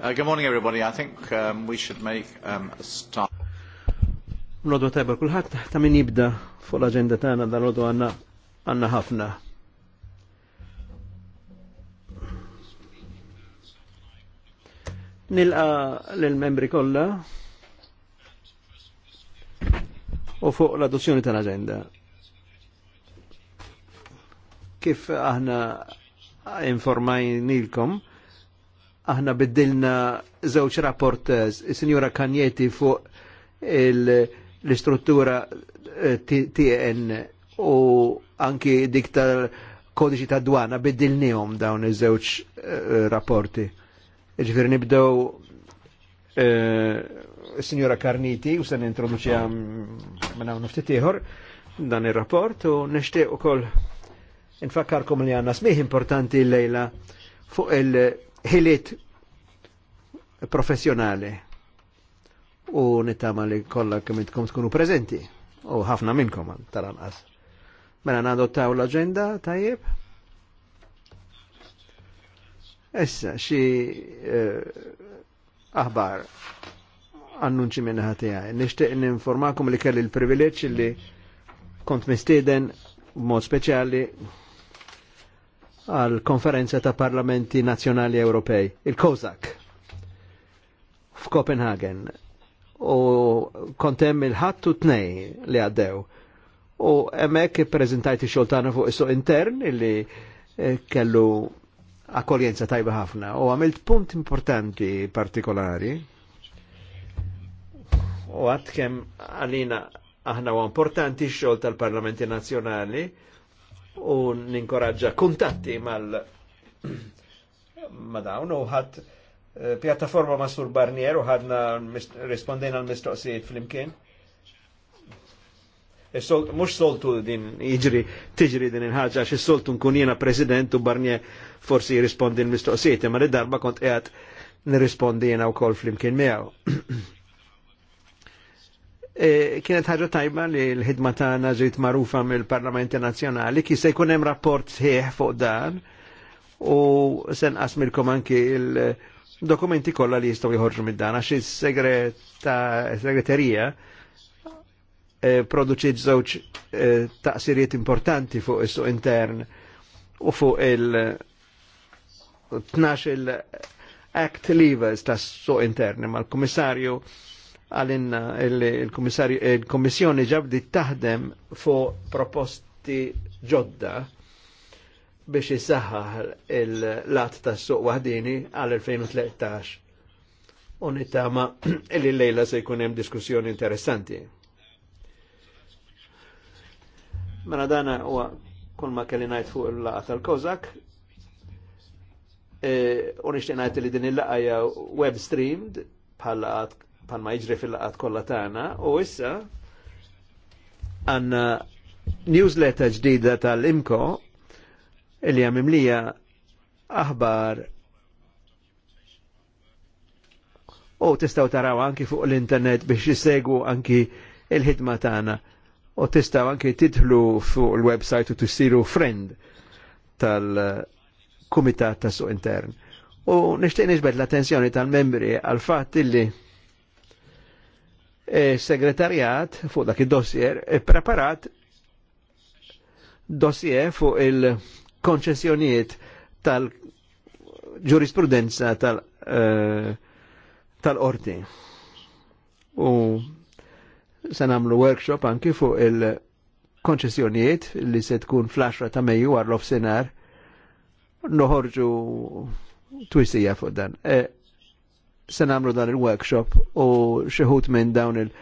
Uh, good morning, everybody. I think um, we should make um, a start. Nodwa tajba kulħadd ta' min jibda fuq l agenda tagħna dan nodu għandna għandna ħafna. Nilqa lill-membri kollha u fuq l-adozzjoni tal-aġenda. Kif aħna informajnilkom, aħna biddilna zewċ rapport il-Sinjura Kanjeti fuq l-istruttura eh, TN u anki dik tal-kodiċi ta' dwana biddilnihom dawn iż-żewġ eh, rapporti. Ġifieri nibdew eh, Sinjura Karniti u se nintroduċiha minn hawn ftit ieħor dan ir-rapport u nixtieq ukoll infakkarkom li għandna smih importanti l-lejla fuq il-ħiliet professjonali u nittama li kollha kemm intkom tkunu preżenti u ħafna minnkom tal-anqas. Mela taw l-aġenda tajjeb. Issa xi eh, aħbar annunċi minn ħatijaj. Nishtiq informakum li kelli l-privileġġ li kont mistieden b'mod speċjali għal konferenza ta' parlamenti nazjonali Ewropej, il-COSAC f'Kopenhagen u kontem il ħat u tnej li għaddew. U emmek prezentajti xoltana fuq isu intern illi eh, kellu akkoljenza tajba ħafna u għamilt punt importanti partikolari u għat kem għalina aħna u importanti xol tal-Parlamenti Nazjonali u ninkoraġġa kuntatti mal madawnu u ħadd Eh, pjattaforma ma' Sur Barnier u ħadna rispondejna għal mistoqsijiet fl-imkien. E Mux soltu din iġri, tiġri din il-ħagġa, xie soltu nkun jena president u Barnier forsi jirrispondi l-mistoqsijiet, ma' darba kont għed nirrispondi jena u kol fl-imkien miegħu. E kienet ħagġa tajba li l-ħidma ta' naġit marufa mill-Parlamenti Nazjonali, kif se jkun hemm rapport sħiħ fuq dan u sen asmilkom anki il- dokumenti kolla li jistaw jħorġu mid-dan għax is-segreterija produċi eh, produċiet żewġ eh, taqsirijiet importanti fuq is-suq intern u fuq il-12 il-act levers tas-suq intern ma' l-komissarju għalinna il komissarju il komissjoni ġabdi taħdem fuq proposti ġodda biex jisaħħaħ il-lat tas suq wahdini għal 2013. U nittama lejla se jkun hemm diskussjoni interessanti. Mela dana huwa kull ma kelli ngħid fuq il-laqa tal-Kozak. E, u nixtieq ngħid li din il-laqa hija web streamed bħal ma jiġri fil-laqat kollha tagħna u issa għandna newsletter ġdida tal-Imko li għamim lija aħbar u tistaw taraw anki fuq l-internet biex jissegu anki il-ħidma tagħna u tistaw anki tidħlu fuq il-website u tissiru friend tal-Kumitat tas suq Intern. U nixtieq nisbet l-attenzjoni tal-membri għal fatt illi E segretarjat fuq dak id-dossier e preparat dossier fuq il- konċessjonijiet tal-ġurisprudenza eh, tal-orti. tal U se workshop anki fuq il-konċessjonijiet li se tkun flasra ta' meju għar l offsenar noħorġu twissija fuq dan. E, se dan il-workshop u xeħut minn dawn il-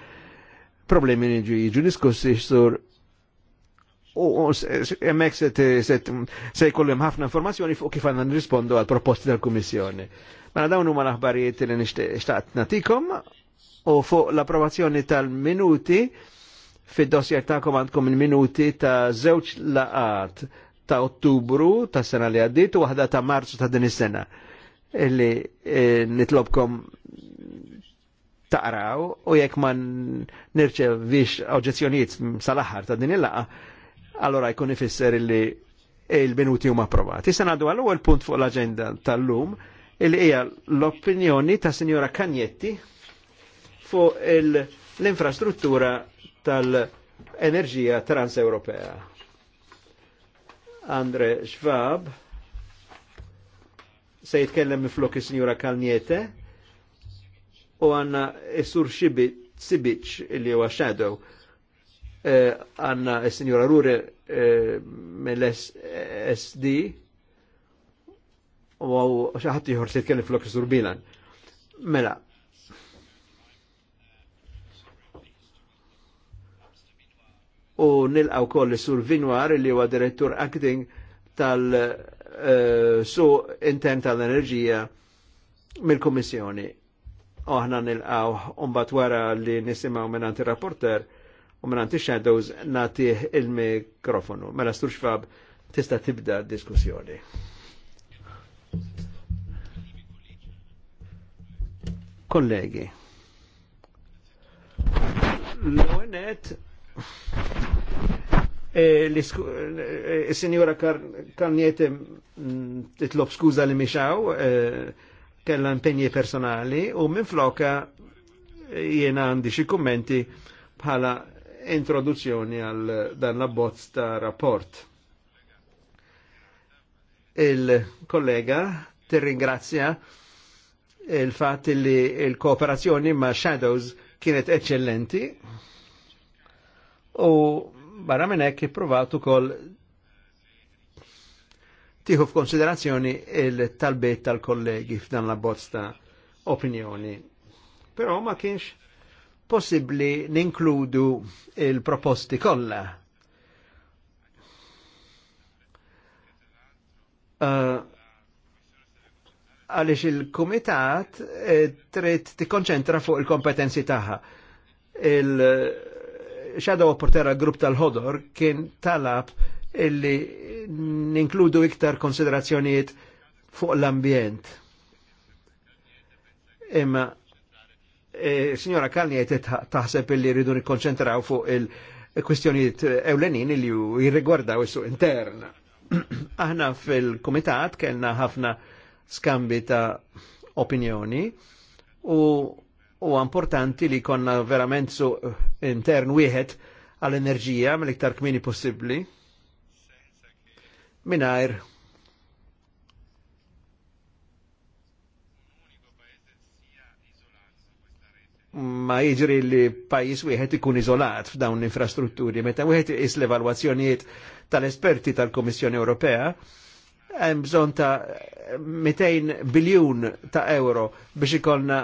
problemi ġu jiġu diskussi u emmek se jkollim ħafna informazzjoni fuq kif għanna nrispondu għal proposti tal-Kummissjoni. Mela dawn huma l-aħbarijiet li nixtaqt natikom u fuq l-approvazzjoni tal-minuti fid-dossier ta' għandkom il-minuti ta' żewġ laqat ta' Ottubru ta' sena li għaddit u waħda ta' Marzu ta' din is-sena illi eh, nitlobkom taqraw u jekk ma nirċevix oġġezzjonijiet sal-aħħar ta' din il-laqa allora jkun ifisser li il-minuti huma approvati. Issa għadu għall-ewwel punt fuq l-aġenda tal-lum illi hija l-opinjoni ta' Sinjora Kanjetti fuq l-infrastruttura tal-enerġija transeuropea. Andre Schwab se jitkellem miflok is-Sinjura Kalniete u għanna is-Sur Sibic li huwa Shadow għanna eh, uh, eh, il-Sinjora Rure eh, mill-SD eh, u xaħat jħor se jitkellem flok sur Bilan. Mela, u nilqaw koll sur Vinwar li huwa direttur acting tal-su eh, intern tal-enerġija mill-Kommissjoni. Oħna nilqaw un wara li nisimaw minn rapporter u minn għanti shadows natih il-mikrofonu. Mela stur xfab tista tibda diskussjoni. Kollegi, l-għonet eh, eh, il-Sinjora Karniete mm, titlob skuza li mixaw, eh, kella impegni personali u minn floka jena għandi xie kommenti bħala introduzzjoni għal dan la bozz ta' rapport. Il-kollega tirringrazzja il-fat li il-kooperazzjoni ma' Shadows kienet eccellenti u barra minn hekk ippruvat ukoll tieħu f'konsiderazzjoni il talbet tal-kollegi f'dan la bozz ta' opinjoni. Però ma kienx possibbli ninkludu il-proposti kollha. Uh, għaliex uh, il-Kumitat eh, trid tikkonċentra fuq il-kompetenzi tagħha. Il-Shadow eh, Portera Grupp tal hodor kien talab illi ninkludu iktar konsiderazzjonijiet fuq l-ambjent. Imma E, signora Kalni għet taħseb li rridu nikkonċentraw fuq il-kwistjoniet ewlenin li ju jirrigwardaw issu intern. Aħna fil-komitat kellna ħafna skambi ta' opinjoni u u importanti li konna verament su intern wieħed għall-enerġija mill-iktar kmini possibbli. minajr ma jiġri li pajis wieħed ikun iżolat f'dawn l-infrastrutturi. Meta wieħed is l-evalwazzjonijiet tal-esperti tal-Komissjoni Ewropea, hemm bżonn ta' 200 biljun ta' euro biex ikollna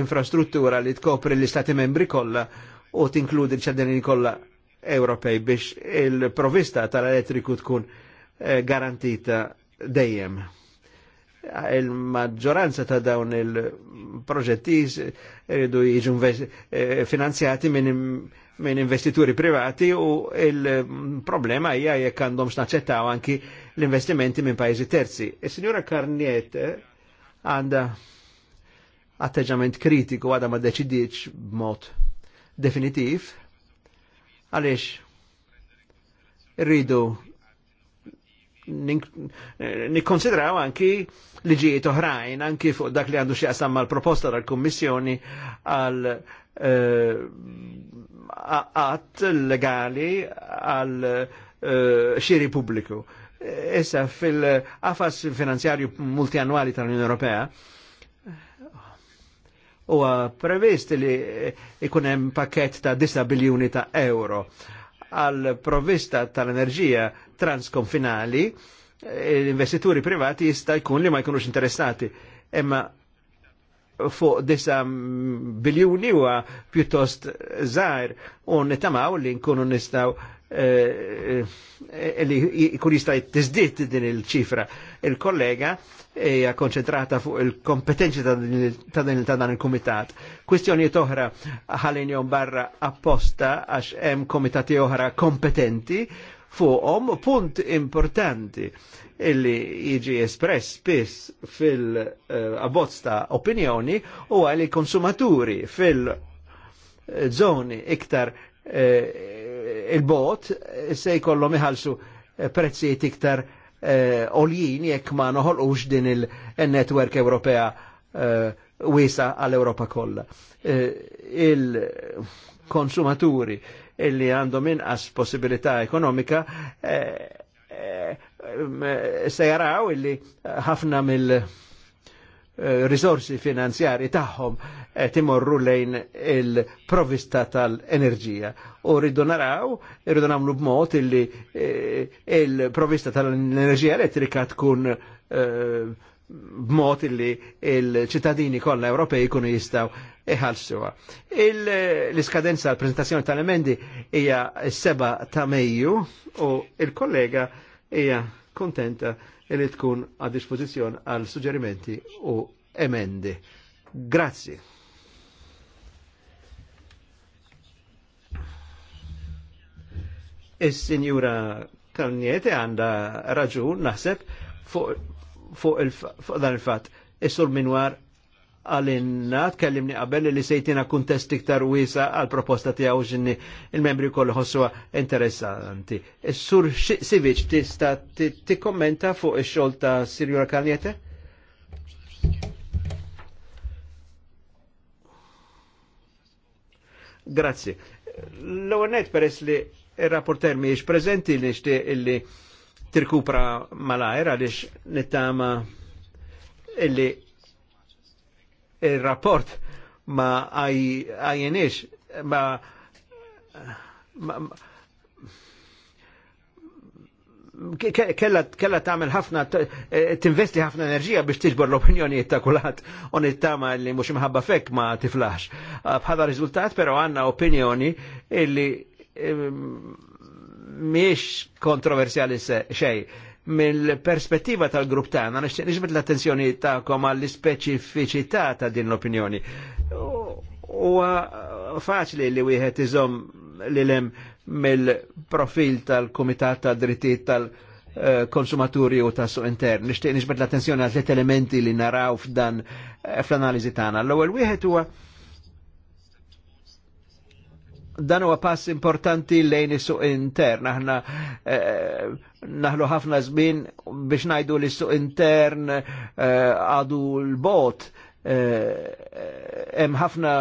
infrastruttura li tkopri l-Istati membri kollha u tinkludi l-ċaddenin kollha Ewropej biex il-provista tal-elettriku tkun eh, garantita dejjem il-maġġoranza ta' dawn il-proġetti jridu jiġu eh, finanzjati minn min investituri privati u il-problema hija jekk għandhom x'naċċettaw anki l-investimenti minn pajjiżi terzi. Is-Sinjura e Karniet għandha atteġġament kritiku għadha ma deċidiċ b'mod definitiv għaliex rridu Eh, nikkonsidraw anki li liġijiet oħrajn, anki fuq dak li għandu xieqsam mal proposta tal kommissjoni għal għat eh, legali għal eh, xiri publiku. Issa fil għafas finanzjarju multianwali tal-Unjoni Ewropea, u previst li ikunem pakket ta' 10 biljoni ta' euro għal provvista tal-enerġija transkonfinali, eh, investituri privati jista' jkun li ma jkunux interessati. Imma fuq disa biljuni huwa pjuttost żgħir u nitamaw li nkunu nistgħu li eh, eh, eh, jkun jista' tiżdied din il-ċifra. Il-kollega hija konċentrata fuq il-kompetenzi ta' dan il-kumitat. Kwistjonijiet oħra ħalinjom barra apposta għax hemm komitati oħra kompetenti fuqhom punt importanti illi jiġi espress spiss fil-abbozz ta' opinjoni u għal konsumaturi fil-żoni iktar eh, il-bot se jkollhom iħallsu eh, prezzijiet iktar eh, oljin jekk ma noħolqux din il-network Ewropea eh, wiesa għall-Ewropa kollha. Il-konsumaturi illi għandhom inqas possibilità ekonomika se jaraw illi ħafna mill- Eh, risorsi finanzjari tagħhom timorru lejn il-provista tal-enerġija. U rridu naraw, rridu nagħmlu b'mod illi eh, il-provista tal-enerġija elettrika tkun eh, b'mod illi il-ċittadini kollha Ewropej jkunu jistgħu iħallsuha. L-iskadenza tal prezentazzjoni tal-emendi hija s-seba ta' Mejju u il-kollega hija kontenta li tkun a dispożizzjon għal suġġerimenti u emendi. Grazzi. Is-Sinjura Kalniete għanda raġun naħseb fuq fu fu il-fatt. Is-sur minwar għalinna, tkellimni qabel li sejtina kuntest iktar wisa għal proposta tijaw ġinni il-membri koll ħossuha interessanti. Sur Sivic tista kommenta fuq il xogħol ta' Sirjura Kalniete? Grazzi. L-għonet peress li il-rapporter miex prezenti li xtieq illi tirkupra malajr għaliex nittama illi il-rapport ma għajenix, ma, kella tamel tagħmel t e, tinvesti ħafna enerġija biex tiġbor l opinjoni ta' kulħadd u nittama li mhux imħabba fek ma tiflax. Bħala riżultat però għandna opinjoni illi miex kontroversjali xej mill-perspettiva tal-grupp tagħna nixtieq niġbed l-attenzjoni koma għall-ispeċifiċità ta' din l-opinjoni. Huwa faċli li wieħed iżom li l mill-profil tal-Kumitat ta' Drittijiet tal-Konsumaturi u tas suq intern. Nixtieq nixbet l-attenzjoni għal tliet elementi li naraw f'dan fl-analiżi tagħna. L-ewwel wieħed huwa dan huwa pass importanti lejn is-suq intern. Aħna eh, naħlu ħafna żmien biex ngħidu li s suq intern eh, għadu l-bot eh, hemm ħafna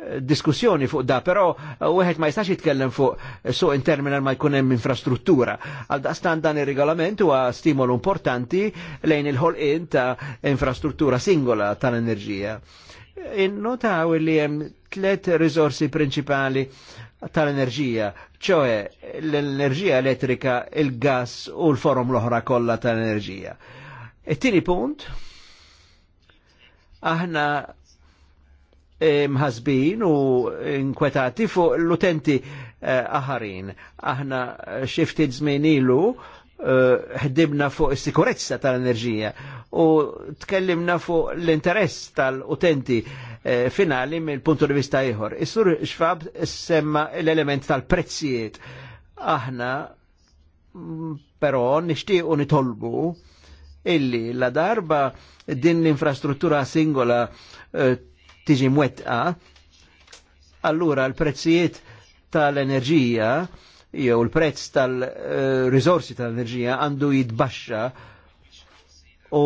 diskussjoni fuq da, però wieħed ma jistax jitkellem fuq suq intern minn ma jkun hemm infrastruttura. Għal daqstan dan ir-regolament huwa stimolu importanti lejn il-ħolqien ta' infrastruttura singola tal-enerġija innotaw li hemm tlet risorsi principali tal-enerġija, ċoe l-enerġija elettrika, il-gas u l-forum l-oħra kollha tal-enerġija. It-tieni e punt, aħna e, mħazbin u inkwetati fuq l-utenti e, aħarin. Aħna xiftit żmien ilu Eh, ħdibna fuq is-sikurezza tal-enerġija u tkellimna fuq l-interess tal-utenti eh, finali mill punt di vista ieħor. Is-sur xfab semma l-element tal-prezzijiet. Aħna mm, però nixtiequ nitolbu illi la darba din l-infrastruttura singola eh, tiġi mwettqa, allura l-prezzijiet tal-enerġija jew il-prezz tal-rizorsi tal-enerġija għandu jitbaxxa u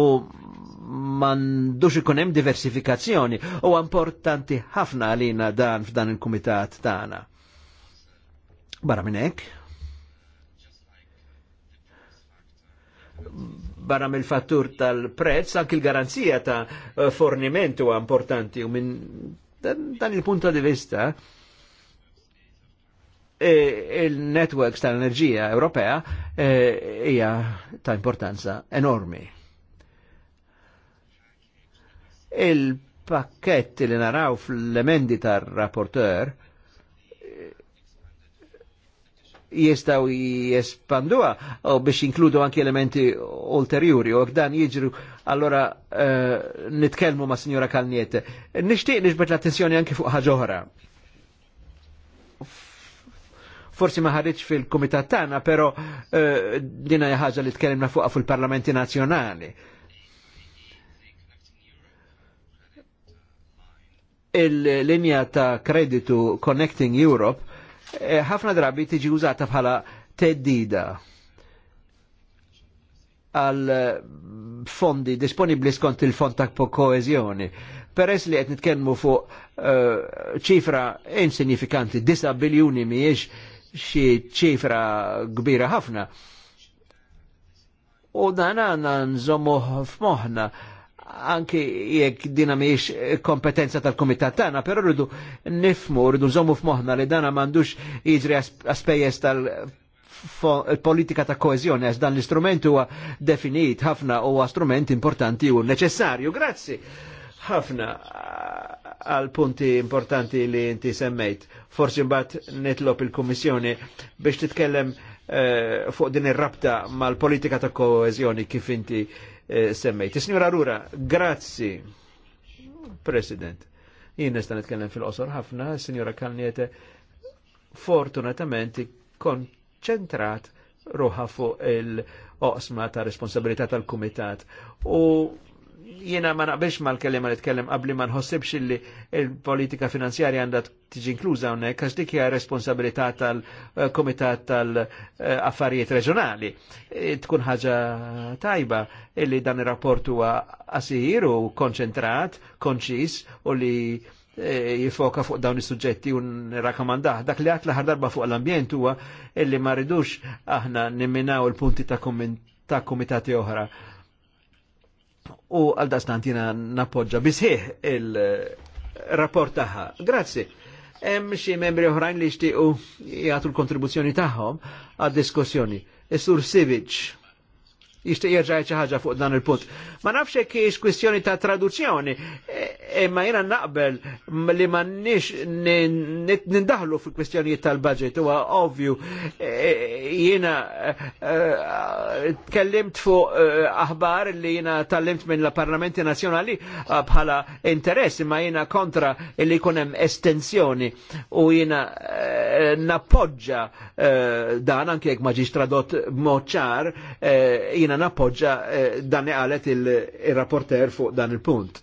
mandux ikun hemm diversifikazzjoni u importanti ħafna għalina dan f'dan il-kumitat tagħna. Barra minn hekk. barra mill fattur tal-prezz, anki l-garanzija ta' forniment huwa importanti u minn dan, il-punt di vista E, il-networks tal-enerġija Ewropea e, hija ta' importanza enormi. Il-pakket li naraw fl-emendi tar-rapporteur e, jistaw jespanduha u biex inkludu anki elementi ulterjuri u għdan jiġru allora uh, nitkelmu ma' Signora Kalniete. Nishtiq nixbet l-attenzjoni anki fuq ħaġoħra forsi ma ħarriġ fil-kumitat tagħna, però uh, dina ħaġa li tkellimna fuqha fil-Parlamenti Nazzjonali. Il-linja ta' kreditu Connecting Europe eh, ħafna drabi tiġi użata bħala teddida għal eh, fondi disponibli skont il-fond ta' koezjoni. Peress li qed nitkellmu fuq ċifra insignifikanti, insinifikanti, 9 biljuni miex xi ċifra kbira ħafna. U dan għanna nżommu f'moħħna anki jekk dina miex kompetenza tal-komitat tagħna, però rridu nifmu, rridu nżommu f'moħħna li dana m'għandux jiġri aspejjeż tal- politika ta' koezjoni għax dan l-istrument huwa definit ħafna huwa strument importanti u neċessarju. Grazzi ħafna għal punti importanti li inti semmejt. Forsi mbagħad nitlob il-Kummissjoni biex titkellem uh, fuq din ir-rabta mal-politika ta' koeżjoni kif inti uh, semmejt. Signora Rura, grazzi, President. Jien nista' nitkellem fil-qosor ħafna, Signora Kalniete, fortunatament konċentrat ruħa fuq il-oqsma ta' responsabilità tal-Kumitat. U jiena ma naqbilx mal-kellima li tkellem qabli ma nħossibx li l politika finanzjarja għandha tiġi inkluża hawnhekk għax dik hija responsabilità tal-Kumitat tal-Affarijiet Reġjonali. E, tkun ħaġa tajba illi dan ir-rapport huwa qasir u konċentrat, konċis u li e, jifoka fuq dawn is-suġġetti u nirrakkomandah. Dak li għat l-ħar darba fuq l-ambjent huwa illi ma rridux aħna nimminaw il-punti ta' ta' komitati oħra u għal dastantina nappoġġa napoġġa bisħieħ il-rapport taħħa. Grazzi. Hemm xi membri oħrajn li jixtiequ jagħtu l-kontribuzzjoni tagħhom għad-diskussjoni. Isur Sivic jishtiq jirġaj ċaħġa fuq dan il-punt. Ma nafxie kiex kwistjoni ta' traduzzjoni, imma e, e, jena naqbel li ma nix nindahlu fuq kwistjoni tal-budget u ovvju e, jena tkellimt fuq aħbar li jena tal-limt minn la parlamenti Nazjonali bħala interess imma jena kontra li kunem estensjoni u jena nappoġġa dan anke jek ma ġiex tradott b'mod jiena nappoġġa eh, dan għalet il-rapporter fuq dan il-punt.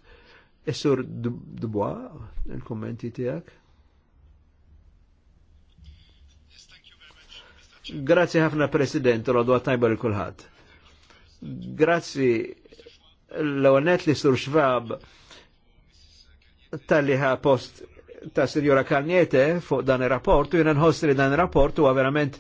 Is-sur eh, Dubois, il-kommenti tijak. Grazzi ħafna President, u għadu għatajba li kulħadd. Grazzi l-għonet li sur xvab tal-liħa post ta' Sinjora Kalniete fuq dan il-rapport, u jena nħossri dan il-rapport u verament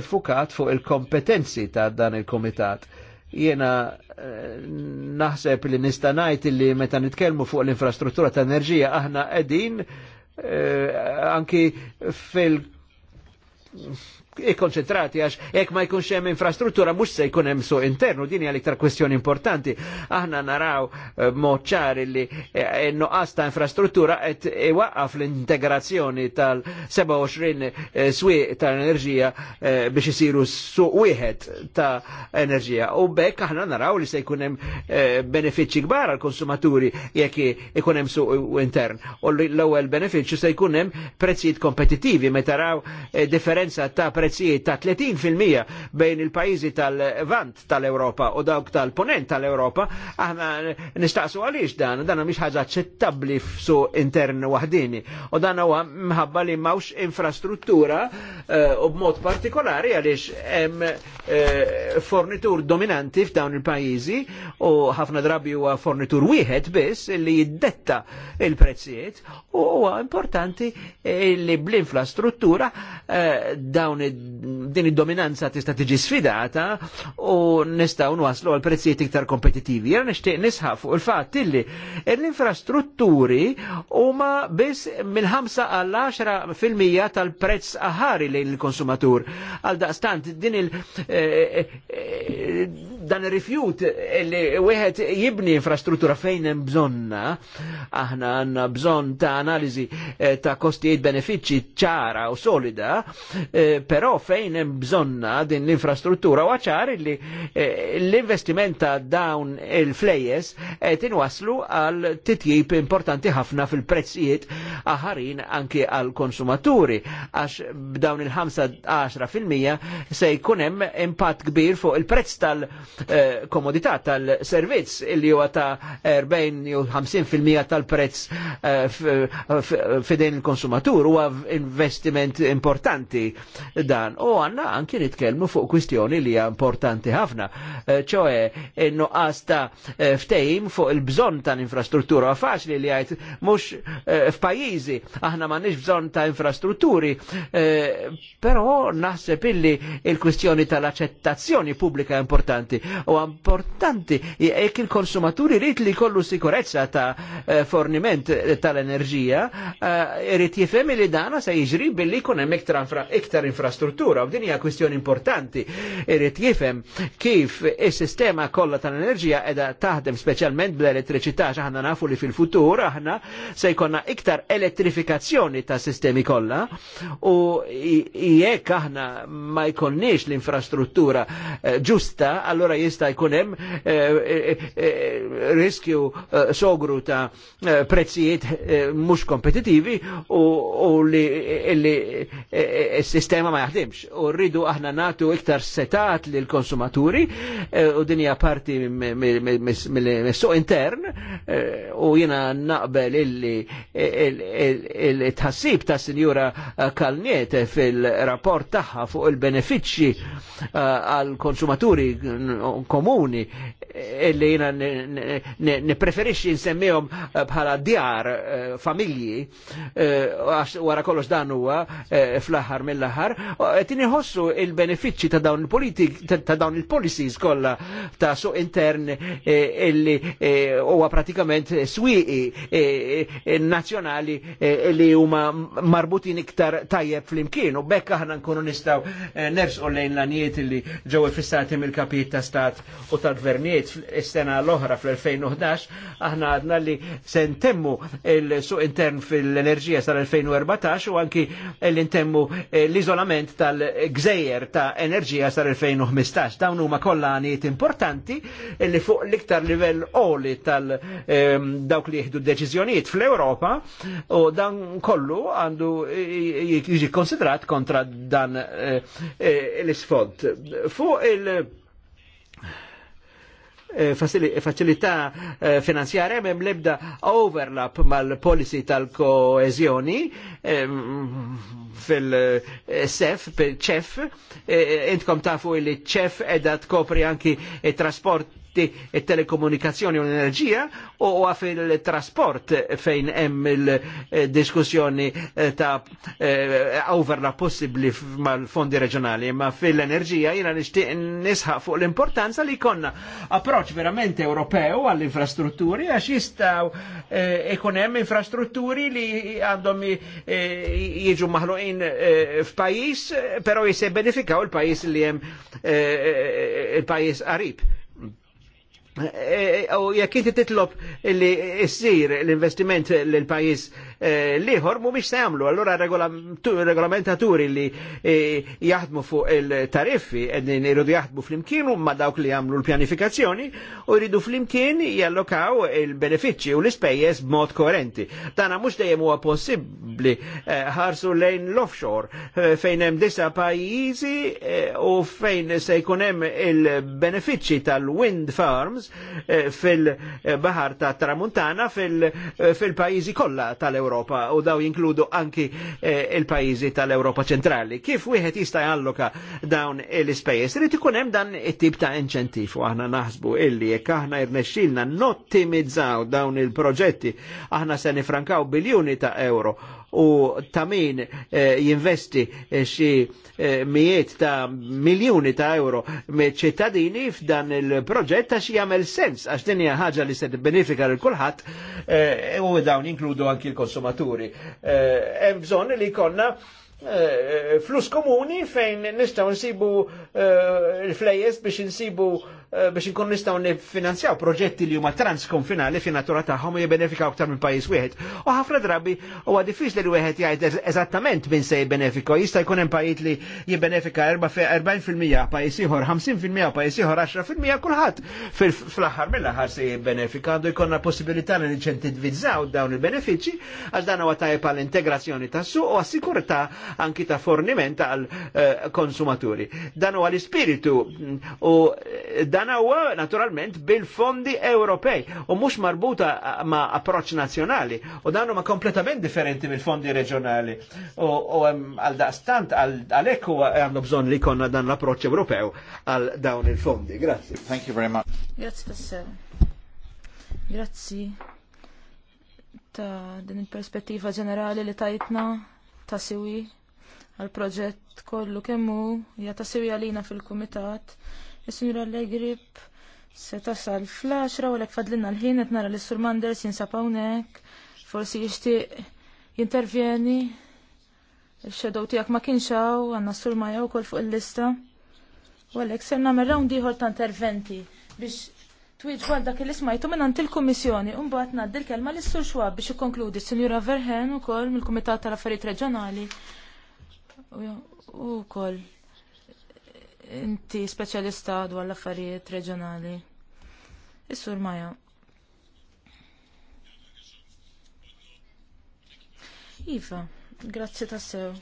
fukat fuq il-kompetenzi ta' dan il-komitat. Jena eh, naħseb li nistanajt li meta nitkellmu fuq l-infrastruttura ta' enerġija aħna qegħdin eh, anki fil ikkonċentrati għax jekk ma jkunx hemm infrastruttura mhux se jkun hemm suq internu, din hija l-iktar kwestjoni importanti. Aħna naraw eh, mod ċar li eh, nuqqas ta' infrastruttura qed iwaqqaf l-integrazzjoni tal-27 eh, swieq tal-enerġija biex isiru suq wieħed ta' enerġija. U bekk aħna naraw li se jkun hemm benefiċċji kbar għall-konsumaturi jekk ikun hemm suq intern. U l-ewwel benefiċċju se jkun hemm prezzijiet kompetittivi meta raw differenza ta' prezzijiet prezzijiet ta' 30% bejn il-pajjiżi tal-vant tal europa u dawk tal-ponent tal europa aħna nistaqsu għaliex dan, dan mhix ħaġa aċċettabbli f'su intern waħdini. U dan huwa mħabba li mawx infrastruttura eh, u b'mod partikolari għaliex hemm eh, fornitur dominanti f'dawn il-pajjiżi u ħafna drabi huwa fornitur wieħed biss li jiddetta il-prezzijiet u huwa importanti eh, li bl-infrastruttura dawn id din id-dominanza tista' tiġi sfidata u nistgħu nwaslu għal prezzijiet iktar kompetittivi. Jera nixtieq nisħaq fuq il-fatt illi l-infrastrutturi huma biss mill-5 għal 10 fil-mija tal-prezz aħari lejn il-konsumatur. Għal daqstant din il- eh, eh, eh, dan ir-rifjut li wieħed jibni infrastruttura fejn hemm bżonna, aħna għandna bżonn ta' analiżi eh, ta' kostijiet benefiċċji ċara u solida, eh, però fejn hemm bżonna din l-infrastruttura u ċar li eh, l-investiment ta' dawn il-flejes qed inwaslu għal titjib importanti ħafna fil-prezzijiet aħarin anki għal konsumaturi għax b'dawn il-5-10% se jkun hemm impatt kbir fuq il-prezz tal- Eh, komodità tal-servizz illi huwa ta' 40 jew 50% tal-prezz eh, fidejn il-konsumatur huwa investiment importanti dan. U għanna anki nitkellmu fuq kwistjoni li hija importanti ħafna, eh, ċoħe in-nuqqas ta' fuq il-bżonn tal-infrastruttura faċli li għajt mhux f'pajjiżi aħna nix bżonn ta' infrastrutturi, però naħseb illi il-kwistjoni tal-aċċettazzjoni pubblika importanti u importanti jekk il-konsumaturi rrit li kollu sikurezza ta' eh, forniment eh, tal-enerġija eh, e rrit jifhem li dana se jiġri billi jkun hemm iktar infrastruttura u din hija kwistjoni importanti e rrit jifhem kif is-sistema e kollha tal-enerġija qiegħda taħdem speċjalment bl-elettriċità x'aħna nafu li fil-futur aħna se jkollna iktar elettrifikazzjoni ta' sistemi kollha u jekk aħna ma jkollniex l-infrastruttura ġusta, allora allora jista' jkun hemm eh, eh, eh, riskju sogru ta' prezzijiet mhux kompetitivi u li s-sistema ma jaħdimx. U rridu aħna natu iktar setat lil konsumaturi u dinja parti mis suq intern u jina naqbel illi il-tħassib ta' sinjura Kalniete fil-rapport taħħa fuq il-benefiċċji għal konsumaturi komuni illi eh, jina nipreferixi nsemmijom eh, bħala djar eh, familji għax wara kollox dan huwa fl-aħħar mill-aħħar tini ħossu il-benefiċċji ta' dawn il-politik ta' dawn il-policies kollha ta' suq intern illi huwa pratikament swiqi nazzjonali li huma marbutin iktar tajjeb fl-imkien u bekk aħna nkunu nistgħu nerfsqu lejn l-anijiet illi ġew fissati mill-kapit ta' stat u tal-gvernijiet is-sena l-oħra fl-2011, aħna għadna li se ntemmu il-suq intern fil-enerġija sal-2014 u anki li ntemmu eh, l-izolament tal-gżejjer ta' enerġija sal-2015. Dawn huma kollha importanti li fuq l-iktar livell oli tal-dawk ehm, li jieħdu deċiżjonijiet fl-Ewropa u dan kollu għandu jiġi konsidrat kontra dan eh, eh, l-isfond. Fuq il- Eh, facilità eh, finanzjarja hemm lebda overlap mal-policy tal-koezjoni ehm, fil-SEF, ċef, eh, intkom tafu li ċef edha tkopri anki trasport il-telekomunikazzjoni u l-enerġija u għaf il trasport fejn hemm il-diskussjoni eh, ta' eh, overlap possibbli mal-fondi reġjonali, ma fil-enerġija jina nixtieq nisħaq fuq l-importanza li konna approċ verament Ewropew għall-infrastrutturi għax jistaw eh, ikun infrastrutturi li għandhom jiġu maħluqin f'pajis pero jisse benefikaw il pajis li jem il pajis qarib U eh, eh, oh, jekk inti titlob li issir l-investiment l-pajis Eh, liħor mu se jagħmlu. allora regolamentaturi li eh, jaħdmu fuq il-tariffi qegħdin iridu jaħdmu flimkien ma dawk li jagħmlu l-pjanifikazzjoni u jridu flimkien jallokaw il benefici u l-ispejjeż b'mod koerenti. Tana mhux dejjem huwa possibbli eh, ħarsu lejn l-offshore fejn hemm disa pajjiżi u fejn se jkun hemm il benefici tal-wind farms fil-baħar ta' Tramuntana fil-pajjiżi kollha tal-Ewropa l europa u daw jinkludu anki eh, il-pajizi tal-Europa ċentrali. Kif wieħed jista' jalloka dawn l-ispejjeż? Irid ikun hemm dan it-tip ta' inċentif u aħna naħsbu illi jekk aħna irnexxilna nottimizzaw dawn il-proġetti aħna se nifrankaw biljuni ta' euro u ta' eh, jinvesti eh, xi eh, mijiet ta' miljoni ta' euro me ċittadini f'dan il-proġett ta' xi jagħmel sens għax din hija ħaġa li se benefika lil kulħadd u dawn inkludu anki l-konsumaturi. Hemm bżonn li jkollna flus komuni fejn nistgħu nsibu l-flejes biex nsibu Eh, biex nkun nistgħu nifinanzjaw proġetti li huma transkonfinali fi natura tagħhom u jibbenefikaw aktar minn pajjiż wieħed. U ħafna drabi huwa diffiċli li wieħed jgħid eżattament min se jibbenefika. Jista' jkun hemm pajjiż li jibbenefika 40% pajjiż ieħor, 50% pajjiż ieħor, 10% kulħadd fl-aħħar mill-aħħar se jibbenefika għandu jkollna possibilità li niċċentivizzaw dawn il-benefiċċji għal dan huwa tajjeb għall integrazzjoni tas-suq u għas-sikurità anki ta' forniment għal eh, konsumaturi. Dan huwa l-ispiritu mm, u dan tagħna huwa naturalment bil-fondi Ewropej u mhux marbuta ma' approċċ nazzjonali u dan huma kompletament differenti mill-fondi reġjonali. U għal daqstant għalhekk huwa għandu bżonn li konna dan l-approċċ Ewropew għal dawn il-fondi. Grazzi. Thank you very much. Grazzi tassew. Grazzi ta' din il-perspettiva ġenerali li tajtna ta' siwi għal proġett kollu kemmu ja ta' siwi għalina fil-kumitat Is-Sinjura Legrip se tasal fl-10 u fadlinna l-ħin qed nara li sur Manders jinsab hawnhekk, forsi jixtieq jintervjeni. Il-xedow tiegħek ma kienx hawn, għandna sur Maja ukoll fuq il-lista. U għalhekk se nagħmel rawn ieħor ta' interventi biex twieġ għal dak li smajtu minn għand il-Kummissjoni u mbagħad ngħaddi l-kelma lis sur Xwab biex ikkonkludi Sinjura Verhen ukoll mill-Kumitat tal-Affarijiet Reġjonali u koll inti speċjalista dwar l-affarijiet reġjonali. Is-sur Maja. Iva, grazzi tassew.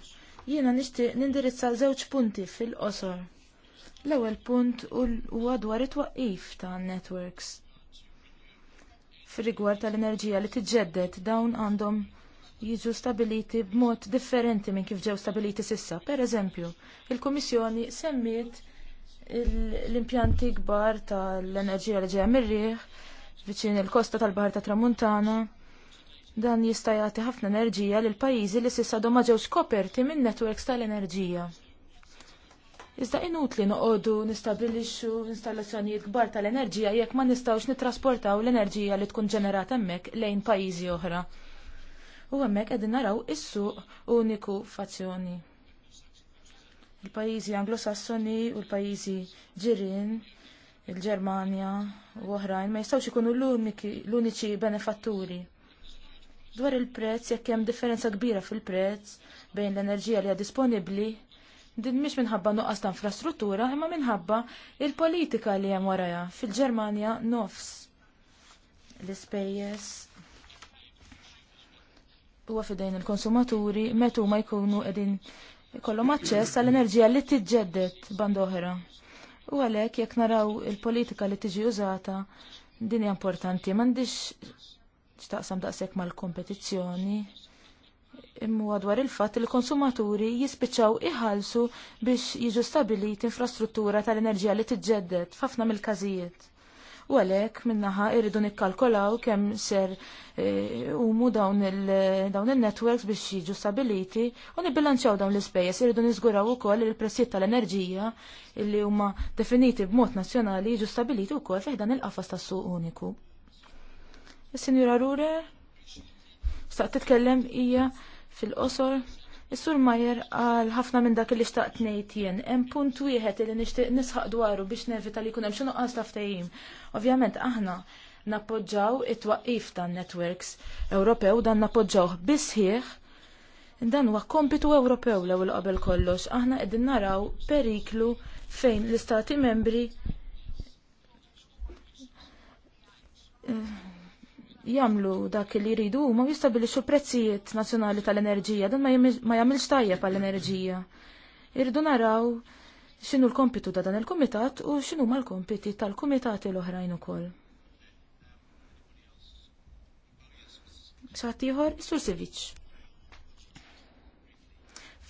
Jiena nixtieq nindirizza żewġ punti fil-qosor. L-ewwel punt huwa dwar it-twaqqif ta' networks. Fir-rigward tal-enerġija li tiġġedded dawn għandhom jiġu stabiliti b'mod differenti minn kif ġew stabiliti sissa. Per eżempju, il-Kummissjoni semmiet l-impjanti kbar tal-enerġija li ġeja mir-riħ viċin il-kosta tal-Bahar ta' Tramuntana. Dan jista' jagħti ħafna enerġija lil pajjiżi li s'issa ma ġewx koperti minn netwerks tal-enerġija. Iżda inutli noqogħdu nistabilixxu installazzjonijiet kbar tal-enerġija jekk ma nistgħux nittrasportaw l-enerġija li tkun ġenerata hemmhekk lejn pajjiżi oħra u hemmhekk qegħdin naraw is-suq uniku fazzjoni. Il-pajjiżi anglosassoni u l-pajjiżi ġirien, il-Ġermanja u oħrajn ma jistgħux ikunu l-uniċi benefatturi. Dwar il-prezz jekk hemm differenza kbira fil-prezz bejn l-enerġija li hija disponibbli, din mhix minħabba nuqqas ta' infrastruttura imma minħabba il-politika li hemm warajha fil-Ġermanja nofs l-ispejjeż huwa fidejn il-konsumaturi metu ma jkunu qegħdin kollom aċċess għall enerġija li tiġġeddet band oħra. U għalhekk jekk naraw il-politika li tiġi użata din hija importanti m'għandix x'taqsam daqshekk mal-kompetizzjoni immu dwar il-fatt il konsumaturi jispiċċaw iħallsu biex jiġu stabilit infrastruttura tal-enerġija li tiġġedded fafna mill-każijiet u għalhekk minnaħa irridu nikkalkolaw kemm ser e, umu dawn il-networks biex jiġu stabiliti u nibilanċaw dawn l-ispejjeż irridu niżguraw ukoll il-prezzijiet tal-enerġija li huma definiti b'mod nazzjonali jiġu stabiliti wkoll fih dan il-qafas tas-suq uniku. Is-Sinjura Rure, staqt titkellem hija fil-qosor Is-Sur Majer għal ħafna minn dak li xtaqt ngħid jien, hemm punt wieħed li nixtieq nisħaq dwaru biex nevita li jkun hemm xi nuqqas taftejjim. Ovvjament aħna nappoġġaw it-twaqqif tan networks Ewropew dan nappoġġaw bisħieħ dan huwa kompitu Ewropew l-ewwel qabel kollox. Aħna qegħdin naraw periklu fejn l-istati membri eh, Jamlu dak li jridu huma jistabilixu prezzijiet nazzjonali tal-enerġija, dan ma jagħmilx tajjeb għall-enerġija. Irridu naraw x'inhu l-kompitu ta' dan il-kumitat u xinu ma l-kompiti tal-kumitati l-oħrajn ukoll. Xatiħor, Sursevic.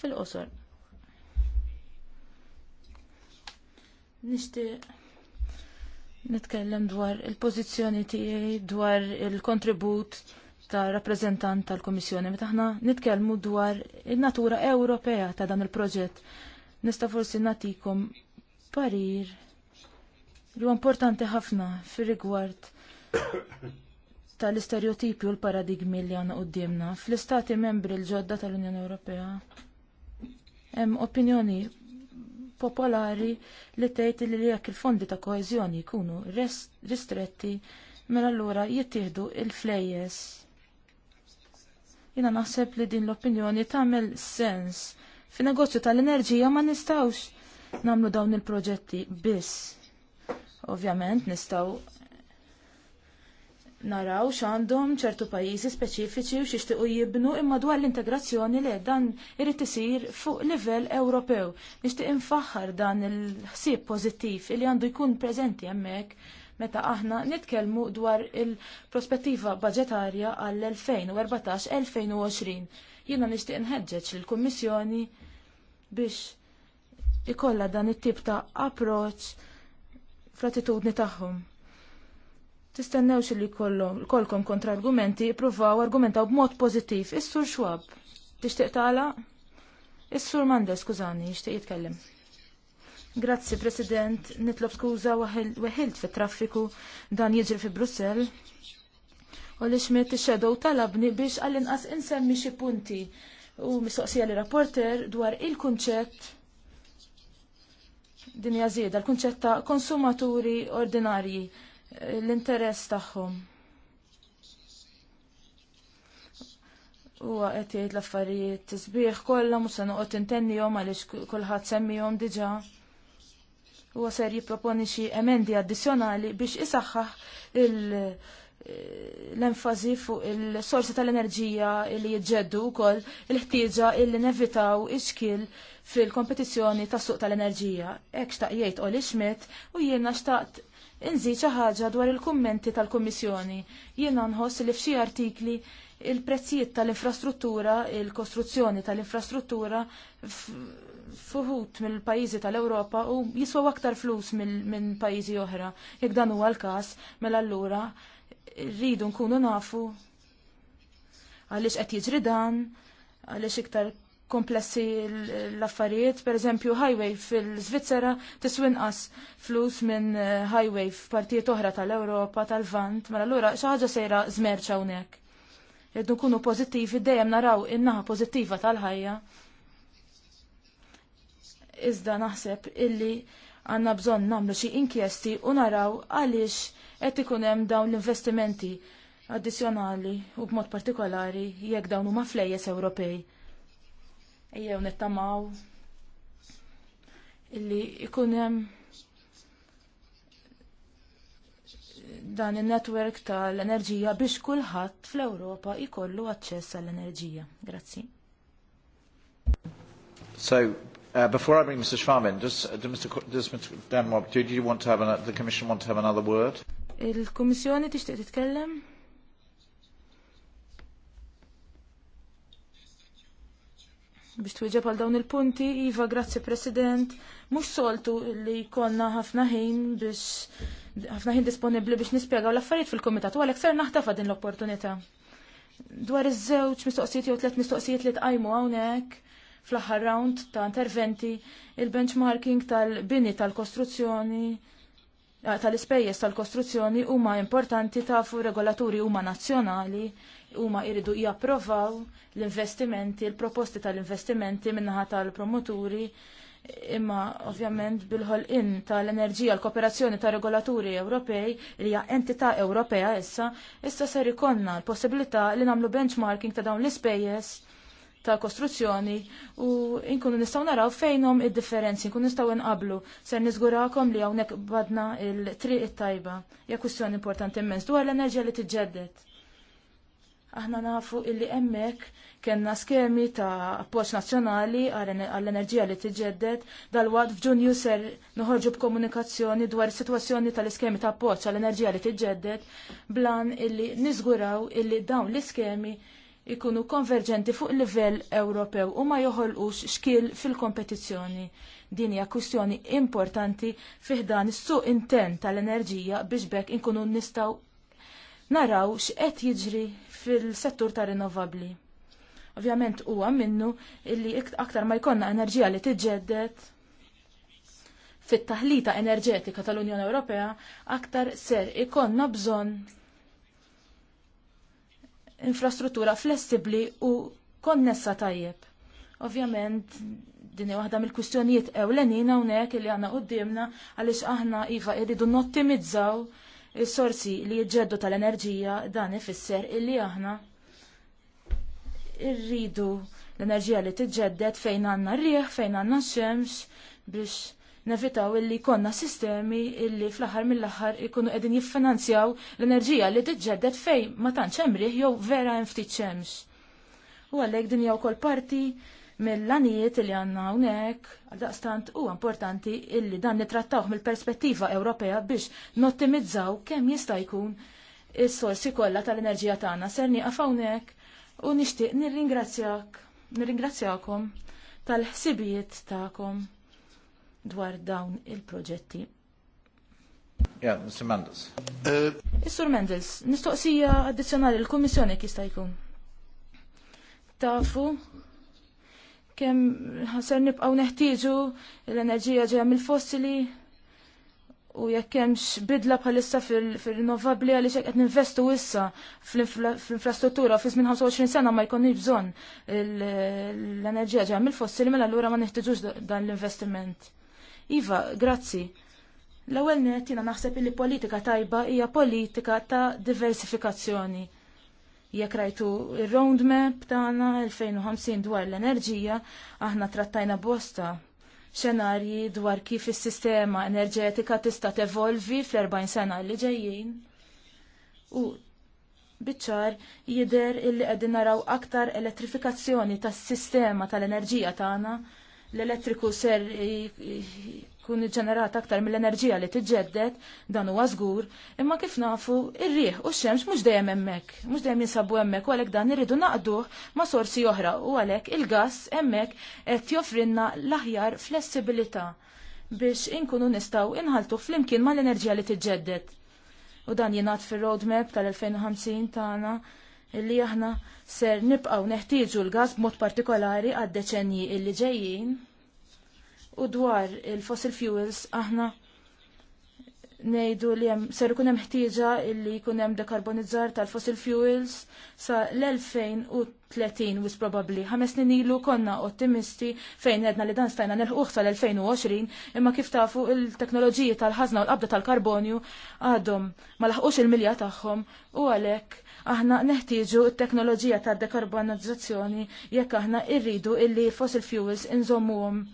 Fil-qosor. Nishtiq Nitkellem dwar il-pożizzjoni tiegħi dwar il-kontribut ta' rappreżentant tal-Komissjoni. Meta aħna nitkellmu dwar in-natura Ewropea ta' dan il-proġett. Nista' forsi nagħtikom parir li importanti ħafna fir-rigward tal istereotipi u l-paradigmi li għandna qudiemna fl-istati membri l-ġodda tal-Unjoni Ewropea. Hemm opinjoni popolari li tgħid li jekk il-fondi ta' koeżjoni jkunu ristretti mela allura jittieħdu il-flejjes. Jiena naħseb li din l-opinjoni tagħmel sens. Fin-negozju tal-enerġija ma nistgħux nagħmlu dawn il-proġetti biss. Ovvjament nistgħu naraw x'għandhom ċertu pajjiżi speċifiċi u xixtiequ jibnu imma dwar l-integrazzjoni li dan irid isir fuq livell Ewropew. Nixtieq infaħħar dan il-ħsieb pożittiv li għandu jkun preżenti hemmhekk meta aħna nitkellmu dwar il-prospettiva baġetarja għall-2014-2020. Jiena nixtieq nħeġġeġ lill-Kummissjoni biex ikollha dan it-tip ta' approċċ fl-attitudni tagħhom Tistennewx li kolkom kontra argumenti, provaw argumentaw b'mod pozittiv. Is-sur xwab, tixtieq tala? Is-sur Mande, skużani, jixtieq jitkellem. Grazzi, President. Nitlob skuża weħilt fit traffiku dan jiġri fi Brussell. U li xmiet ix-xedow talabni biex għall-inqas insemmi xi punti u mistoqsija li rapporter dwar il-kunċett din jażieda, l-kunċett ta' konsumaturi ordinarji l-interess tagħhom. Huwa qed jgħid l-affarijiet tisbieħ kollha mhux se noqgħod intennihom għaliex kulħadd semmihom diġà. Huwa ser jipproponi xi emendi addizzjonali biex isaħħaħ eh, l-enfasi fuq il-sorsi tal-enerġija li jiġġeddu wkoll il-ħtieġa illi nevitaw iċkil fil-kompetizzjoni tas-suq tal-enerġija. Hekk xtaq jgħid Oli Schmidt u jiena xtaqt Inżid xi ħaġa dwar il-kummenti tal-Kummissjoni. Jiena nħoss li f'xi artikli il-prezzijiet tal-infrastruttura, il-kostruzzjoni tal-infrastruttura fuħut mill-pajjiżi tal-Ewropa u jiswa aktar flus minn pajjiżi oħra. Jekk dan huwa l-każ, mela allura rridu nkunu nafu għaliex qed jiġri dan, għaliex iktar komplessi l-affarijiet, per eżempju highway fil-Svizzera tiswinqas flus minn eh, highway f'partijiet oħra tal-Ewropa, tal-Vant, ma mela, allura xi ħaġa sejra zmerċa hawnhekk. Irdu nkunu pożittivi dejjem naraw in-naħa pożittiva tal-ħajja. Iżda naħseb illi għandna bżonn nagħmlu xi inkjesti u naraw għaliex qed ikun hemm dawn l-investimenti addizzjonali u b'mod partikolari jekk dawn huma flejjes Ewropej jew nittamaw illi ikun hemm dan in-netwerk tal-enerġija biex kulħadd fl-Ewropa ikollu aċċess għall-enerġija. Grazzi. So, uh, before I bring Mr. Schwamin, does, uh, Mr. Does Mr. Danmob, do you want to have an, the Commission want to have another word? Il-Kummissjoni tixtieq titkellem? biex twieġeb għal dawn il-punti. Iva, grazzi President. Mhux soltu li konna ħafna ħin biex ħafna ħin disponibbli biex nispjegaw l-affarijiet fil-komitat u għalhekk ser naħtafa din l-opportunità. Dwar iż-żewġ mistoqsijiet jew tliet mistoqsijiet li tqajmu hawnhekk fl-aħħar round ta' interventi, il-benchmarking tal-bini tal-kostruzzjoni eh, tal-ispejjeż tal-kostruzzjoni huma importanti tafu regolaturi huma nazzjonali huma jridu japprovaw l-investimenti, l-proposti tal-investimenti minnaħa tal-promoturi imma ovvjament bil-ħolqin tal-enerġija l-kooperazzjoni tal regolaturi Ewropej li hija entità Ewropea issa, issa ser ikonna l-possibilità li nagħmlu benchmarking ta' dawn l-ispejjeż ta' kostruzzjoni u nkunu nistgħu naraw fejnhom id-differenzi, inkunu nistaw nqablu ser niżgurakom li hawnhekk badna il-triq it-tajba. Hija kwistjoni importanti immens dwar l-enerġija li tiġġedded. Aħna nafu illi emmek kena skemi ta' appoċ nazjonali għall-enerġija li tiġeddet dal-wad f'Ġunju ser noħorġu b'komunikazzjoni dwar situazzjoni tal-iskemi ta' appoċ għall-enerġija li tiġeddet blan illi nizguraw illi dawn l-iskemi ikunu konverġenti fuq livell Ewropew u ma joħolqux xkil fil-kompetizzjoni. Din hija kwistjoni importanti fiħdan is-suq intent tal-enerġija biex bekk inkunu nistgħu naraw x'qed jiġri fil-settur ta' rinnovabli. Ovvjament huwa minnu illi aktar ma jkollna enerġija li tiġġedded fit-taħlita enerġetika tal-Unjoni Ewropea aktar ser ikonna bżonn infrastruttura flessibbli u konnessa tajjeb. Ovvjament, din waħda mill-kwistjonijiet ewlenin hawnhekk li għandna qudiemna għaliex aħna iva irridu nottimizzaw is-sorsi li jġeddu tal-enerġija dan ifisser illi aħna irridu l-enerġija li tiġġedded fejn għandna r fejn għandna x-xemx biex nevitaw illi konna sistemi illi fl-aħħar mill-aħħar ikunu qegħdin jiffinanzjaw l-enerġija li tiġġedded fejn ma tantx hemm rieħ jew vera hemm ftit xemx. U għalhekk din hija wkoll parti mill-lanijiet li għanna unek, għal-daqstant u importanti illi dan nitrattawh mill-perspettiva Ewropea biex nottimizzaw kemm jista' jkun is-sorsi kollha tal-enerġija tagħna. Ser nieqaf hawnhekk u nixtieq nirringrazzjak, nirringrazzjakom tal-ħsibijiet tagħkom dwar dawn il-proġetti. Ja, Mr. Mendels. Mr. Eh, Mendels, nistoqsija addizzjonali l-Kummissjoni kista jkun. Tafu kemm ħasar nibqgħu neħtieġu l-enerġija ġejja mill-fossili u jekk hemmx bidla bħalissa fil rinnovabli għaliex xek qed ninvestu issa fl-infrastruttura fi minn 25 sena ma jkunniex bżonn l-enerġija ġejja mill-fossili mela allura ma neħtiġuġ dan l-investiment. Iva, grazzi. L-ewwel net jiena naħseb li politika tajba hija politika ta' diversifikazzjoni Jekk rajtu il-roadmap tagħna 2050 dwar l-enerġija, aħna trattajna bosta xenarji dwar kif is-sistema enerġetika tista' tevolvi fl-40 sena li ġejjin. U biċċar jidher illi qegħdin naraw aktar elettrifikazzjoni tas-sistema tal-enerġija tagħna l-elettriku ser tkun ġenerata aktar mill-enerġija li tiġġedded, dan huwa żgur, imma kif nafu, ir-riħ u x-xemx mhux dejjem hemmhekk, mhux dejjem jinsabu hemmhekk u għalhekk dan irridu naqduh ma' sorsi oħra u għalhekk il-gass hemmhekk qed joffrilna l-aħjar flessibilità biex inkunu nistgħu inħaltu flimkien mal-enerġija li tiġġedded. U dan jingħad fir-roadmap tal-2050 tagħna illi aħna ser nibqgħu neħtieġu l-gas b'mod partikolari għad-deċenji illi ġejjin U dwar il-fossil fuels aħna nejdu li jem, ser ikun hemm ħtieġa li jkun hemm dekarbonizzar tal-fossil fuels sa l-2030 wis probabbli. Ħames snin ilu konna ottimisti fejn edna li dan stajna sa l 2020 imma kif tafu il-teknoloġiji tal-ħażna u l-qabda tal-karbonju għadhom ma laħqux il-milja tagħhom u għalhekk aħna neħtieġu t-teknoloġija tad-dekarbonizzazzjoni jekk aħna irridu illi fossil fuels inżommuhom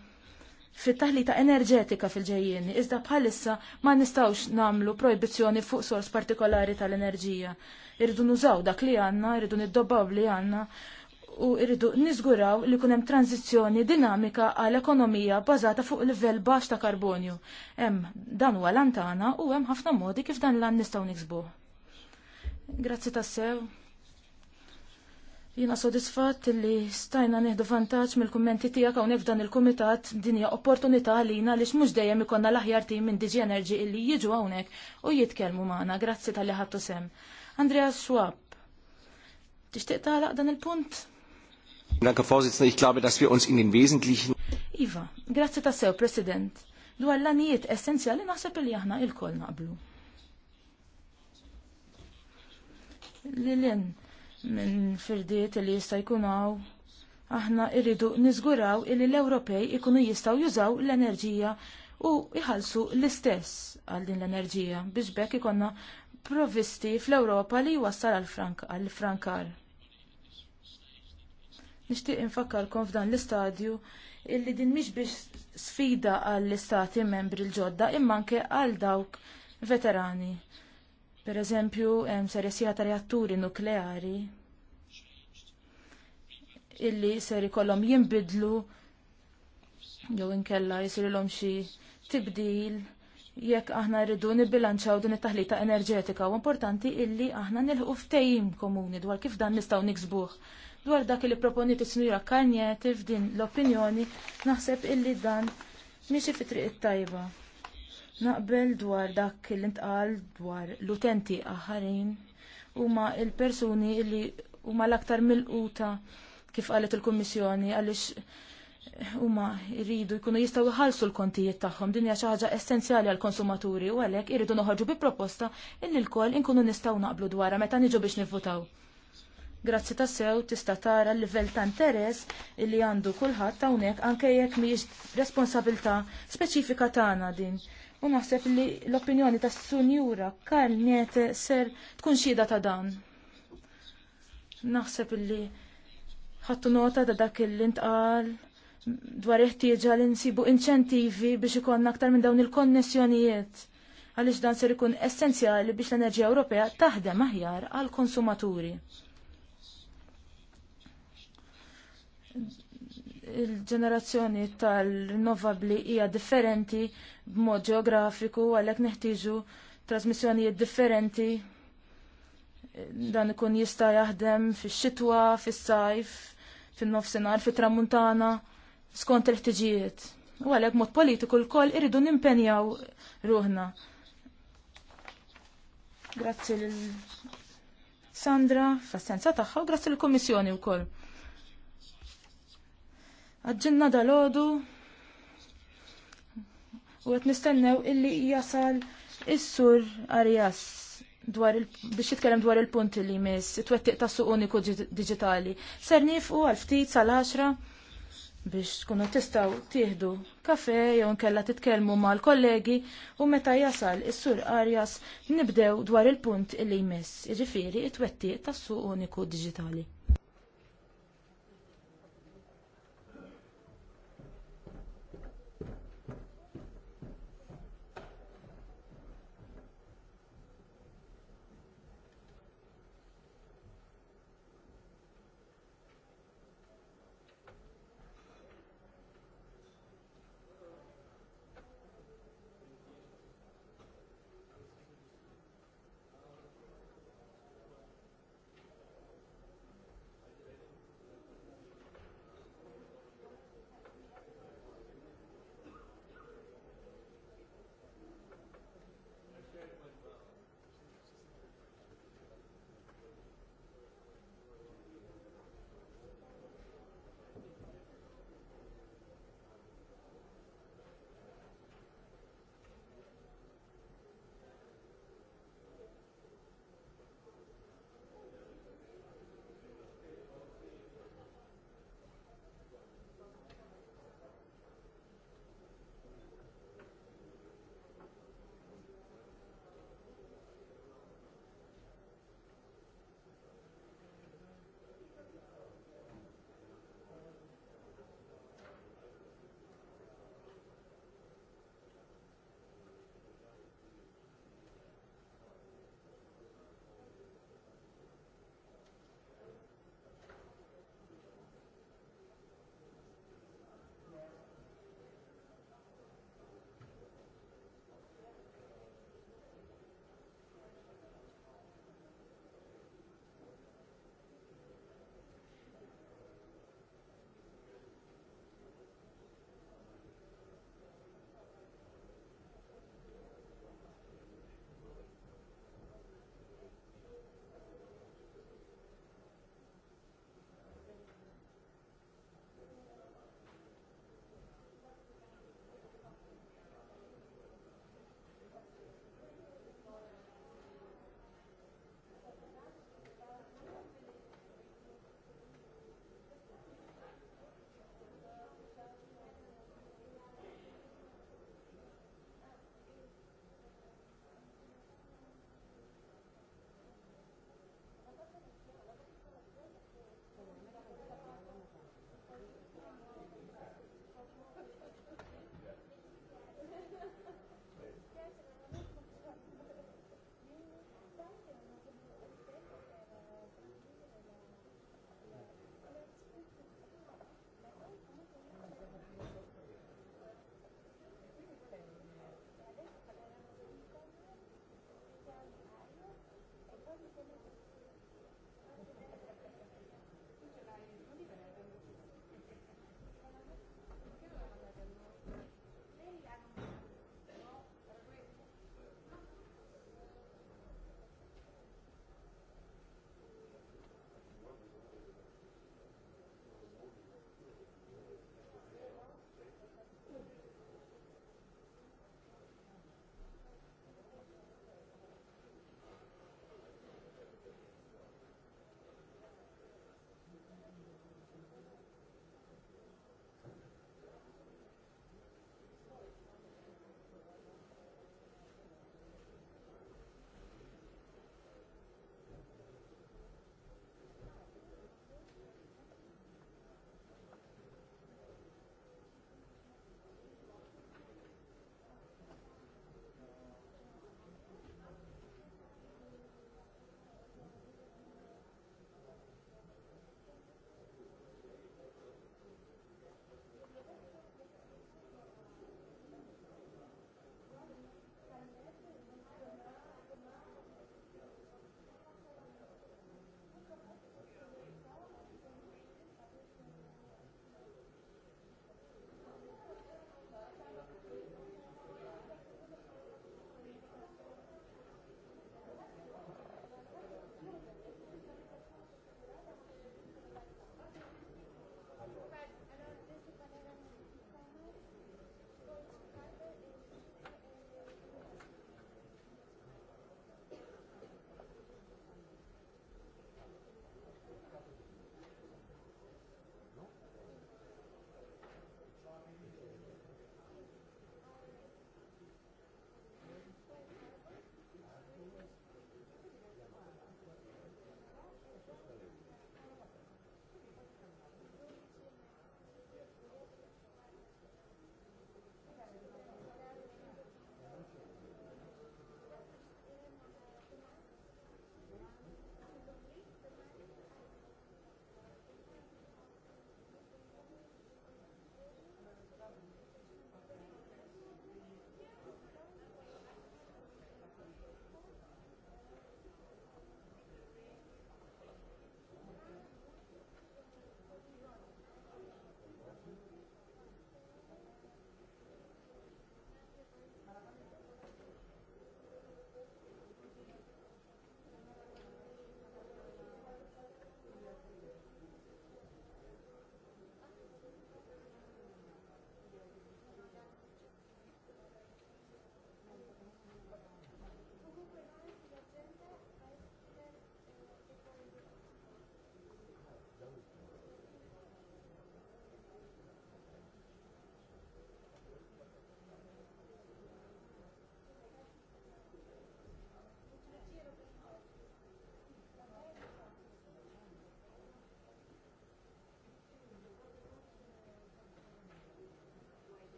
fit ta' enerġetika fil-ġejjien, iżda bħalissa ma nistawx namlu proibizzjoni fuq sors partikolari tal-enerġija. Irridu nużaw dak li għanna, irridu niddobbaw li għanna, u irridu nizguraw li kunem tranzizjoni dinamika għal ekonomija bazata fuq livell baxx ta' karbonju. Hemm dan huwa lantana u hemm ħafna modi kif dan l-għan nistgħu niksbuh. Grazzi tassew. Jina sodisfatt li stajna nieħdu vantaġġ mill-kummenti tiegħek hawnhekk f'dan il-kumitat din hija opportunità għalina għaliex mhux dejjem ikonna l-aħjar tim minn Digi Energy illi jiġu hawnhekk u jitkellmu magħna grazzi tal-li ħadtu sem. Andreas Schwab, tixtieq tagħlaq dan il-punt? Danke, Vorsitzender. Ich glaube, dass wir uns in den wesentlichen... Iva, grazzi sew President. Dwar l-anijiet essenzjali naħseb li aħna il-koll naqblu. Lilin, minn firdiet li jista' jkunaw. Aħna irridu niżguraw illi l-Ewropej ikunu jistgħu jużaw l-enerġija u jħallsu l-istess għal din l-enerġija biex bekk ikonna provvisti fl-Ewropa li jwassal għal frankar. Nixtieq infakkarkom f'dan l-istadju illi din mhix biex sfida għall istati membri l-ġodda imma anke għal dawk veterani Per eżempju, ser jessira ta' reatturi nukleari illi ser ikollhom jinbidlu jew inkella jisirilhom xi tibdil jekk aħna rridu nibbilanċaw din it-taħlita enerġetika u importanti illi aħna nilħu ftehim komuni dwar kif dan nistgħu niksbuh. Dwar dak li proponiti snura Karnieti f'din l-opinjoni naħseb illi dan miexi fi triq it-tajba. Naqbel dwar dak li ntqal dwar l-utenti aħarin huma l persuni li huma l-aktar milquta kif qalet il-Kummissjoni għaliex eh, huma jridu jkunu jistgħu jħallsu l-kontijiet tagħhom din hija xi ħaġa essenzjali għall konsumaturi u għalhekk iridu noħorġu bi proposta illi l inkunu nistgħu naqblu dwarha meta niġu biex nivvutaw. Grazzi tassew tista' tara l-livell ta' interess illi għandu kulħadd hawnhekk anke jekk mhijiex responsabilità speċifika tagħna din U naħseb li l-opinjoni ta' Sunjura Kalniet ser tkun xida ta' dan. Naħseb li ħattu nota ta' dak il-intqal dwar iħtieġa li nsibu inċentivi biex ikon aktar minn dawn il-konnessjonijiet għaliex dan ser ikun essenzjali biex l-enerġija Ewropea taħdem aħjar għal konsumaturi il-ġenerazzjoni tal-rinnovabli hija differenti b'mod ġeografiku għalhekk neħtieġu trasmissjonijiet differenti dan ikun jista' jaħdem fix-xitwa, fis-sajf, fin-nofsinhar, fit-tramuntana skont il-ħtiġijiet. U għalhekk mod politiku lkoll iridu nimpenjaw ruħna. Grazzi lil Sandra fas-senza tagħha u grazzi lill-Kummissjoni wkoll. Għadġinna dal-ħodu u għet nistennew illi jasal is-sur Arias dwar il biex jitkellem dwar il-punt li jmiss, it-twettiq ta' suq uniku digitali. Ser nifqu għal ftit sal-10 biex tkunu tistaw tieħdu kafe jew nkella titkellmu mal-kollegi u meta jasal is-sur Arias nibdew dwar il-punt li jmiss, iġifieri it-twettiq tas suq uniku digitali.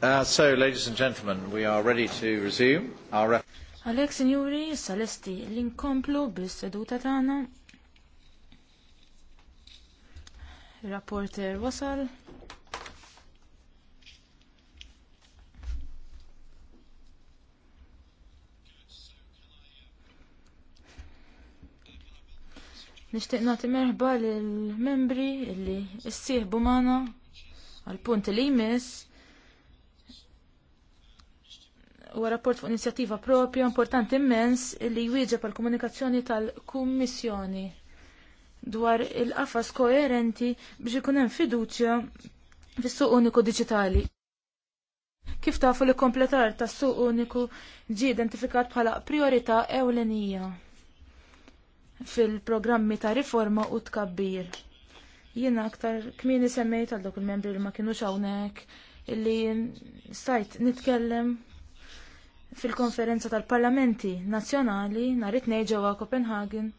Uh, so, ladies and gentlemen, we are ready to resume our... Għalek, signori, salesti, l-inkomplu bis-seduta tagħna. Rapporter wasal. Nishtiq nagħti merħba lill membri li issieħbu mana. għal punt li jmiss U rapport fuq inizjattiva propju importanti immens li jwieġeb għal komunikazzjoni tal-Kummissjoni dwar il-qafas koerenti biex ikun hemm fiduċja fis-suq uniku diġitali. Kif tafu li kompletar tas suq uniku ġie identifikat bħala priorità ewlenija fil-programmi ta' riforma u tkabbir. Jiena aktar kmieni semmejt għal dok il-membri li ma kinux hawnhekk illi stajt nitkellem fil-konferenza tal-parlamenti nazzjonali nhar it-tnejn ġewwa Copenhagen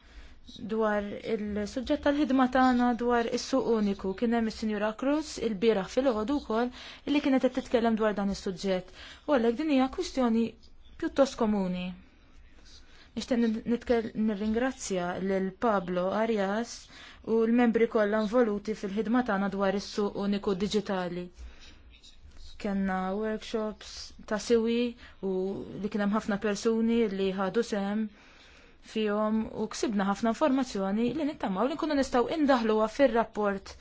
dwar il-suġġett tal-ħidma tagħna dwar is-suq uniku kien hemm is-Sinjura Cruz il-bieraħ fil-ħodu wkoll li kienet qed titkellem dwar dan is-suġġett. U għalhekk din hija kwistjoni pjuttost komuni. Nixtieq nirringrazzja lil Pablo Arias u l-membri kollha involuti fil-ħidma tagħna dwar is-suq uniku diġitali. Kenna workshops ta' siwi u li kien hemm ħafna persuni li ħadu sem fihom u ksibna ħafna informazzjoni li nittamaw li nkunu nistgħu indaħluha fir-rapport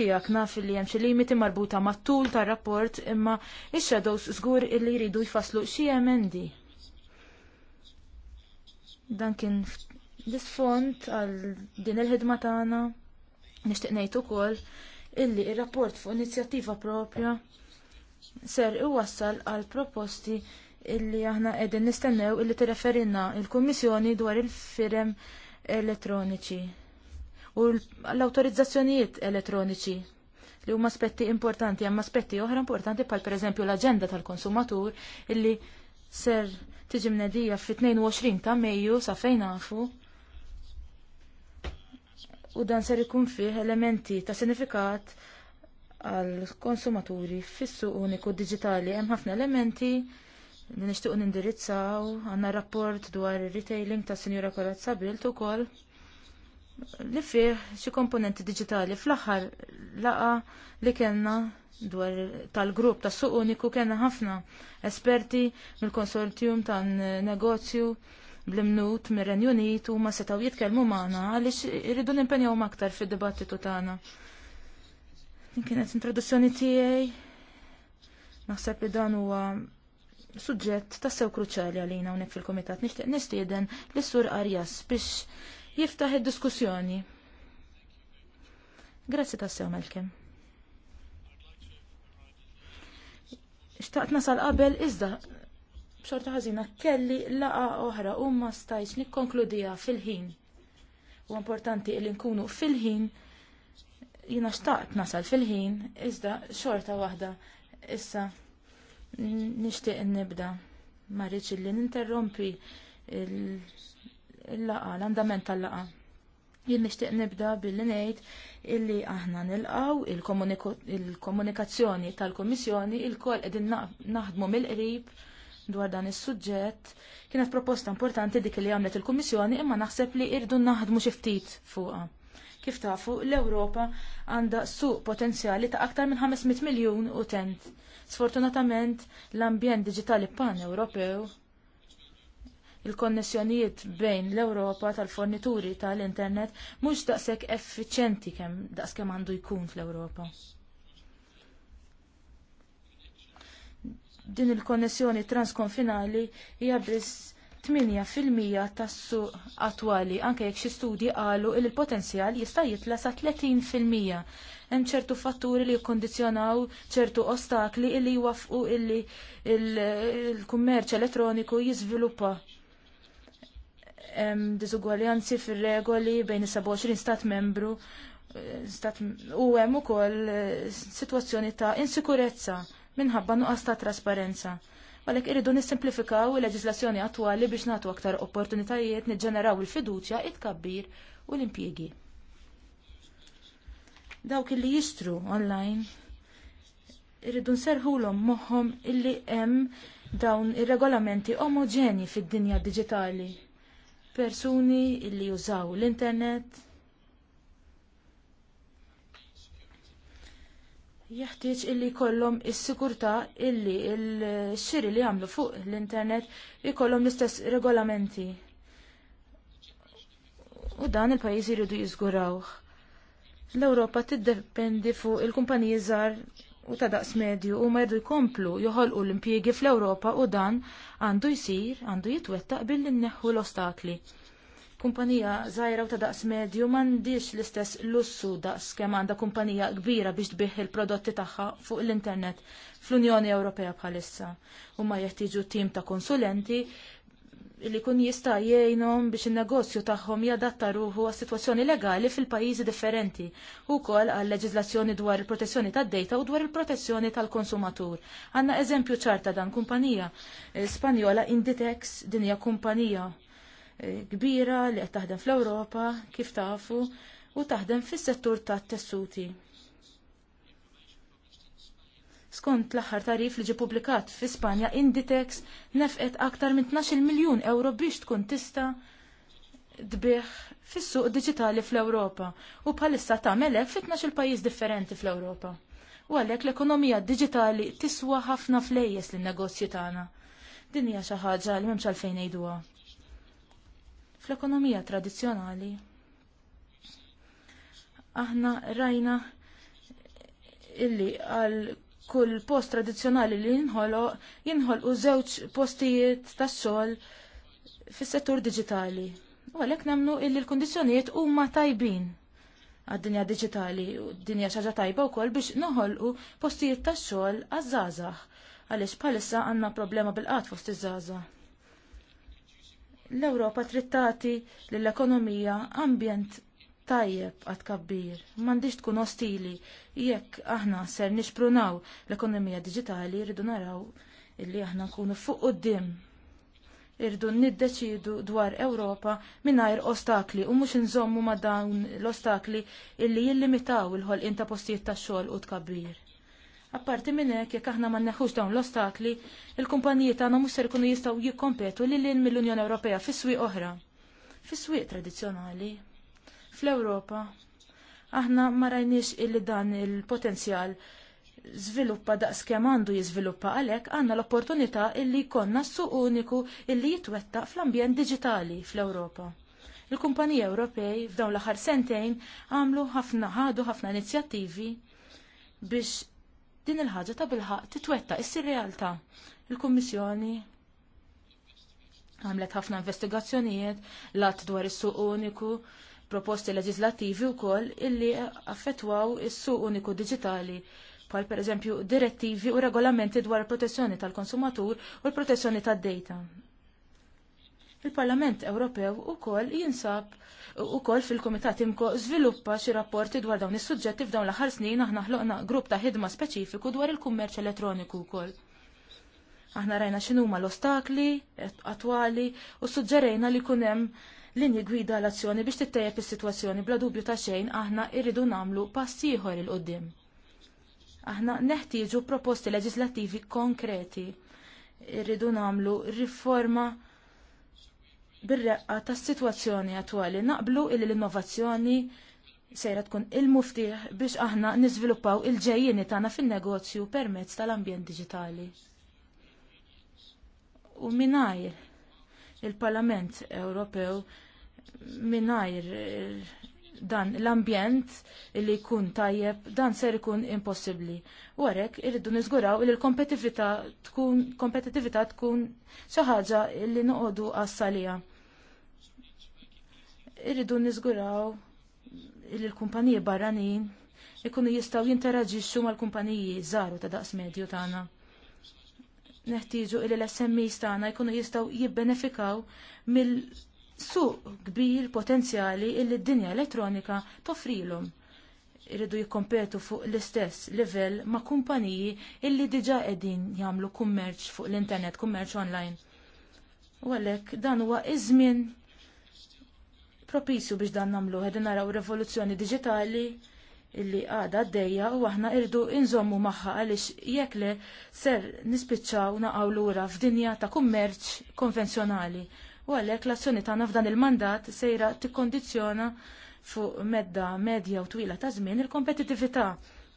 tiegħek naf li hemm xi limiti marbuta mat-tul tar-rapport imma ix-shadows żgur illi jridu jfasslu xi emendi. Dan kien l-isfond għal din il-ħidma tagħna nixtieq ngħid ukoll illi ir-rapport fuq inizjattiva propja ser iwassal għal proposti illi aħna qegħdin nistennew illi tirreferinna il-Kummissjoni dwar il-firem elettroniċi u l-autorizzazzjonijiet elettroniċi li huma aspetti importanti, hemm aspetti oħra importanti bħal pereżempju l-aġenda tal-konsumatur illi ser tiġi mnedija fit-22 ta' Mejju sa fejn nafu. U dan ser ikun fih elementi ta' sinifikat għall konsumaturi fis-suq uniku diġitali hemm ħafna elementi li nixtiequ nindirizzaw għandna rapport dwar ir-retailing ta' Sinjura Korazza Bilt ukoll li fih xi komponenti diġitali fl-aħħar laqa li kellna dwar tal-grupp tas suq uniku kellna ħafna esperti mill-konsortium tan negozju bl-imnut mir-Renju Unit huma setgħu jitkellmu magħna għaliex irridu nimpenjaw aktar fid-dibattitu tagħna kienet introduzzjoni tiegħi. Naħseb li dan huwa suġġett tassew kruċali għalina hawnhekk fil-kumitat nixtieq nistieden lis sur Arjas biex jiftaħ id-diskussjoni. Grazzi tassew Malkem. Xtaqt nasal qabel iżda b'xorta ħażina kelli laqa oħra u ma stajx nikkonkludiha fil-ħin. U importanti li nkunu fil-ħin fil ħin jina xtaqt nasal fil-ħin, iżda xorta waħda, issa nishtiq nibda. Marriċ li ninterrompi il-laqa, l-andament tal-laqa. Jien nishtiq nibda billi ngħid illi aħna nilqaw il-komunikazzjoni tal kommissjoni il-kol qegħdin naħdmu mill-qrib dwar dan is-suġġett. Kienet proposta importanti dik li għamlet il-Kummissjoni imma naħseb li irdu naħdmu xi ftit fuqha Kif tafu, l-Ewropa għandha suq potenzjali ta' aktar minn 500 miljun utent. Sfortunatament, l-ambjent digitali pan-Ewropew il-konnessjonijiet bejn l-Ewropa tal-fornituri tal-internet mhux daqshekk effiċjenti kemm daqskemm għandu jkun fl-Ewropa. Din il-konnessjoni transkonfinali hija biss 8% tas-suq attwali anke jekk xi studji qalu li l-potenzjal jista' jitla sa 30%. Hemm ċertu fatturi li jikkondizzjonaw ċertu ostakli li jwaffqu illi l-kummerċ elettroniku jiżviluppa. Hemm diżugwaljanzi fir-regoli bejn is-27 stat membru eh, u hemm ukoll eh, sitwazzjoni ta' insikurezza minħabba nuqqas ta' trasparenza għalhekk irridu nissimplifikaw il-leġislazzjoni attwali biex nagħtu aktar opportunitajiet niġġeneraw il-fiduċja, it-kabbir u l-impjiegi. Dawk li jistru online irridu nserħulhom moħħhom illi hemm dawn ir-regolamenti omogeni fid-dinja diġitali. Persuni illi jużaw l-internet, jeħtieġ illi jkollhom is-sigurtà illi l-xiri li jagħmlu fuq l-internet ikollhom l-istess regolamenti. U dan il-pajjiżi jridu jiżguraw. L-Ewropa tiddependi fuq il-kumpaniji żgħar u ta' daqs medju u ma jridu jkomplu joħolqu l-impjiegi fl-Ewropa u dan għandu jsir, għandu jitwettaq billi nneħħu l-ostakli kumpanija żgħira u ta' daqs medju m'għandix l-istess lussu daqs kemm għandha kumpanija kbira biex tbieħ il-prodotti tagħha fuq l-internet fl-Unjoni Ewropea bħalissa. Huma jeħtieġu tim ta' konsulenti li kun jista' jgħinhom biex in-negozju tagħhom jadatta ruħu għas sitwazzjoni legali fil-pajjiżi differenti u wkoll għal leġiżlazzjoni dwar il-protezzjoni tad-dejta u dwar il-protezzjoni tal-konsumatur. Għandna eżempju ċarta dan kumpanija eh, Spanjola Inditex din hija kumpanija kbira li qed taħdem fl-Ewropa kif tafu u taħdem fis-settur tat-tessuti. Skont l-aħħar tarif li ġie publikat fi Spanja, Inditex nefqet aktar minn 12 miljun euro biex tkun tista' dbieħ fis-suq diġitali fl-Ewropa u bħalissa tagħmel hekk fi 12 pajjiż differenti fl-Ewropa. U għalhekk l-ekonomija diġitali tiswa ħafna flejjes lin negozju tagħna. Din hija xi ħaġa li m'hemmx għalfejn ngħiduha. Fl-ekonomija tradizzjonali aħna rajna illi għal kull post tradizzjonali li jinħolo jinħol u żewġ postijiet tas-sol fis-settur diġitali. U għalhekk namnu illi l-kundizzjonijiet huma tajbin għad-dinja digitali u dinja xaġa tajba wkoll biex noħolqu postijiet tax-xogħol għaż-żgħażagħ għaliex bħalissa għandna problema bil-qatt fost iż-żgħażagħ L-Ewropa trid tagħti lill-ekonomija ambjent tajjeb għad kabbir, m'għandix tkun ostili jekk aħna ser nixprunaw l-ekonomija diġitali rridu naraw illi aħna nkunu fuq quddiem Irridu niddeċidu dwar Ewropa mingħajr ostakli u mhux inżommu ma' dawn l-ostakli illi jillimitaw il-ħolqien ta' postijiet tax-xogħol u tkabbir. Apparti minn hekk jekk aħna ma nneħħux dawn l-ostakli, il-kumpaniji tagħna mhux ser ikunu jistgħu jikkompetu lil in mill-Unjoni Ewropea fis-swieq oħra. Fis-swieq tradizzjonali fl-Ewropa aħna ma rajniex illi dan il-potenzjal żviluppa daqskemm għandu jiżviluppa għalhekk għandna l-opportunità illi jkollna suq uniku illi jitwettaq fl-ambjent diġitali fl-Ewropa il-kumpaniji Ewropej f'dawn l-aħħar sentejn għamlu ħafna ħadu ħafna inizjattivi biex din il-ħaġa ta' bilħaq titwetta issir realtà. Il-Kummissjoni għamlet ħafna investigazzjonijiet, lat dwar is-suq uniku, proposti leġislattivi wkoll illi affettwaw is-suq uniku diġitali bħal pereżempju direttivi u regolamenti dwar il protezzjoni tal-konsumatur u l-protezzjoni tad-data. Il-Parlament Ewropew ukoll jinsab ukoll fil-Kumitat Imko żviluppa xi rapporti dwar dawn is-suġġetti f'dawn l-aħħar snin aħna ħloqna grupp ta' ħidma speċifiku dwar il-kummerċ elettroniku wkoll. Aħna rajna x'inhuma l-ostakli attwali u suġġerejna li jkun hemm linji gwida l-azzjoni biex tittejjeb is-sitwazzjoni bla dubju ta' xejn aħna rridu nagħmlu pass ieħor il qudiem Aħna neħtieġu proposti leġislattivi konkreti. Irridu nagħmlu riforma bir-reqqa tas-sitwazzjoni attwali naqblu il l-innovazzjoni sejra tkun il-muftiħ biex aħna niżviluppaw il-ġejjini tagħna fin-negozju permezz tal-ambjent digitali. U minajr il-Parlament Ewropew mingħajr dan l-ambjent li jkun tajjeb dan ser ikun impossibbli. U għarek irridu niżguraw li l-kompetitività tkun kompetitività tkun xi ħaġa li noqogħdu għas-salija irridu niżguraw li l-kumpaniji barranin ikunu jistaw jinteraġixxu mal-kumpaniji żaru ta' daqs medju tagħna. Neħtieġu li l-SMEs tagħna jkunu jistgħu jibbenefikaw mill-suq kbir potenzjali li d-dinja elettronika toffrilhom. Irridu jikkompetu fuq l-istess livell ma' kumpaniji illi diġa qegħdin jagħmlu kummerċ fuq l-internet, kummerċ online. U għalhekk dan huwa iż-żmien propizju biex dan namlu għedin naraw revoluzzjoni digitali illi għada għaddejja u aħna irdu inżommu maħħa għalix jekk le ser nispiċċaw naqaw lura f'dinja ta' kummerċ konvenzjonali u għalhekk l-azzjoni tagħna f'dan il-mandat sejra tikkondizzjona fuq medda medja u twila ta' żmien il-kompetitività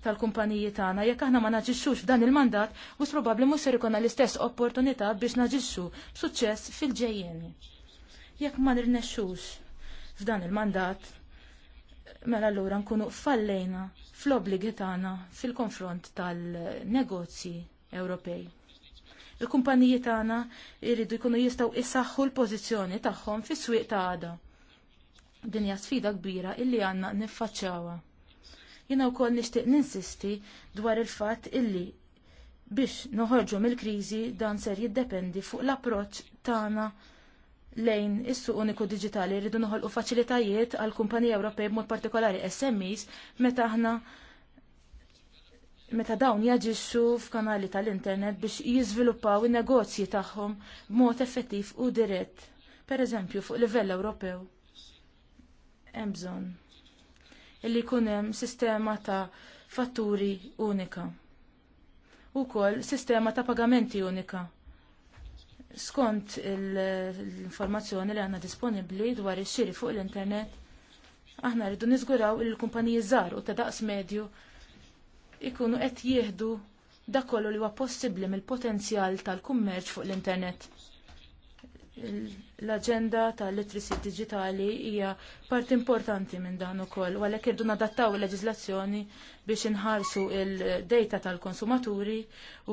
tal-kumpaniji tagħna jekk aħna ma naġixxux f'dan il-mandat mhux probabbli mhux ser ikolna l-istess opportunità biex naġixxu b'suċċess fil-ġejjeni. Jekk ma nirnexxux f'dan il-mandat, mela allura nkunu fallejna fl obbligi tagħna fil-konfront tal-negozji Ewropej. Il-kumpaniji tagħna jridu jkunu jistgħu isaħħu l-pożizzjoni tagħhom fis-swieq ta' għada. Din hija sfida kbira illi għandna niffaċċawha. Jiena wkoll nixtieq ninsisti dwar il-fatt illi biex noħorġu mill-kriżi dan ser jiddependi fuq l-approċċ tagħna lejn is-suq uniku diġitali rridu noħolqu faċilitajiet għal kumpaniji Ewropej b'mod partikolari SMEs meta aħna meta dawn jaġixxu f'kanali tal-internet biex jiżviluppaw in-negozji tagħhom b'mod effettiv u dirett, pereżempju fuq livell Ewropew. Hemm bżonn illi jkun hemm sistema ta' fatturi unika. Ukoll sistema ta' pagamenti unika skont l-informazzjoni li għanna disponibli dwar ix-xiri fuq l-internet, aħna rridu niżguraw il kumpaniji żgħar u ta' daqs medju ikunu qed jieħdu dak kollu li huwa possibbli mill-potenzjal tal-kummerċ fuq l-internet. L-aġenda tal-literacy digitali hija parti importanti minn dan ukoll, u għalhekk irdu nadattaw il-leġiżlazzjoni biex inħarsu il-data tal-konsumaturi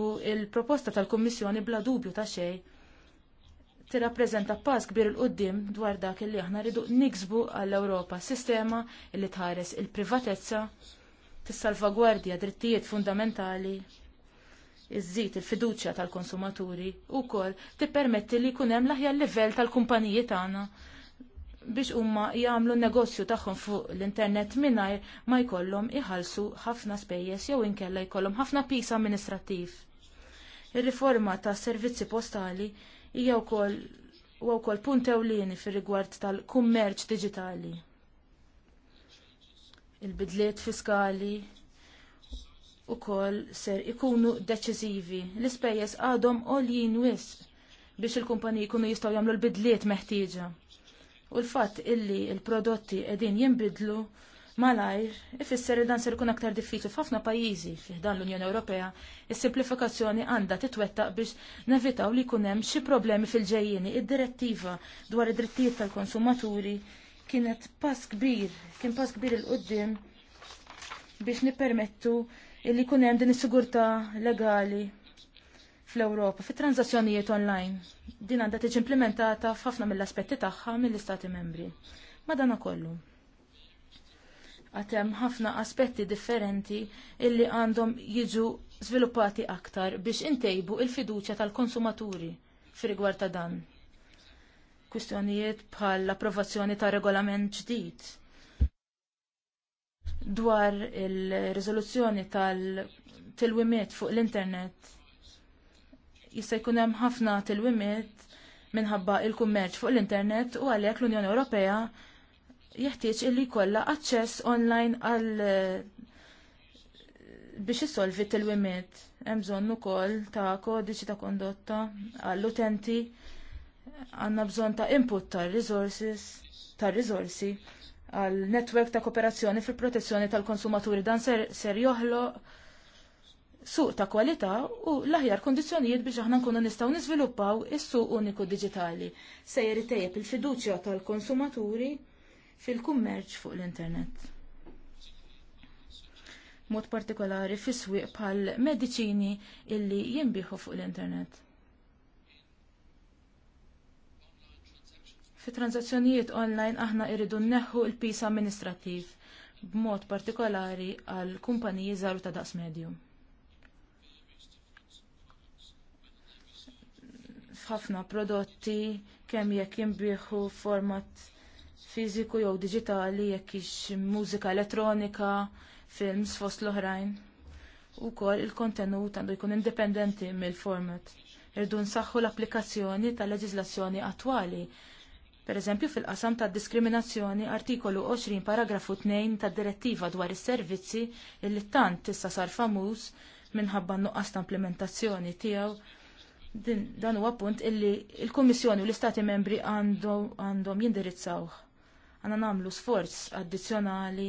u il-proposta tal-Kummissjoni bla dubju ta' xejn tirrappreżenta pass kbir il quddiem dwar dak li aħna rridu niksbu għall-Ewropa, sistema li tħares il-privatezza, tissalvagwardja drittijiet fundamentali, iżżid il-fiduċja tal-konsumaturi u kol tippermetti li jkun hemm l-aħjar livell tal-kumpaniji tagħna biex huma jagħmlu negozju tagħhom fuq l-internet mingħajr ma jkollhom iħallsu ħafna spejjeż jew inkella jkollhom ħafna pis amministrattiv. Ir-riforma tas servizzi postali hija wkoll huwa wkoll punt ewlieni fir-rigward tal-kummerċ diġitali. Il-bidliet fiskali kol ser ikunu deċiżivi. L-ispejjeż għadhom għoljin wisq biex il kumpani jkunu jistgħu jagħmlu l-bidliet meħtieġa. U l-fatt illi l il prodotti qegħdin jinbidlu malajr, ifisser li dan ser ikun aktar diffiċli f'ħafna pajjiżi fiħdan l-Unjoni Ewropea, is-simplifikazzjoni għandha titwettaq biex nevitaw li jkun hemm xi problemi fil-ġejjieni. Id-direttiva dwar id-drittijiet tal-konsumaturi kienet pass kbir, kien pass kbir il qudiem biex nippermettu li jkun hemm din is-sigurtà legali fl-Ewropa fit-transazzjonijiet online. Din għandha tiġi implementata f'ħafna mill-aspetti tagħha mill-Istati membri. Madana kollu għatem ħafna aspetti differenti illi għandhom jiġu sviluppati aktar biex intejbu il-fiduċja tal-konsumaturi fir-rigward ta' dan. Kwistjonijiet bħal l-approvazzjoni ta' regolament ġdid dwar il-riżoluzzjoni tal-tilwimiet fuq l-internet jista' jkun hemm ħafna tilwimiet minħabba il-kummerċ fuq l-internet u għalhekk l-Unjoni Ewropea jeħtieġ illi jkollha aċċess online għal eh, biex issolvi wimiet Hemm bżonn ukoll ta' kodiċi ta' kondotta għall-utenti għandna bżonn ta' input tar resources tar risorsi għal netwerk ta' kooperazzjoni fil protezzjoni tal-konsumaturi dan ser, ser joħloq suq ta' kwalità u l-aħjar kundizzjonijiet biex aħna nkunu nistgħu niżviluppaw is-suq uniku diġitali. Sejjer itejjeb il-fiduċja tal-konsumaturi fil-kummerċ fuq l-internet. Mod partikolari fis-swieq bħal mediċini illi jinbiħu fuq l-internet. Fi tranzazzjonijiet online aħna irridu nneħħu l-pis amministrattiv b'mod partikolari għal kumpaniji żaru ta' daqs medju. F'ħafna prodotti kemm jekk jinbieħu format fiżiku jew diġitali jekk ix mużika elettronika, films fost l-oħrajn. Ukoll il-kontenut għandu jkun indipendenti mill-format. Irdu nsaħħu l-applikazzjoni tal-leġiżlazzjoni attwali. Pereżempju fil-qasam tad diskriminazzjoni artikolu 20 paragrafu 2 tad direttiva dwar is-servizzi illi tant tista' sar famuż minħabba nuqqas ta' implementazzjoni tiegħu dan huwa punt illi l-Kummissjoni u l-Istati membri għandhom jindirizzawh. Għanna namlu sforz addizjonali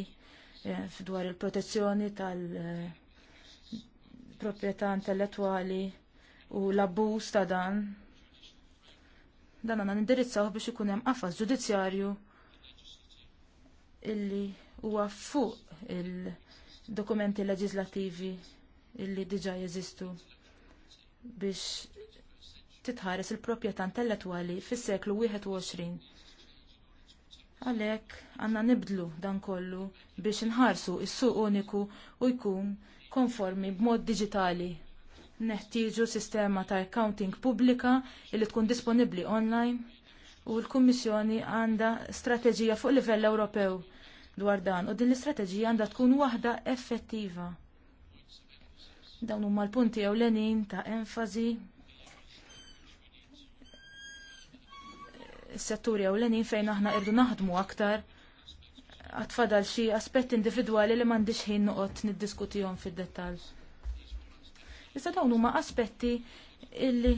eh, dwar il-protezzjoni tal-proprietà eh, intellettuali u l-abbuż ta' dan. Dan għanna nindirizzaw biex ikun hemm qafas ġudizzjarju illi huwa fuq il-dokumenti leġislativi illi diġa jeżistu biex titħares il-proprjetà intellettwali fis-seklu 21 Għalhekk għandna nibdlu dan kollu biex inħarsu is-suq uniku u jkun konformi b'mod digitali. Neħtieġu sistema ta' accounting pubblika li tkun disponibbli online u l-Kummissjoni għandha strateġija fuq livell Ewropew dwar dan u din l-istrateġija għandha tkun waħda effettiva. Dawn huma l-punti ewlenin ta' enfasi setturi ewlenin fejn aħna irdu naħdmu aktar għatfadal xi aspetti individwali li m'għandix ħin noqgħod niddiskutihom fid-dettall. Issa dawn huma aspetti illi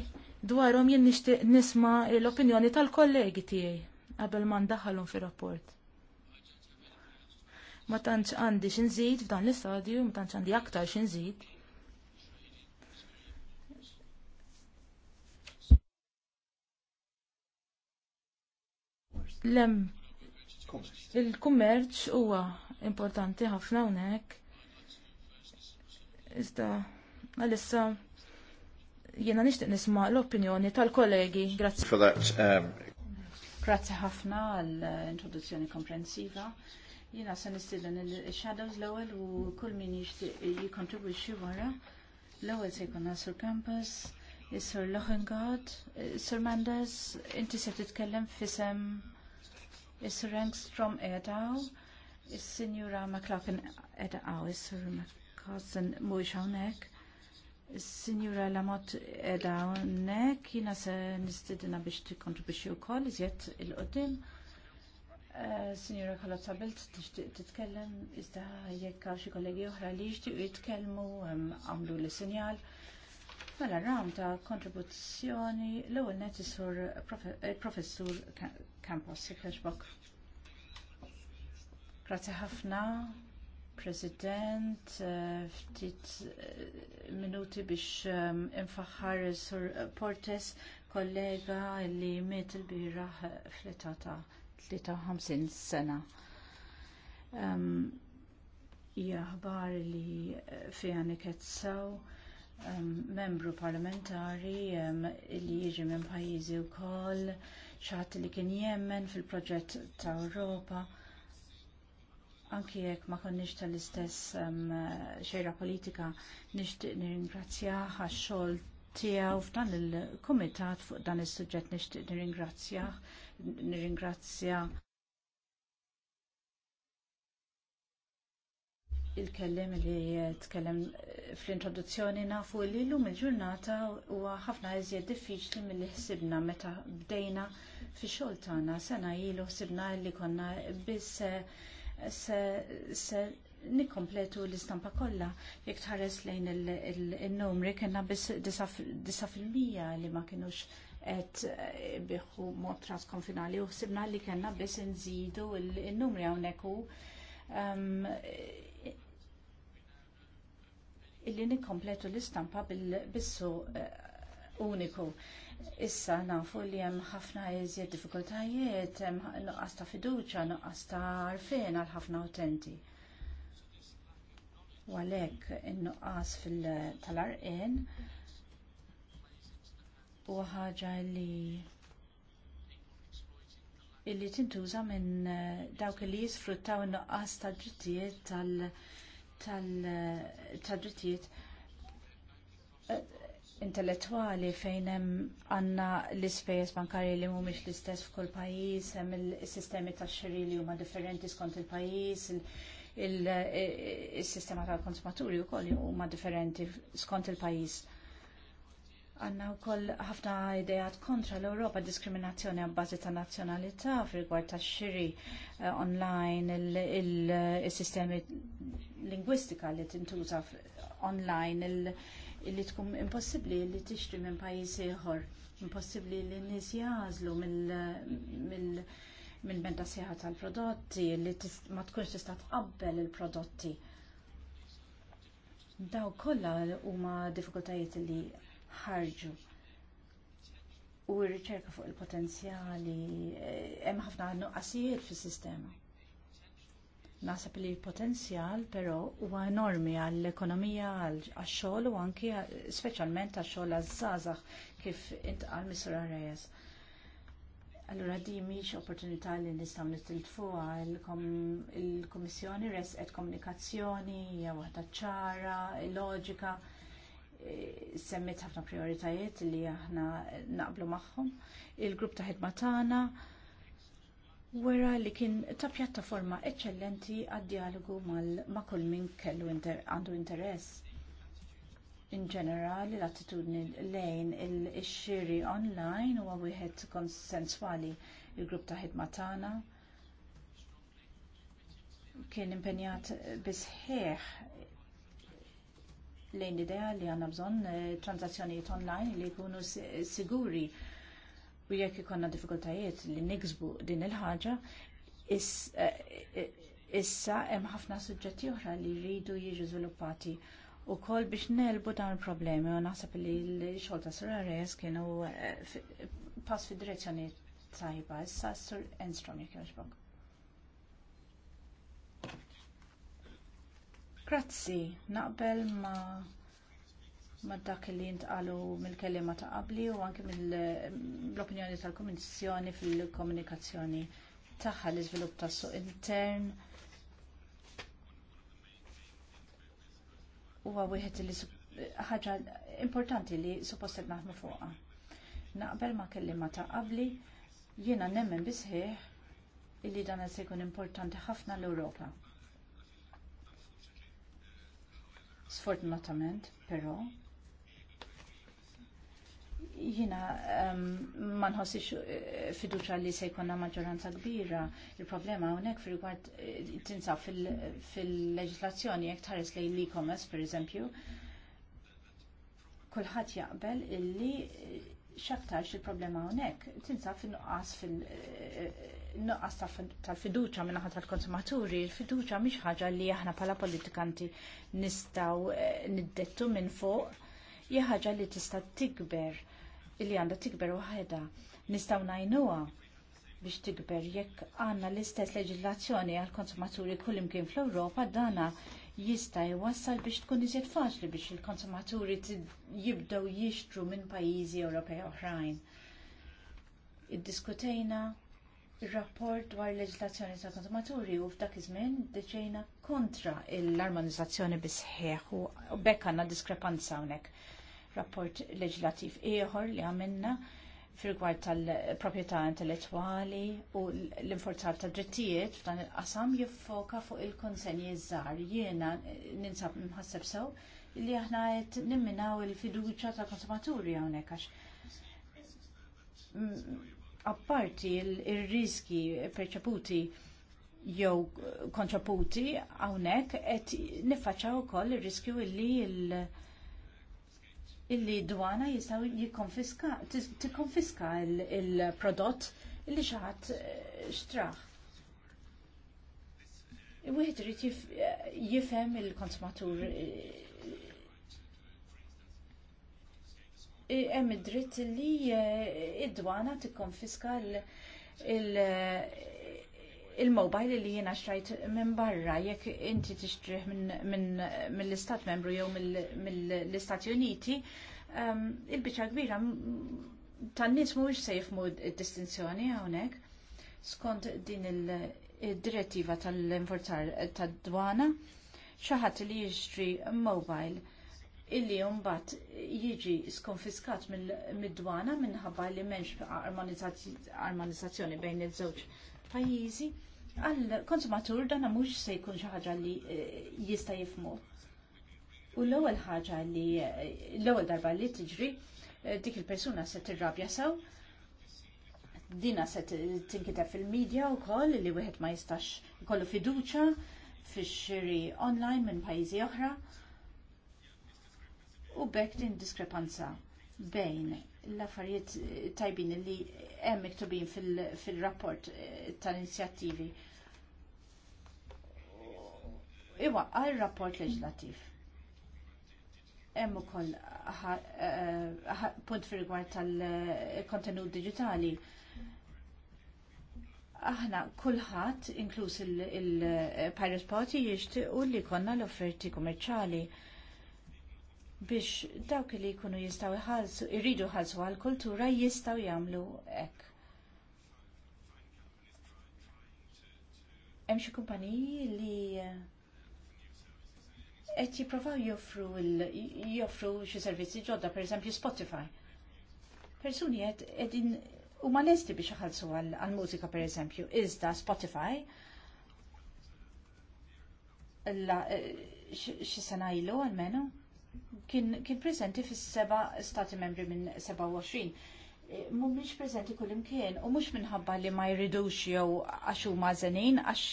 dwarhom jien nixtieq nisma' l-opinjoni tal-kollegi tiegħi qabel ma ndaħħalhom fir-rapport. Ma tantx għandi xi nżid f'dan l-istadju, ma tantx għandi aktar xi nżid. Lem il-kummerċ huwa importanti ħafna hawnhekk. Iżda għalissa jiena nixtieq nisma' l-opinjoni tal-kollegi. Grazzi. Um, Grazzi ħafna għall-introduzzjoni komprensiva. Jiena se nistieden il-shadows l-ewwel u kull min jixtieq jikkontribwixxi wara. L-ewwel se jkun Sur Campus, is-Sur Sir Sur Mendes, inti se titkellem fisem is Rangstrom et al. is Signora McLaughlin et al. is-Sur McCaustin mux hawnhekk. Signora Lamott al. Nek. jina se nistidina biex t-kontribuċi u koll, iżjed il-qoddim. Eh, Signora Kalazza Belt, titkellem. Is da jekka xie kollegi uħra li jġdi u jitkellmu, għamlu l-sinjal. Mela ram ta' kontribuzzjoni l-ewwel net isur eh, professur Campos Flashbook. Grazzi ħafna, President, eh, ftit eh, minuti biex ehm, infaħħar sur Portes, kollega li miet il-biraħ fl-età ta' 53 sena ehm, hija ħbar li fiha nikezzaw Um, membru parlamentari um, li jiġi minn pajjiżi wkoll xaħat li kien jemmen fil-proġett ta' Ewropa. Anki jekk ma konniex tal-istess um, xejra politika, nixtieq nirringrazzjah għax-xogħol tiegħu f'dan il-kumitat fuq dan is-suġġett nixtieq nirringrazzjah, nirringrazzja il-kellim li tkellem eh, fl-introduzzjoni nafu li llum il-ġurnata huwa ħafna iżjed diffiċli milli ħsibna meta bdejna fix-xogħol tagħna sena ilu ħsibna li konna biss se nikkompletu l-istampa kollha jekk tħares lejn il-numri kellna biss disa' fil-mija li ma kinux qed eh, biħu mod trasconfinali u ħsibna li kellna biss nżidu il-numri hawnhekk u ehm, illi nikkompletu l-istampa bis-su eh, uniku. Issa nafu li hemm ħafna iżjed diffikultajiet, hemm nuqqas ta' fiduċja, nuqqas ta' għarfien għal ħafna utenti. U għalhekk in-nuqqas tal-arqien huwa ħaġa li illi tintuża minn eh, dawk li jisfruttaw in-nuqqas tad drittijiet tal-, -tal tal-drittijiet eh, intellettuali fejn hemm għandna l-ispejjeż bankarji li mhumiex l-istess f'kull pajjiż, hemm is-sistemi tax-xiri li huma differenti skont il-pajjiż, is eh, sistema tal-konsumaturi wkoll huma differenti skont il-pajjiż. Għanna u koll ħafna idejat kontra l-Europa diskriminazzjoni għabbażi ta' nazjonalità f'rigward gwar ta' xiri uh, online il-sistemi lingwistika li tintuża online il, li tkun impossibli li tixtri minn pajjiż ieħor, impossibli li n-nies jażlu mill, mill minn benda sieħa tal-prodotti li ma tkunx tista' tqabbel il-prodotti. Daw kollha huma diffikultajiet li ħarġu. U r-riċerka fuq il-potenzjali eh, hemm ħafna nuqqasijiet fis-sistema. Nasab li l-potenzjal però huwa enormi għall-ekonomija, għax-xogħol u anki speċjalment għax-xogħol għaż-żgħażagħ kif intqal Mr. Reyes. Allura di mhix opportunità li nistgħu nitilfuha il-Kummissjoni resqet komunikazzjoni hija waħda ċara, loġika semmit ħafna prioritajiet li aħna naqblu magħhom. Il-grupp ta' ħidma tagħna wera li kien ta' pjattaforma eċċellenti għad-dialogu ma' kull min kellu għandu interess. In ġenerali l-attitudni lejn il-xiri online huwa wieħed konsenswali il-grupp ta' ħidma tagħna kien impenjat bisħieħ lejn l-idea li għandna bżonn eh, transazzjonijiet online li jkunu siguri u jekk ikonna diffikultajiet li niksbu din il-ħaġa, eh, issa hemm ħafna suġġetti oħra li jridu jiġu żviluppati wkoll biex nelbu dawn il-problemi u naħseb li l-xogħol ta' Sir Ares kienu eh, pass fid direzzjoni tajba issa Sir Enstrom jekk jogħġbok. Grazzi, naqbel ma ma dak li jintqalu mill-kelima ta' qabli u anke mill-opinjoni tal-Komissjoni fil-komunikazzjoni tagħha l-iżvilupp tas-suq intern. huwa wieħed li ħaġa importanti li suppost qed naħdmu fuqha. Naqbel ma kelliema ta' qabli jiena nemmen bisħieħ illi dan se jkun importanti ħafna l-Ewropa. Sfortunatament, però, jina um, ma nħossix eh, fiduċa li se jkollna maġġoranza kbira. Il-problema hawnhekk eh, fil riguard tinsab fil-leġislazzjoni jekk tħares lejn l-e-commerce pereżempju, kulħadd jaqbel illi eh, x'aktarx il-problema hawnhekk tinsa fil nuqqas fil-, fil nuqqas tal-fiduċa minnaħat tal-konsumaturi, il-fiduċa miex ħaġa li aħna bħala politikanti nistgħu eh, niddettu minn fuq, hija ħaġa li tista' tikber illi għandha tikber waħedha nistgħu ngħinuha biex tikber jekk għandna l-istess leġislazzjoni għall konsumaturi kullimkien fl-Ewropa dana jista' jwassal biex tkun iżjed faċli biex il-konsumaturi jibdew jixtru minn pajjiżi Ewropej oħrajn. Iddiskutejna rapport dwar leġislazzjoni ta' konsumaturi u f'dak iż-żmien deċejna kontra l-armonizzazzjoni bisħeħ u bekk għandna diskrepanza hawnhekk. Rapport leġislattiv ieħor li għamilna fil tal-proprjetà intellettwali u l-inforzar ta' drittijiet f'dan il-qasam jiffoka fuq il-konsenji żgħar jiena ninsab mħasseb sew li aħna qed nimminaw il-fiduċja tal-konsumaturi hawnhekk għax apparti il-riski perċeputi jew konċaputi hawnhekk qed niffaċċjaw ukoll ir-riskju illi l illi dwana jistgħu jikkonfiska tikkonfiska il-prodott illi xi ħadd eh, xtraħ. Wieħed irid jifhem il-konsumatur eh, hemm id-dritt li eh, id-dwana tikkonfiska il-mobile li jiena xrajt minn barra jekk inti tixtrih mill-Istat Membru jew mill-Istati Uniti, ehm, il-biċċa kbira tan-nies mhuwiex se jifmu d-distinzjoni hawnhekk skont din il-direttiva tal-importar tad-dwana xi ħadd li jixtri mobile illi mbagħad jiġi skonfiskat mid-dwana minħabba li m'hemmx armonizzazzjoni bejn iż-żewġ pajjiżi, għal konsumatur dan mhux se jkun xi ħaġa li eh, jista' jifmu. U l-ewwel ħaġa li eh, l-ewwel darba li tiġri eh, dik il-persuna se tirrabja sew dina se tinkiteb fil-medja wkoll li wieħed ma jistax ikollu fiduċja fix-xiri online minn pajjiżi oħra u bekk din diskrepanza bejn l-affarijiet eh, tajbin li hemm miktubin fil-rapport eh, tal-inizjattivi. Iwa, għal rapport leġlativ. Hemm ukoll eh, punt fil rigward tal-kontenut diġitali. Aħna kulħadd inkluż il-Pirate Party jixtiequ li konna l-offerti kummerċjali biex dawk li jkunu jistgħu jħallsu jridu ħalsu għall kultura jistgħu jagħmlu hekk. Hemm xi kumpaniji li eh, qed jippruvaw joffru joffru xi servizzi ġodda, pereżempju Spotify. Persuni qed qegħdin huma lesti biex iħallsu għall mużika pereżempju, iżda Spotify la eh, xi sena ilu għalmenu kien, kien prezenti fis seba stati membri minn 27. E, mumiex prezenti kull imkien u mux minħabba li ma jridux jew għaxu huma żenin għax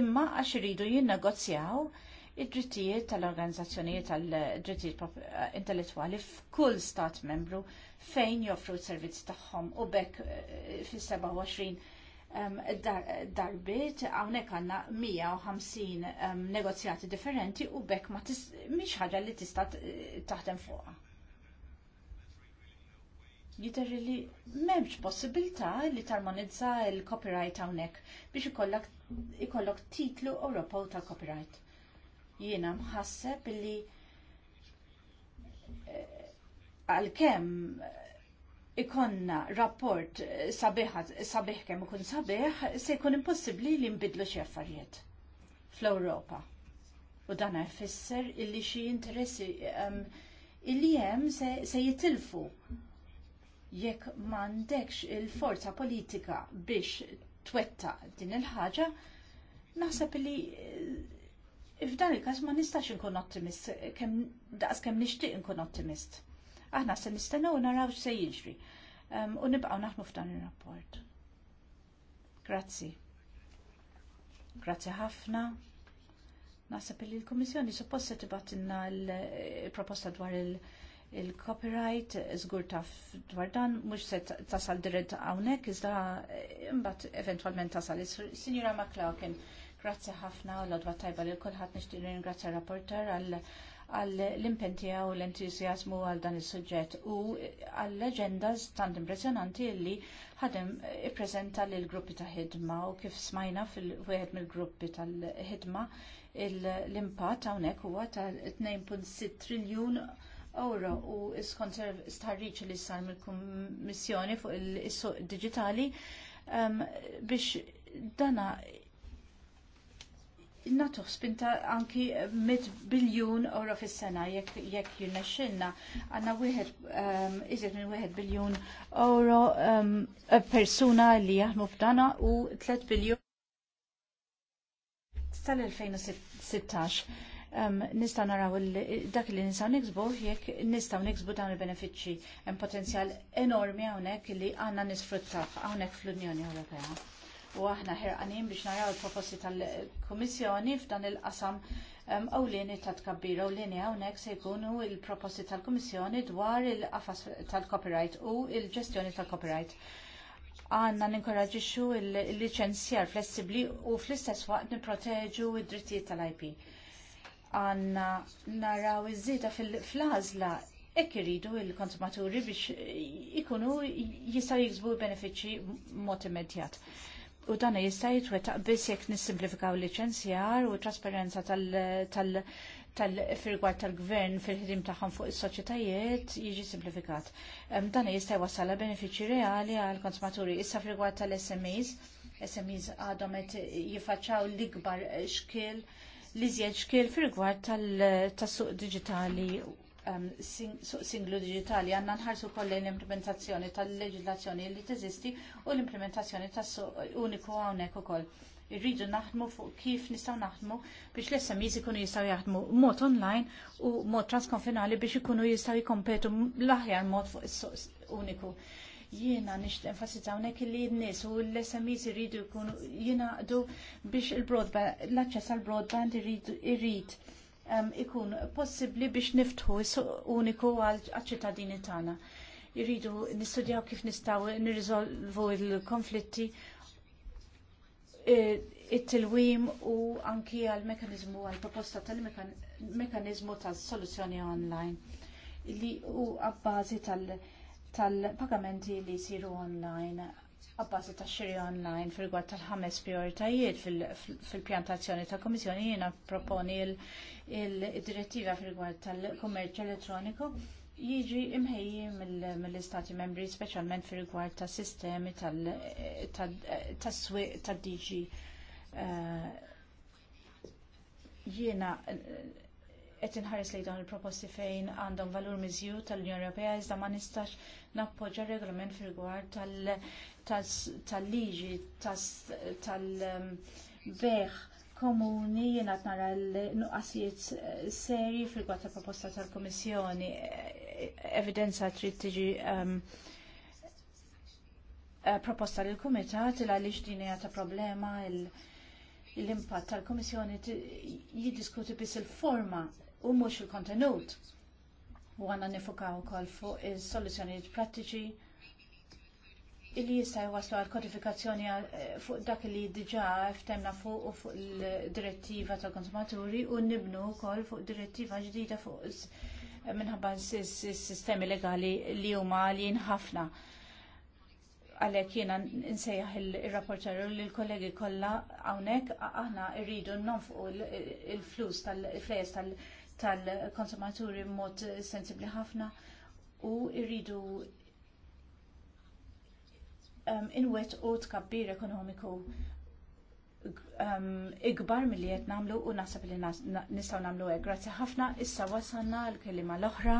imma għax iridu jinnegozjaw id-drittijiet tal-organizzazzjonijiet tal-drittijiet eh, intellettuali f'kull stat membru fejn joffru s-servizzi tagħhom u bekk eh, fis-27 darbit, għawnek għanna 150 negozjati differenti u bekk ma miex ħaġa li tista taħdem fuqa. Jider li memx possibilta li tarmonizza il-copyright għawnek biex ikollok titlu u tal-copyright. Jiena mħasseb li eh, għal-kem ikonna rapport sabiħ kemm ikun sabiħ se jkun impossibbli li nbidlu xi affarijiet fl-Ewropa. U dan jfisser illi xi interessi um, illi hemm se, se jitilfu jekk m'għandekx il-forza politika biex twetta din il-ħaġa, naħseb li eh, f'dan il-każ ma nistax inkun ottimist kemm daqs kemm nixtieq inkun ottimist Aħna se nistennew u naraw x'se jiġri. U nibqaw naħmu f'dan ir-rapport. Grazzi. Grazzi ħafna. Naħseb il l-Kummissjoni suppost se tibatilna l-proposta dwar il- il-copyright, zgur taf dwar dan, mux se tasal dirett għawnek, iżda eh, imbat eventualment tasal. Signora McLaughlin, grazzi ħafna u l-odwa tajba li l-kolħat nishtiq ringrazzja rapporter għal għall-impen tiegħu u l-entuzjazmu għal dan is-suġġett u għall-leġenda tant impressjonanti li ħadem ippreżenta lill gruppi ta' ħidma u kif smajna fil-wieħed mill-gruppi tal-ħidma l-impatt hawnhekk huwa ta' 2.6 triljun euro u skont starriċ li sar mill-Kummissjoni fuq is-suq digitali um, biex dana natuħ spinta anki 100 biljun euro fis sena jekk jekk jirnexxilna għandna wieħed um, iżjed minn wieħed biljun euro um, persuna li jaħmu f'dana u 3 biljun tal 2016 um, nista' naraw dak li nistgħu niksbu jekk nistgħu niksbu dawn il-benefiċċji hemm potenzjal enormi hawnhekk li għandna nisfruttah hawnhekk fl-Unjoni Ewropea u aħna ħerqanin biex naraw il-proposti tal-Kummissjoni f'dan il-qasam ewlieni ta' tkabbir ewlieni hawnhekk se jkunu l proposti tal-Kummissjoni dwar il-qafas tal-copyright u l ġestjoni tal-copyright. Għanna ninkoraġixxu il-licenzjar flessibbli u fl-istess waqt nipproteġu id-drittijiet tal-IP. Għanna naraw iż-żieda fil-flażla ekk iridu l konsumaturi biex ikunu jistgħu jiksbu l benefiċċji mod immedjat. U dan jista' jitwettaq biss jekk nissimplifikaw liċenzjar u trasparenza tal-firgwar tal-gvern fil-ħidim tagħhom fuq is-soċjetajiet jiġi simplifikat. Dan jista' jwassal benefiċċji reali għall konsumaturi issa firgwar tal-SMEs. SMEs għadhom qed jiffaċċjaw l-ikbar xkiel li żjed xkiel firgwar tas-suq diġitali Um, suq singlu digitali għanna nħarsu kolli l-implementazzjoni tal-leġislazzjoni li teżisti u l-implementazzjoni tas suq uniku għawnek u koll. Irridu naħdmu fuq kif nistaw naħdmu biex l-SMEs ikunu jistaw jaħdmu mod online u mod transkonfinali biex ikunu jistaw jikompetu l-aħjar mod fuq is-suq uniku. Jiena nisht enfasizzaw nek li n-nis u l-SMEs irridu jkunu jina biex il-broadband, l-access għal-broadband irrid ikun possibbli biex niftħu uniku għal-ċittadini tagħna. Irridu nistudjaw kif nistgħu nirriżolvu il-konflitti it-tilwim u anki għal-mekanizmu għal-proposta tal-mekanizmu tal-soluzzjoni online li u għabbażi tal-pagamenti li siru online għabbażi ta' xiri online fil-gwad tal-ħames prioritajiet fil-pjantazzjoni ta' komissjoni jiena proponi il-direttiva fil-gwad tal-kummerċ elettroniku jiġi imħejji mill-istati membri specialment fil-gwad ta' sistemi tal-swiq ta' dg eh, jiena eh, qed inħares li dawn il-proposti fejn għandhom valur miżju tal-Unjoni Ewropea iżda ma nistax nappoġġa regolament fil gwar tal-liġi tal-beħ komuni jiena nara l-nuqqasijiet eh, serji fil gwar tal-proposta tal-Kummissjoni. Eh, evidenza trid tiġi ehm, eh, proposta lill komitat il għaliex din hija ta' problema l-impatt tal-Komissjoni jiddiskuti biss il-forma u mhux il-kontenut. U għandna nifukaw ukoll fuq is-soluzzjonijiet prattiċi illi jista' jwaslu għal kodifikazzjoni eh, fuq dak li diġà ftemna fuq u fuq il-direttiva tal konsumaturi u nibnu wkoll fuq direttiva ġdida fuq eh, minħabba s-sistemi legali li huma għalin ħafna għalek jena nsejjaħ il-rapporteru li l-kollegi kolla għawnek aħna irridu non fuq eh, il-flus tal-flejes tal-konsumaturi tal-konsumaturi mod sensibli ħafna u irridu um, inwet u tkabbir ekonomiku um, ikbar mill-li qed nagħmlu u nasab li nistgħu nagħmlu hekk. Grazzi ħafna, issa wasalna l-kelima l-oħra.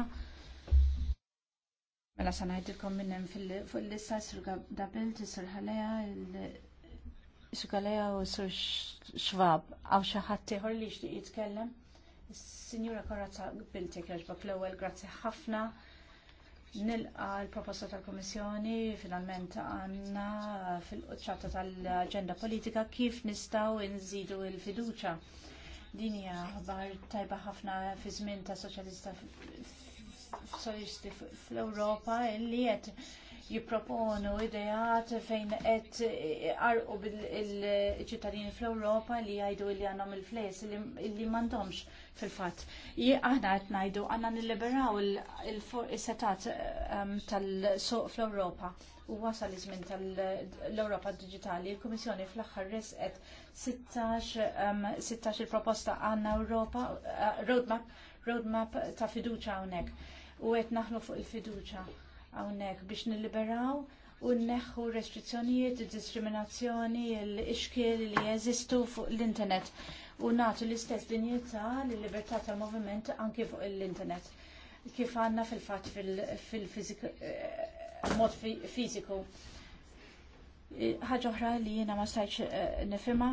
Mela sa ngħidilkom minn hemm fil-lista Sur Dabilt, Sur Ħaleja, Sur Galeja u Sur Xwab. Għaw xi ħadd ieħor li jixtieq jitkellem? Signora Korazza Bilti kħarġbak l-ewel, grazzi ħafna. Nilqa l-proposta tal-Komissjoni finalment għanna fil-qċata tal-agenda politika kif nistaw nżidu il-fiduċa. Din hija tajba ħafna fi żmien ta' soċjalista fl-Ewropa illi qed jipproponu idejat fejn qed arqu bil-ċittadini fl-Ewropa li jgħidu li għandhom il-fles li m'għandhomx fil-fatt. Aħna qed ngħidu għandna nilliberaw il-setat ehm, tal-suq fl-Ewropa u wasal iż-żmien tal-Ewropa Digitali, il-Kummissjoni fl-aħħar resqet 16 ehm, il-proposta għandna Ewropa eh, roadmap roadmap ta' fiduċa hawnhekk u qed naħlu fuq il-fiduċa hawnhekk biex nilliberaw u nneħħu restrizzjonijiet, diskriminazzjoni, l-ixkiel li jeżistu fuq l-internet u nagħtu l-istess dinjità lill libertà tal-moviment anki fuq l-internet kif għandna fil-fatt fil-mod eh, fiziku. Eh, ħaġa oħra li jiena ma stajtx eh, nifhimha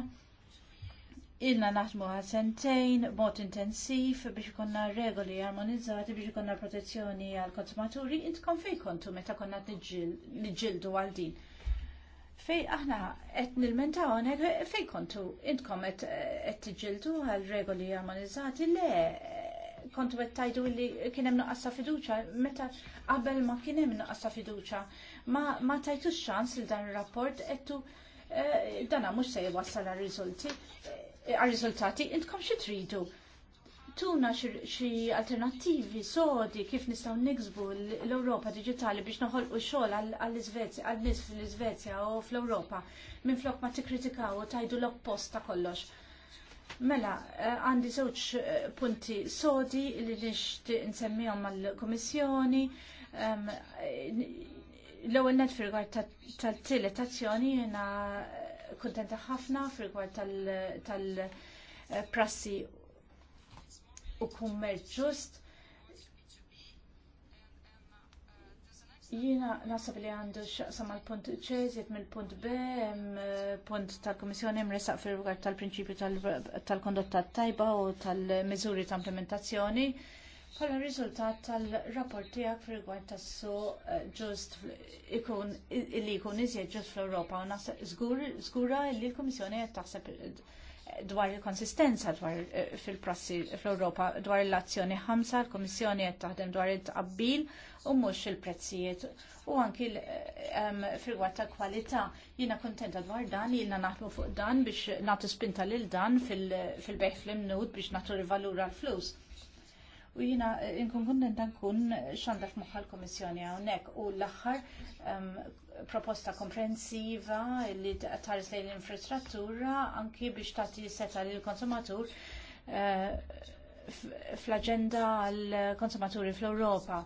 Ilna naħdmu għal sentejn b'mod intensiv biex ikunna regoli armonizzati biex ikunna protezzjoni għal konsumaturi intkom fej kontu meta konna nġildu għal din. Fej aħna qed menta għonek, fej kontu intkom qed eh, tiġildu għal regoli armonizzati le kontu qed tajdu li kien hemm fiduċa, fiduċja meta qabel ma kien hemm fiduċa, ma ma tajtux xans li dan ir-rapport qed eh, dana mhux se jwassal rizulti. riżulti għal-rizultati, intkom xi tridu. Tuna xi alternattivi sodi kif nistgħu niksbu l-Ewropa Digitali biex u xogħol għall-Iżvezja, għal-nies fl-Iżvezja u fl-Ewropa minn flok ma tikkritikaw u tajdu l-oppost ta' kollox. Mela, eh, għandi żewġ eh, punti sodi li nixtieq nsemmihom mal-Kummissjoni. Eh, l-ewwel net fil-rigward tal-tielet azzjoni jena kontenta ħafna fil-gwar tal-prassi eh, u kummerċ ġust. Jina nasab li għandu xaqsam għal eh, punt ċezit mill punt B, punt tal-Komissjoni mresaq fil rigward tal-prinċipju tal-kondotta tajba u tal-mizuri ta' implementazzjoni. Pala riżultat tal-rapport tiegħek fil tas tassu eh, ġust ikun illi jkun iżjed ġust fl ewropa u żgura li l kummissjoni qed taħseb eh, dwar il-konsistenza dwar eh, fil-prassi fl ewropa dwar l-azzjoni ħamsa, l kummissjoni qed taħdem dwar it-tqabbil u mhux il-prezzijiet u anki fil-gwad ta' kwalità. Jiena kuntenta dwar dan, jiena naħdmu fuq dan biex nagħtu spinta lil dan fil-beħ fl-imnud biex nagħtu rivalura l-flus u jina eh, nkun kunnenta eh, kun xanda f'moħħa l-Komissjoni hawnhekk u l-aħħar proposta komprensiva li taris lejn l-infrastruttura anki biex tagħti seta' lill konsumatur eh, fl-aġenda għall-konsumaturi fl-Ewropa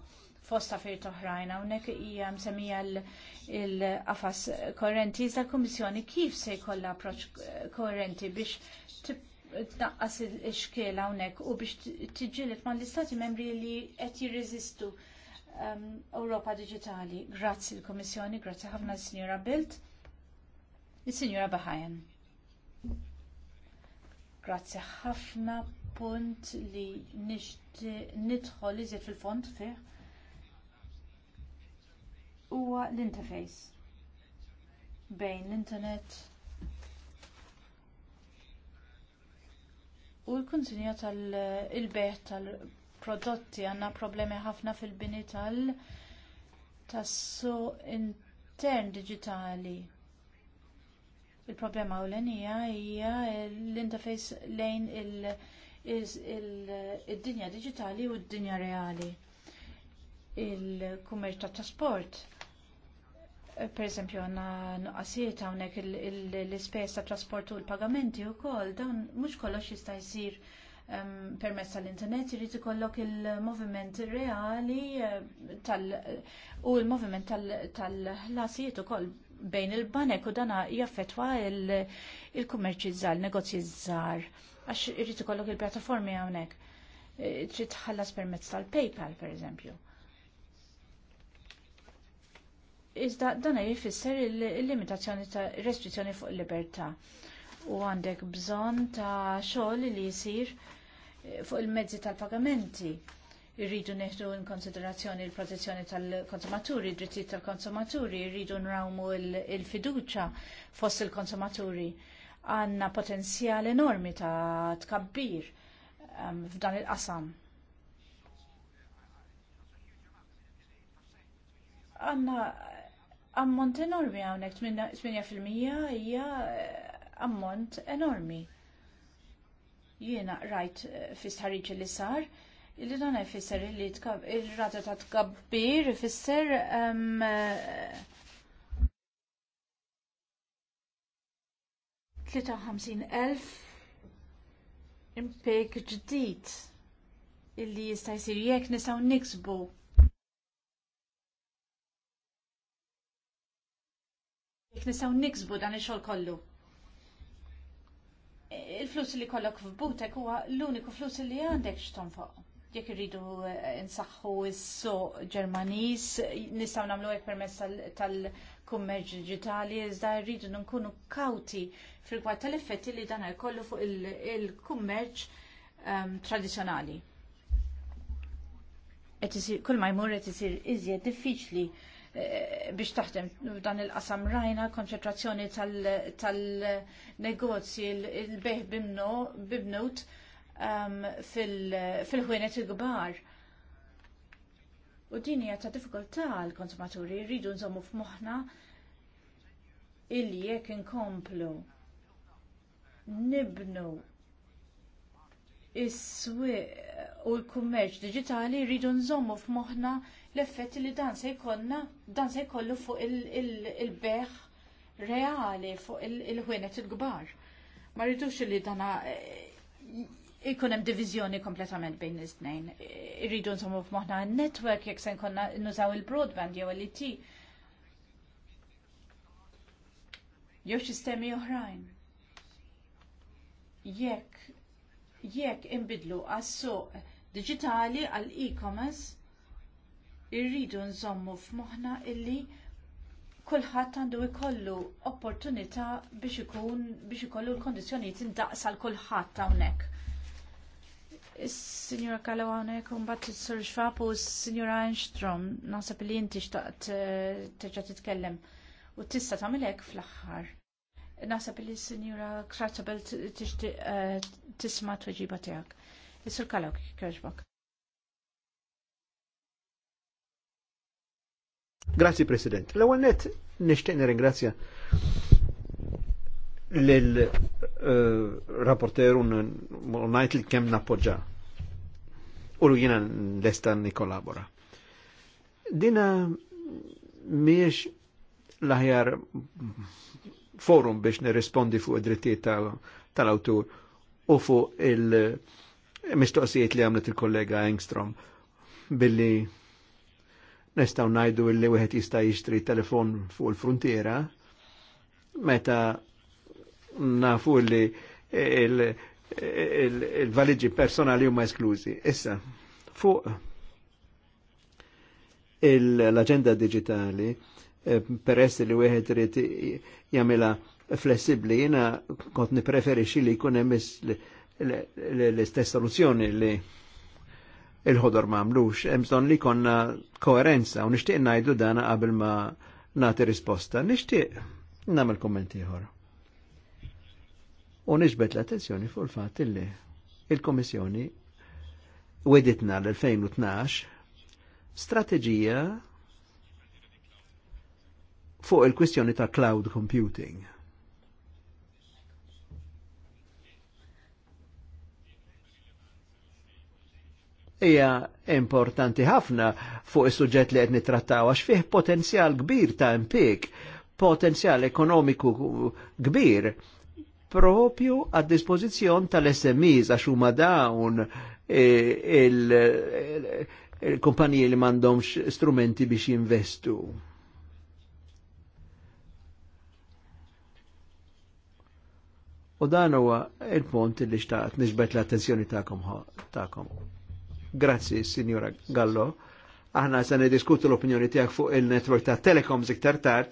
fost affarijiet oħrajn hawnhekk hija msemmija l-qafas korenti. iżda l-Kummissjoni kif se jkollha approċċ koerenti biex tnaqqas il-xkiel hawnhekk u biex tiġġieled mal istati membri li qed jirreżistu ehm, Ewropa Digitali. Grazzi l-Komissjoni, grazzi ħafna l-Sinjora Bilt, l-Sinjora Bahajan. Grazzi ħafna punt li nidħol iżjed fil-fond fih huwa l-interface bejn l-internet u l kunsinja tal-beħ tal-prodotti għandna problemi ħafna fil-bini tal- tassu intern digitali. Il-problema ewlenija hija l-interface lejn il-dinja digitali u d-dinja reali. Il-kummerċ tat trasport Per eżempju, għanna nuqqasiet għawnek l-ispejs ta' trasportu l-pagamenti u koll, dan mux kollox jista' jisir um, ehm, permess tal-internet irrid ikollok il-moviment reali eh, tal- u il-moviment tal-ħlasijiet tal ukoll bejn il-banek u dana jaffetwa il-kummerċi il żgħar, negozji żgħar għax irrid ikollok il-pjattaformi hawnhekk. Eh, trid tħallas permezz tal-PayPal pereżempju. Iżda dan jifisser il-limitazzjoni ta' restrizzjoni fuq il-libertà u għandek bżonn ta' xogħol li jsir eh, fuq il-mezzi tal-pagamenti. Irridu neħdu in konsiderazzjoni l-protezzjoni tal-konsumaturi, drittijiet tal-konsumaturi, irridu nrawmu il-fiduċa fost il-konsumaturi. Għanna potenzjal enormi ta' tkabbir ehm, f'dan il-qasam. Għanna ammont enormi għawnek, 8% hija eh, ammont enormi. Jiena rajt eh, fis-ħariġ li sar, li dan ifisser li il-rata ta' tkabbir ifisser ehm, eh, elf impek ġdid illi jista' jsir jekk nisaw niksbu kif nisaw niksbu dan il-xol kollu. Il-flus li kollok f'butek huwa l-uniku flus li għandek x'tonfoq. fuq. Jekk irridu eh, nsaħħu s-so Ġermaniż, nistgħu nagħmlu hekk permezz tal-kummerġ digitali, iżda rridu nkunu kawti fil-kwad tal-effetti li dan kollu fuq il-kummerġ ehm, tradizzjonali. Kull ma jmur qed isir iżjed diffiċli Eh, biex taħdem dan il-qasam rajna konċentrazzjoni tal-negozji il-beħ bibnut um, fil-ħwienet il-gbar. U din hija ta' diffikultà għall konsumaturi jridu nżommu f'moħħna illi jekk inkomplu nibnu is-swieq u l-kummerċ diġitali jridu nżommu f'moħħna l-effetti li dan se jkollna, dan se jkollu fuq il-beħ reali, fuq il-ħwienet il-gbar. Ma rridux li dana eh, ikun hemm diviżjoni kompletament bejn iż-żnejn. Irridu nsomu f'moħħna n-network jekk se nkollna nużaw il-broadband jew l-IT. Jew sistemi oħrajn. Jekk jekk inbidlu għas-suq digitali għal e-commerce irridu nżommu f'moħħna illi kulħadd għandu jkollu opportunità biex ikun biex ikollu l-kondizzjonijiet indaqsa l kulħadd hawnhekk. Is-Sinjura Kalaw hawnhekk u mbagħad is-Sur Xfab u s-Sinjura Einstrom naħseb li inti xtaqt eh, terġa' titkellem u tista' tagħmel hekk fl-aħħar. Naħseb li s-Sinjura Kratabel tixtieq eh, tisma' tweġiba tiegħek. Is-Sur Kalaw kieġbok. Grazie President. L-ewwel net nixtieq nirringrazzja lil eh, rapporter u ngħid li kemm nappoġġa. U jiena lesta nikkolabora. Dina miex l-aħjar forum biex nirrispondi fuq id-drittijiet tal-awtur u fuq il-mistoqsijiet li għamlet il-kollega Engstrom billi Nistaw najdu li wieħed jista' jixtri telefon fuq il-frontiera meta nafu li il valigġi personali huma esklużi. Issa, fuq l-agenda digitali, eh, peress li wieħed irid jagħmilha flessibbli, jiena kont nipreferixxi li jkun hemm l-istess soluzzjoni li il-ħodor ma għamlux, emson li konna koerenza u nishtiq najdu dana qabel ma nati risposta. Nishtiq namel kommenti ħor. U nixbet l-attenzjoni fuq il-fat illi il-Komissjoni weditna l-2012 strategija fuq il-kwistjoni ta' cloud computing hija importanti ħafna fuq is-suġġett li qed nittrattaw għax fih potenzjal kbir ta' impik, potenzjal ekonomiku kbir propju għad dispożizzjon tal-SMEs għax huma dawn e, il-kumpaniji li m'għandhomx strumenti biex jinvestu. U dan huwa il-punt li xtaqt nixbet l-attenzjoni tagħkom. Grazzi, Signora Gallo. Aħna se diskutu l-opinjoni tiegħek fuq il-network ta' telecoms iktar tard,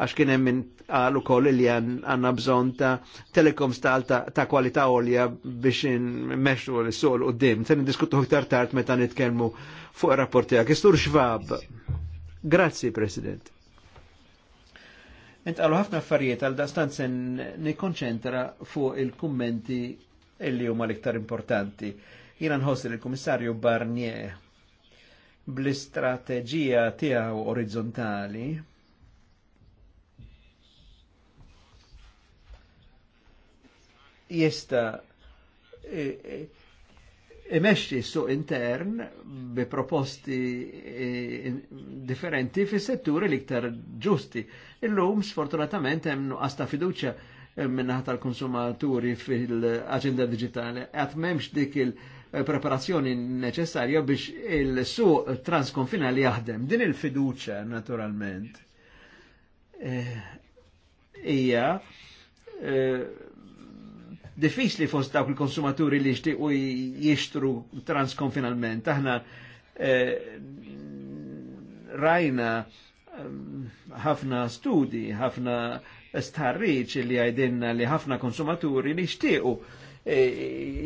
għax kien hemm għal ukoll li għandna bżonn ta' telecoms ta' alta ta' kwalità għolja biex nmexxu l-suq l qudiem. Se niddiskutu iktar tard meta nitkellmu fuq ir-rapport tiegħek. Istur xvab. Grazzi, President. Intqalu ħafna affarijiet għal dastan sen nikkonċentra fuq il-kummenti li huma l-iktar importanti. Jina nħossi l-Komissarju Barnier bl-istrateġija tiegħu orizzontali jista e, e, imexxi su intern bi proposti e, differenti fi setturi l-iktar ġusti. Illum sfortunatament hemm nuqqas ta' fiduċja minnaħat tal-konsumaturi fil-aġenda digitali. Għat memx dik il- preparazzjoni neċessarja biex il-suq transkonfinali jaħdem. Din il-fiduċa, naturalment, eh, ija e, eh, fost dawk il-konsumaturi li u jixtru transkonfinalment. Aħna eh, rajna ħafna studi, ħafna starriċ li għajdinna li ħafna konsumaturi li jixtiqu E,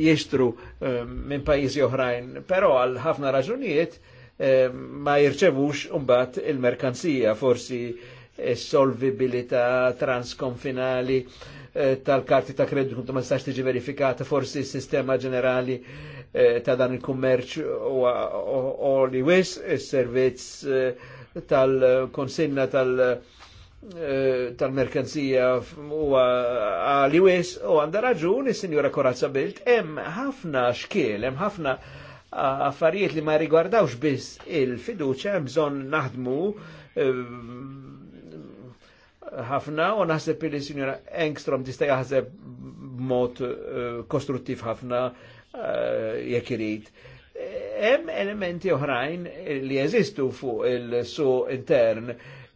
jixtru e, minn pajjiżi oħrajn, però għal ħafna raġunijiet e, ma jirċevux umbat il-merkanzija, forsi solvibilità transkonfinali tal-karti ta' kreditu kuntu ma nistax tiġi verifikata, forsi s-sistema ġenerali ta' dan il-kummerċ u li wis, il-servizz tal-konsinna tal-, -konsinna tal Eh, tal-merkanzija u għali wis u għanda raġuni sinjura Korazza Bilt, hemm ħafna xkiel, hemm ħafna affarijiet li ma rigwardawx biss il-fiduċa, hemm bżonn naħdmu eh, ħafna u naħseb li sinjora Engstrom tista' jaħseb b'mod eh, kostruttiv ħafna jekk irid. Hemm elementi oħrajn li jeżistu fuq il-su intern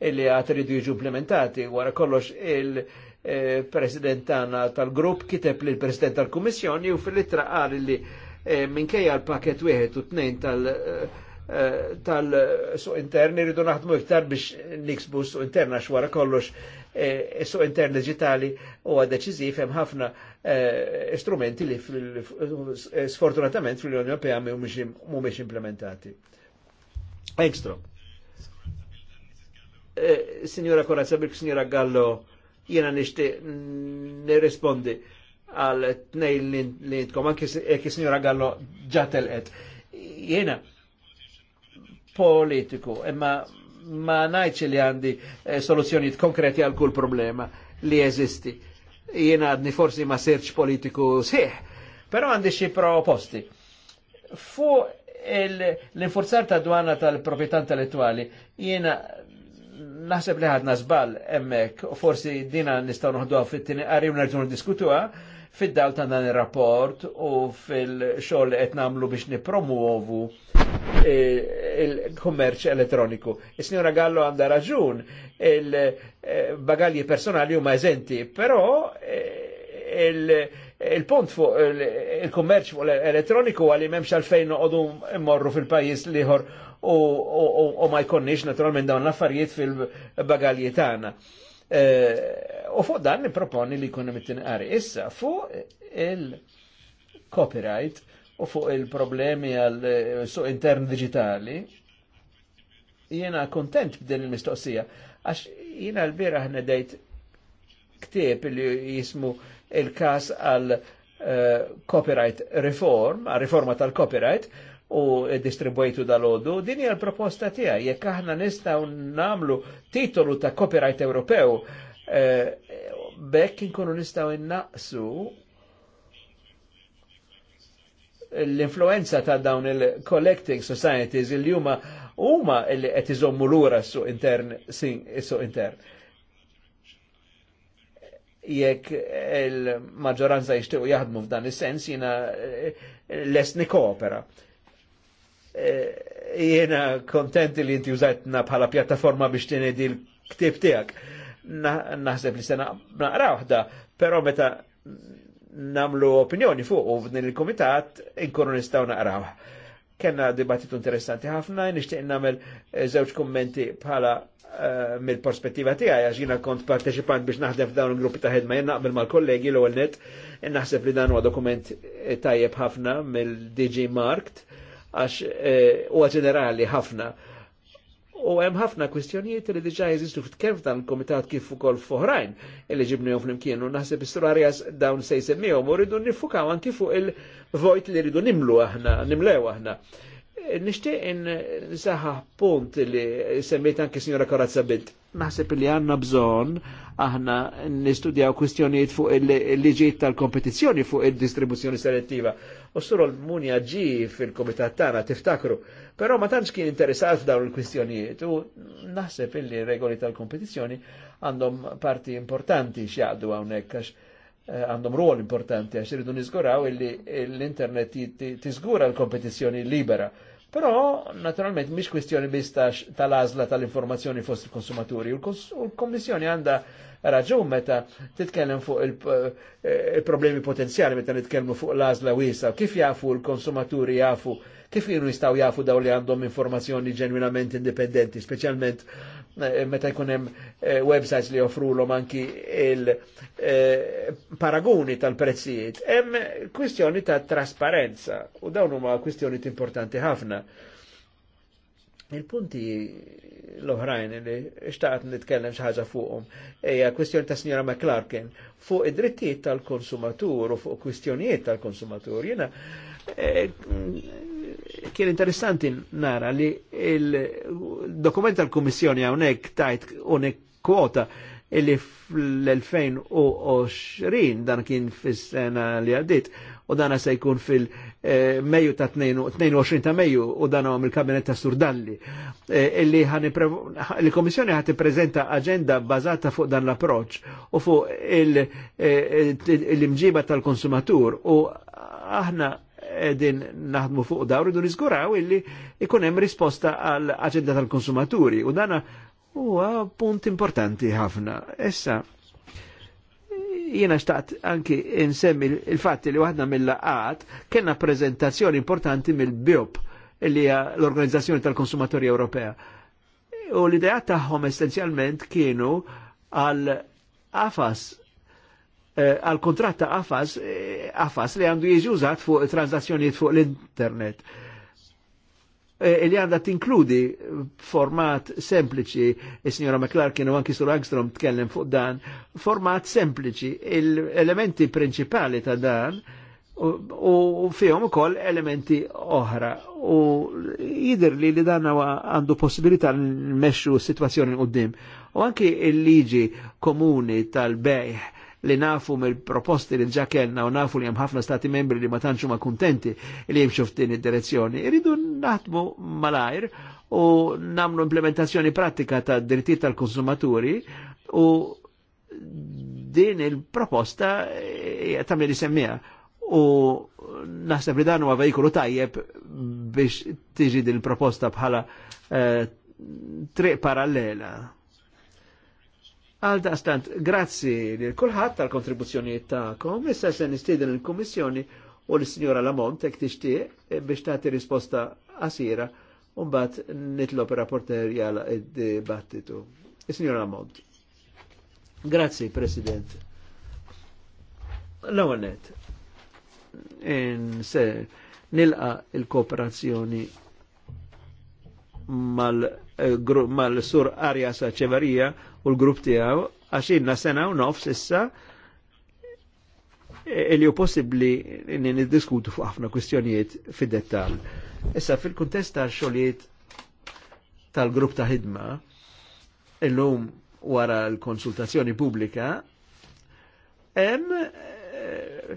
illi għat ridu jiġu implementati. Wara kollox il-president eh, tal-grupp kiteb li l-president tal-kummissjoni u fil-ittra qal li eh, minkejja l-paket wieħed u tnejn tal- eh, tal-suq Interni irridu naħdmu iktar biex niksbu su interna xwara wara kollox suq interni digitali huwa deċiżiv hemm ħafna strumenti li sfortunatament fil unjoni Ewropea mhumiex implementati. Ekstrom. Eh, signora Korazza Birk, signora Gallo, jena nishti nirrispondi għal t tnej li jitkom, anki e signora Gallo ġatel ġatelqet. Jena politiku, imma ma najċi li għandi eh, konkreti għal kull problema li jeżisti. Jena għadni forsi ma serċ politiku sieħ, pero għandi xie proposti. Fu l-infurzar ta' dwana tal propietà intellettuali, jena naħseb li ħadna zbal hemmhekk u forsi dina nistgħu noħduha fit tini qari u nerġgħu niddiskutuha fid ta' dan ir-rapport u fil-xogħol li qed nagħmlu biex nipromuovu eh, il-kummerċ elettroniku. Is-Sinjora Gallo għandha raġun, il-bagalji eh, personali huma eżenti, però eh, il-punt fuq il-kummerċ elettroniku għalli memx għalfejn noqogħdu morru fil-pajjiż liħor u ma jkonniex naturalment dawn l-affarijiet fil-bagalji tagħna. Eh, u fuq dan niproponi li jkun hemm it-tinqari. Issa fuq il-copyright u fuq il-problemi għal eh, suq intern digitali, jiena kontent b'din il-mistoqsija, għax jiena l-biraħ nedejt ktieb li jismu il-kas għal uh, copyright reform, għal reforma tal-copyright, u distribuitu dal-ħodu, din hija l-proposta tiegħi jekk aħna nistgħu nagħmlu titolu ta' copyright Ewropew eh, bekk inkunu nistgħu innaqsu l-influenza ta' dawn il-collecting societies il huma huma li qed iżommu lura suq intern suq intern. Jekk il-maġġoranza jixtiequ jaħdmu f'dan is-sens jiena eh, lesni koopera. Eh, jiena kontenti li inti użajtna bħala pjattaforma biex tinedi l-ktib tiegħek. Naħseb li sena naqra waħda, però meta namlu opinjoni fuq u f'din il-komitat inkunu nistgħu naqraw. Kenna dibattitu interessanti ħafna, nixtieq nagħmel żewġ eh, kommenti bħala eh, mill-perspettiva tiegħi għax jiena kont partecipant biex naħdem f'dawn il-gruppi ta' ħedma jien naqbel mal-kollegi l ewwel net naħseb li dan huwa dokument tajjeb ħafna mill-DG Markt għax eh, u e, ġenerali ħafna. U hemm ħafna kwistjonijiet li diġa jeżistu kemm dan il-komitat kif ukoll f'oħrajn li ġibnihom flimkien u naħseb istorarjas dawn se jsemmihom u rridu nifukaw anki fuq il-vojt li rridu nimlu aħna, nimlew aħna. Nishtiq nisaħa punt li semmejt anki Sinjora Karazza Bint. Naħseb li għanna bżon aħna nistudjaw kwistjonijiet fuq il liġiet tal kompetizjoni fuq il-distribuzzjoni selettiva u s-sur munja ġi fil-komitat tana tiftakru, pero ma tanċ kien interesat f'dawn il-kwistjonijiet u naħseb illi regoli tal-kompetizjoni għandhom parti importanti xjaqdu għawnek għax eh, għandhom ruol importanti għax iridu niżguraw illi l-internet tizgura l-kompetizjoni libera. Però, naturalment, mhix kwistjoni biss tal azla tal-informazzjoni fost il-konsumaturi u l-Kommissjoni għanda raġun meta titkellem fuq eh, il-problemi potenzjali meta nitkellmu fuq l-għażla wiesa, kif jafu l-konsumaturi jafu, kif jienu jistaw jafu daw li għandhom informazzjoni ġenwinament indipendenti, speċjalment eh, meta jkun hemm eh, websites li l-om anki il-paraguni tal-prezzijiet. Hemm kwistjoni ta' trasparenza u dawn huma kwistjoni importanti ħafna Il-punti l-oħrajn li xtaqt nitkellem xaħġa fuqhom hija kwestjoni ta' Sinjora McClarkin fuq id-drittijiet tal-konsumatur u fuq kwistjonijiet tal-konsumatur. Jiena eh, kien interessanti nara li il-dokument tal-Kummissjoni hawnhekk tajt unek kwota illi fl-2020 dan kien fis-sena li għaddit u dan se jkun fil- Eh, Mejju ta' 22 ta' Mejju u dan għom il-kabinet ta' Surdalli. Eh, illi komissjoni ħat prezenta agenda bazata fuq dan l-approċ u fuq l-imġiba eh, tal-konsumatur u aħna edin naħdmu fuq daw rridu nizguraw illi ikun hemm risposta għal agenda tal-konsumaturi u dana huwa punt importanti ħafna. Issa Jiena xtaqt anki insemmi il-fatt li waħda mill-laqat kena prezentazzjoni importanti mill-BIOP li l-Organizzazzjoni tal-Konsumatori Ewropea. U l-idea tagħhom essenzjalment kienu għal afas eh, għal kontratta afas, eh, afas li għandu jiġi użat fuq transazzjoniet fuq l-internet. Eh, li għanda tinkludi format sempliċi, il-Signora e McClarkin u anki Sur Angstrom tkellem fuq dan, format sempliċi, l-elementi principali ta' dan u fihom ukoll elementi oħra. U jider li li dan għandu possibilità nmexxu s-sitwazzjoni qudiem. U anki il-liġi komuni tal-bejħ li nafu mill-proposti li ġakelna u nafu li ħafna stati membri li ma tantx ma kontenti li jimxu f'din id-direzzjoni. Iridu naħdmu malajr u namlu implementazzjoni pratika ta' drittijiet tal-konsumaturi u din il-proposta eh, tamli li semmija u naħseb li dan huwa vejkolu tajjeb biex tiġi din il-proposta bħala eh, tre parallela. Għal daqstant, grazzi li kulħadd tal kontribuzzjoni tagħkom, issa se nistieden il-Kummissjoni u l-Sinjora Lamont jekk tixtieq biex ta' risposta qasira un bat nitlob ir-rapporter jala id-dibattitu. Is-Sinjora Lamont. Grazzi, President. l għonet Nilqa il-kooperazzjoni mal- mal-sur Arja Saċevarija u l-grupp tijaw, għax inna sena u nofs issa e- e li ju possibli n-diskutu fuq għafna kwistjonijiet fid-dettal. Issa fil kontest ta' xogħlijiet tal-grupp ta' ħidma illum wara l-konsultazzjoni publika, hemm eh,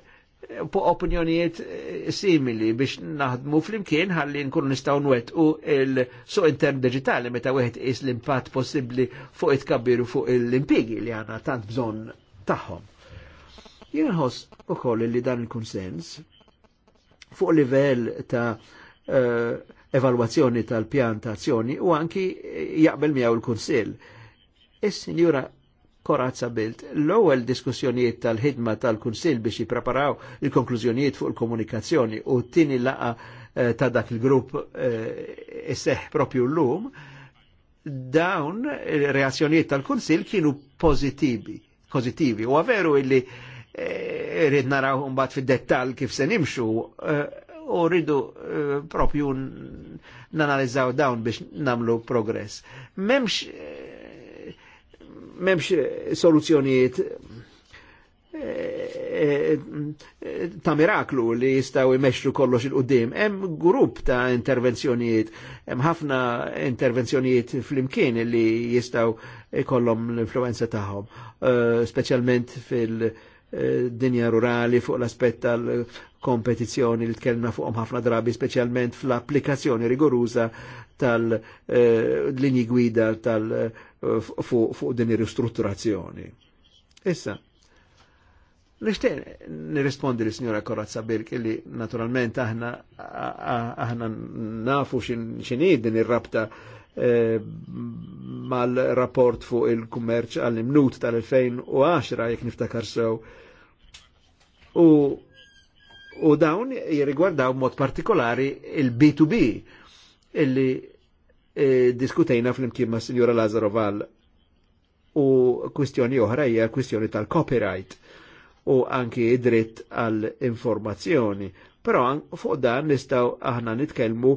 opinjonijiet eh, simili biex naħdmu fl-imkien ħalli nkunu nistaw nwet u il-suq intern digitali meta wieħed is l-impatt possibbli fuq it-kabbir fuq l-impigi li għana tant bżon tagħhom. Jien u ukoll li dan il-kunsens fuq livell ta' uh, evalwazzjoni tal-pjan ta' azzjoni u anki jaqbel miegħu l-Kunsill. Is-Sinjura Korazza Bilt. L-ewwel diskussjonijiet tal-ħidma tal-Kunsill biex jippreparaw il-konklużjonijiet fuq il-komunikazzjoni u t-tieni laqa eh, ta' dak il-grupp eh, isseħ propju l-lum, dawn reazzjonijiet tal-Kunsill kienu pozitivi, pozitivi. U għaveru illi eh, rrid naraw mbagħad fid-dettall kif se nimxu u rridu propju nanalizzaw dawn biex namlu progress. Memx memx eh, soluzzjonijiet eh, eh, ta' miraklu li jistaw imexxu kollox il-qoddim. Hemm grupp ta' intervenzjonijiet, hemm ħafna intervenzjonijiet fl-imkien li jistaw ikollhom l-influenza tagħhom, speċjalment fil-dinja rurali fuq l-aspett tal-kompetizzjoni li kellna fuqhom ħafna drabi, speċjalment fl-applikazzjoni rigoruża tal-linji gwida tal-, -linji gwida, tal fuq fu din ir-ristrutturazzjoni. Issa, Nishtiq nirrispondi l-Sinjora Korazza Birk illi naturalment aħna aħna nafu xinid din ir-rabta e, mal-rapport fuq il-kummerċ għall-imnut tal-2010 jek niftakar sew. U, u dawn jirrigwardaw mod partikolari il-B2B illi E, diskutejna fl-imkien ma' Signora Lazaroval u kwistjoni oħra hija kwistjoni tal-copyright u anki dritt għall informazzjoni Però fuq dan nistaw aħna nitkellmu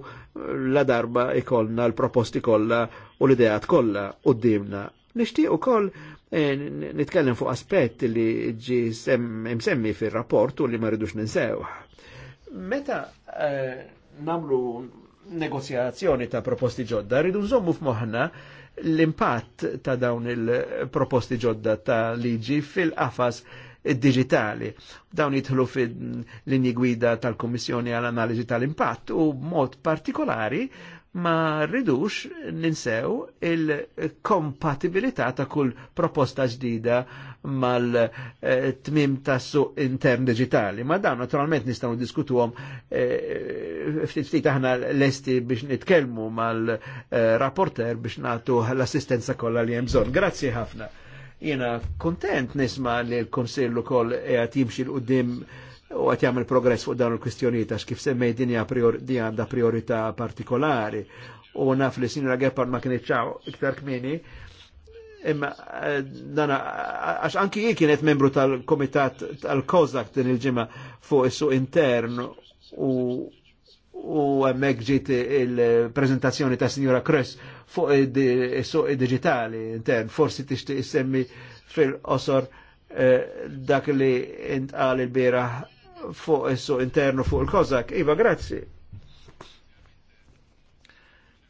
la darba ikollna l-proposti kollha u l-ideat kollha qudiemna. Nixtieq ukoll e, nitkellem fuq aspett li ġi msemmi fir-rapport u li ma rridux ninsew. Meta e, namlu negozjazzjoni ta' proposti ġodda, rridu nżommu f'moħħna l-impatt ta' dawn il-proposti ġodda ta' liġi fil-qafas digitali. Dawn jitħlu fil-linji gwida tal komissjoni għal analiżi tal-impatt u mod partikolari ma rridux ninsew il-kompatibilità ta' kull proposta ġdida mal-tmim eh, ta' suq intern digitali. Ma dan naturalment nistaw għom eh, ftit aħna lesti biex nitkellmu mal-rapporter biex natu l-assistenza kollha li hemm bżonn. Grazzi ħafna. Jiena kontent nisma li l-Konsillu kol qiegħed jimxi l-qudiem u għat jgħamil progress fuq dan il-kwistjoniet għax kif semmej din għanda priorita partikolari u naf li sinra Gepard ma kienieċaw iktar kmini imma eh, dana għax anki jie kienet membru tal-komitat tal-Kozak din il-ġimma fuq il-su intern u u għemmek ġiet il-prezentazzjoni ta' Signora Kress fuq il-su digitali intern, forsi tixtieq issemmi fil osor eh, dak li intqal il bira fuq issu internu fuq il-kozak. Iva, grazzi.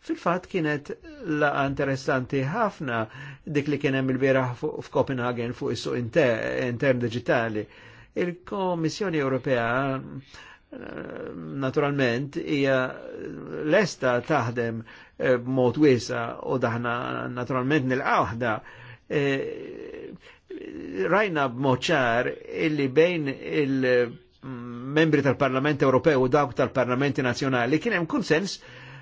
Fil-fat kienet la interessanti ħafna dik li kienem il-bira f'Kopenhagen fuq issu intern digitali. Il-Komissjoni Ewropea naturalment hija lesta taħdem eh, b'mod wiesa u daħna naturalment nil-qawħda eh, rajna b'moċar illi bejn il- membri tal-Parlament Ewropew u dawk tal-Parlamenti Nazzjonali kien hemm konsens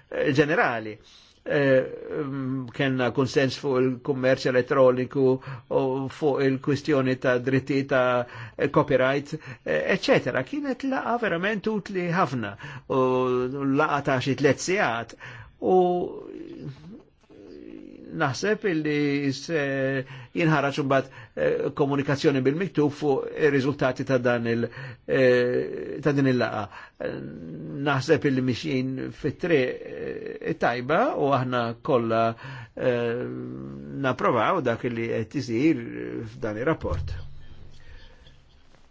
eh, ġenerali. Eh, mm, Kenna konsens fuq il-kummerċ elettroniku u fuq il-kwistjoni ta' dritti ta' copyright, eh, eccetera. Kienet laqa verament utli ħafna u laqa ta' xi tliet u naħseb illi se jinħarraġ eh, komunikazzjoni bil-miktub fuq ir-riżultati ta' dan il eh, ta' din il-laqa. Naħseb illi mixjin fit tri eh, tajba u aħna kollha napprovaw dak li qed isir f'dan ir-rapport.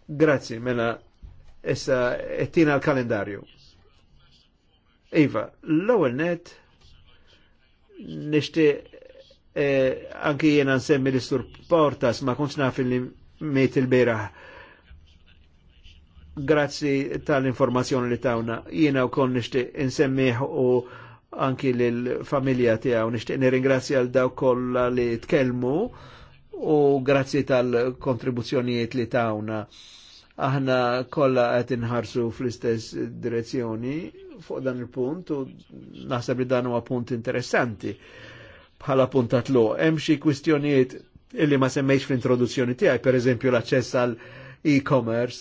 Grazzi, mela issa ettina l-kalendarju. Iva, l-ewwel net nixtieq E, anki jena nsemmi l-istur portas ma kunx naf li mejt il-beraħ. Grazzi tal-informazzjoni li tawna, jena u kon nishtiq nsemmiħ u anki l-familja tijaw, nishtiq nirringrazzja għal daw kolla li tkelmu u grazzi tal-kontribuzzjonijiet li tawna. Aħna kolla għet inħarsu fl-istess direzzjoni fuq dan il-punt u naħseb li dan huwa punt interessanti bħala puntat lo. Hemm xi kwistjonijiet illi ma semmejx fl-introduzzjoni tiegħi, per eżempju l-aċċess għal e-commerce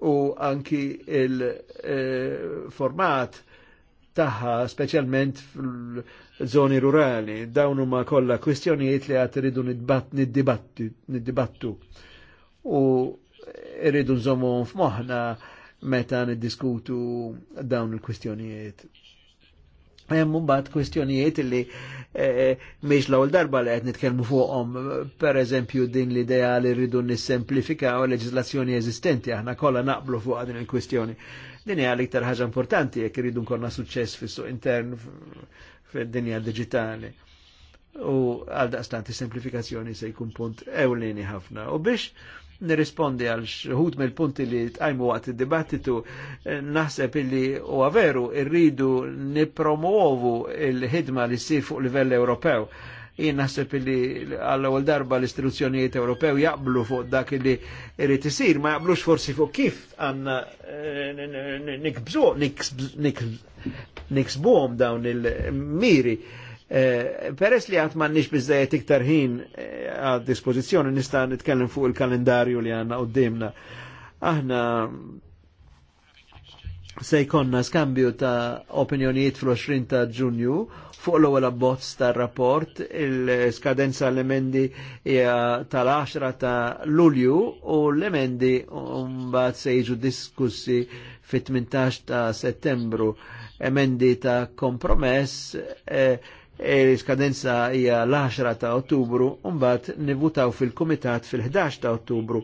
u anki il-format eh, taħħa specialment fil-żoni rurali. Dawn huma kollha kwistjonijiet li għad iridu niddibattu. U iridu nżommu f'moħħna meta niddiskutu dawn il-kwistjonijiet. Hemm bat kwestjonijiet li eh, eh, miex l-ewwel darba li qed nitkellmu fuqhom, pereżempju din l-idea li rridu nissemplifikaw leġislazzjoni eżistenti aħna kollha naqblu fuq din il-kwistjoni. Din hija l-iktar ħaġa importanti jekk irridu nkollna suċċess fis-suq intern fid-dinja digitali. U għal daqstant is-semplifikazzjoni se jkun punt ewlieni ħafna. U biex nirrispondi għal xħut mill punti li tqajmu waqt id-dibattitu naħseb illi u veru irridu nipromuovu il-ħidma li sir fuq livell Ewropew. Jien naħseb illi għall-ewwel darba l-istituzzjonijiet Ewropew jaqblu fuq dak li irid isir, ma jaqblux forsi fuq kif għandna niksbuhom dawn il-miri. Eh, Peress li għat mannix bizzajet iktar ħin eh, għad dispozizjoni nista' nitkellem fuq il-kalendarju li għanna għoddimna. Aħna se skambju ta' opinjonijiet fl-20 ta' ġunju fuq l-ewwel abbozz tar-rapport il-skadenza l-emendi hija tal-10 ta' Lulju u l-emendi mbagħad se jiġu diskussi fit-18 ta' Settembru emendi ta' kompromess eh, E l-iskadenza hija l-10 ta' Ottubru, mbagħad nivutaw fil-Kumitat fil-11 ta' Ottubru,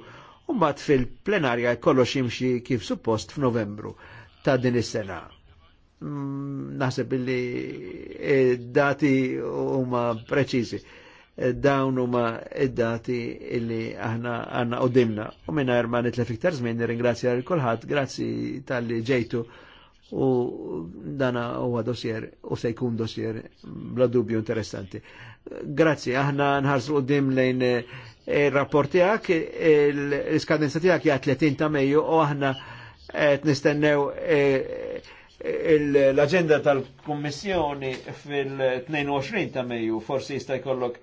mbagħad fil-plenarja kollox jimxi kif suppost f'Novembru ta' din is-sena. Mm, naħseb li e, dati huma preċiżi. E, dawn huma id-dati illi aħna għandna qudimna. U minn ma nitlef iktar żmien nirringrazzja l kulħadd, grazzi tal-li ġejtu u dana huwa dossier u se jkun dossier bla dubju interessanti. Grazzi, aħna nħarsu dim lejn eh, il rapporti għak, l-iskadenza tiegħek hija 30 ta' Mejju u aħna qed eh, nistennew eh, l-agenda tal-Kummissjoni fil-22 ta' Mejju, forsi jista' jkollok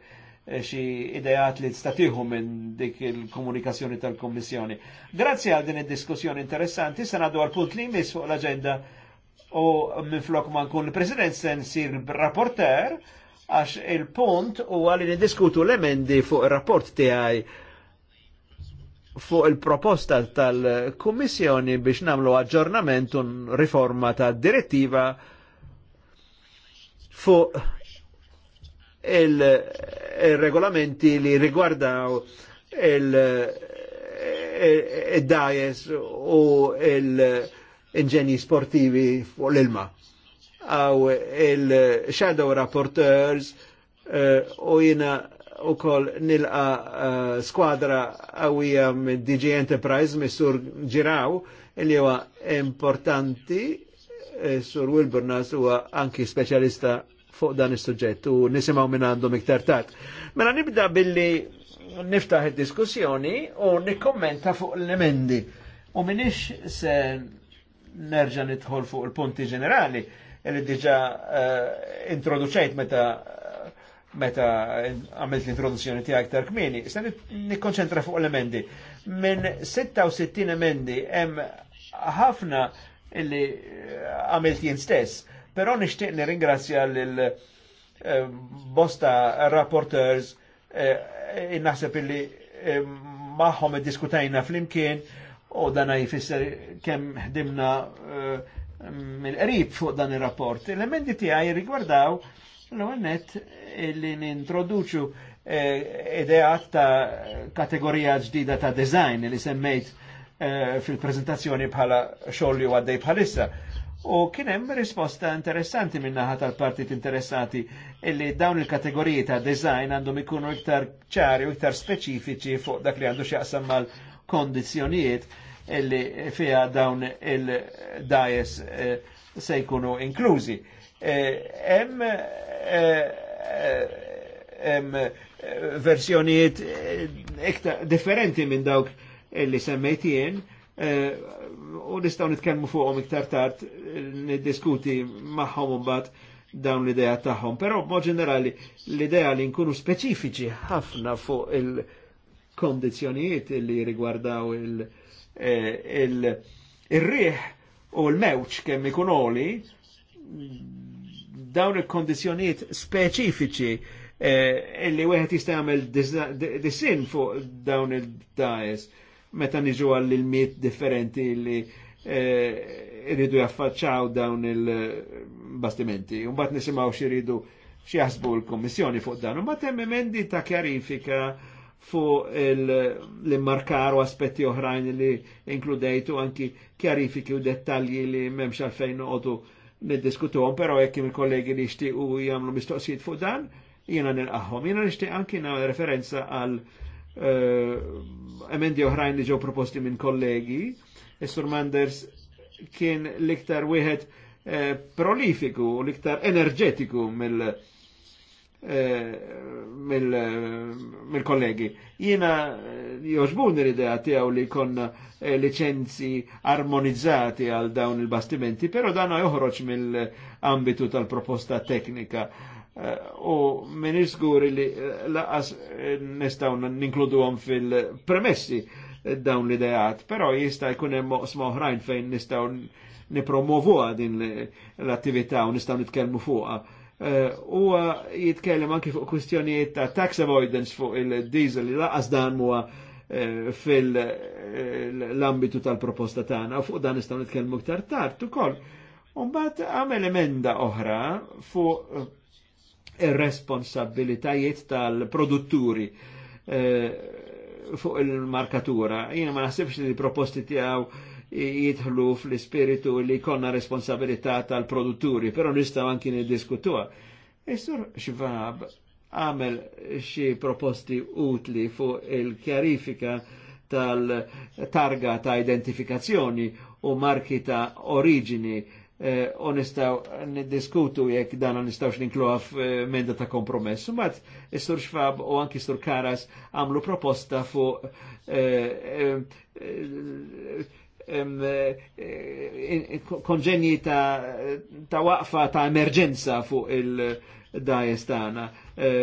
Eh, xi idejat li tstatiħu minn dik il-komunikazzjoni tal-Kommissjoni. Grazzi għal din id-diskussjoni interessanti, se għaddu għal punt li jmiss fuq l-agenda u minn flok ma nkun il-President sen sir rapporter għax il-punt u għalli nidiskutu l-emendi fuq il-rapport tiegħi fuq il-proposta tal kommissjoni biex namlu aġġornament un riforma ta' direttiva fuq il- Eh, regolamenti li rigwardaw eh, eh, il-dajes u il inġenji sportivi fuq l-ilma. Għaw il-shadow rapporteurs u jina u kol nilqa skwadra għawija minn DJ Enterprise missur ġiraw il li huwa importanti sur Wilburnas huwa anki specialista fuq dan is-suġġett u nisimgħu minn għandhom iktar tard. Mela nibda billi niftaħ id-diskussjoni u nikkommenta fuq l-emendi. U minix se nerġa' nidħol fuq il-punti ġenerali li diġa uh, eh, introduċejt meta meta għamilt l-introduzzjoni tiegħek għaktar kmini, se nikkonċentra fuq l-emendi. Minn 66 emendi hemm ħafna illi eh, għamilt jien stess Però nixtieq ringrazzja lil eh, bosta rapporteurs eh, innaħseb illi eh, magħhom diskutajna flimkien u dana jifisser kemm ħdimna mill-qrib fuq dan ir-rapport. L-emendi tiegħi rigwardaw l-għannet li nintroduċu ideat ta' kategorija ġdida ta' design li semmejt fil-prezentazzjoni bħala xogħol u għaddej bħalissa. U kien hemm risposta interessanti minn naħa tal-partit interessati illi dawn il-kategoriji ta' design għandhom ikunu iktar ċari u iktar speċifiċi fuq dak li għandu x'jaqsam mal-kondizzjonijiet illi fija dawn il-dajes eh, se jkunu inklużi. Eh, hemm eh, eh versjonijiet iktar differenti minn dawk illi semmejtien Eh, u nistaw nitkellmu fuqhom iktar tard niddiskuti magħhom imbagħad dawn l-idea tagħhom. Però b'mod ġenerali l-idea li nkunu speċifiċi ħafna fuq il-kondizzjonijiet li rigwardaw eh, il-riħ u l-mewċ kemm ikun oli dawn il-kondizjoniet speċifiċi eh, illi wieħed jista' jagħmel disin fuq dawn il-dajes meta niġu għall-ilmiet differenti li eh, rridu jaffaċċaw dawn il-bastimenti. Umbat nisimaw xie rridu xie jasbu l-Kommissjoni fuq dan. Umbat hemm emendi ta' kjarifika fuq l-immarkar u aspetti oħrajn li inkludejtu anki kjarifiki u dettalji li memx għalfejn għodu għom, pero jekk il-kollegi li xtiqu jagħmlu mistoqsijiet fuq dan, jiena nilqahom. Jiena nixtieq anki referenza għal Eh, emendi oħrajn li ġew proposti minn kollegi. Eh, Sur Manders kien l-iktar wieħed eh, prolifiku u l-iktar enerġetiku mill- mill-kollegi. Jiena joġbun l-idea tiegħu li kon licenzi armonizzati għal dawn il-bastimenti, pero dan joħroġ mill-ambitu tal-proposta teknika Eh, u minni zgur li eh, laqas eh, nistaw ninkludu għom fil-premessi dawn l-idejat, pero jista jkunem hemm oħrajn fejn nistaw nipromovu din l-attività u nistaw nitkelmu fuqa. U jitkellem anki fuq kustjonijiet ta' tax avoidance fuq il-diesel li laqas dan muwa fil-ambitu tal-proposta tagħna u fuq dan nistgħu nitkellmu iktar tard ukoll. Umbagħad għamel emenda oħra fuq responsabilitajiet tal-produtturi eh, fuq il-markatura. Jina ma nasibx li proposti tiegħu jitħlu fl-ispiritu li konna responsabilità tal-produtturi, però nistaw anki nid-diskutua. sur xvab għamel xi proposti utli fuq il-kjarifika tal-targa ta' identifikazzjoni u marki ta' oriġini eh, onistaw niddiskutu jekk dan nistawx ninkluha eh, f'menda ta' kompromess. Mbagħad istur Xfab u anki istur Karas għamlu proposta fuq eh, eh, konġenji ta', ta waqfa ta' emerġenza fuq il-dajes tagħna.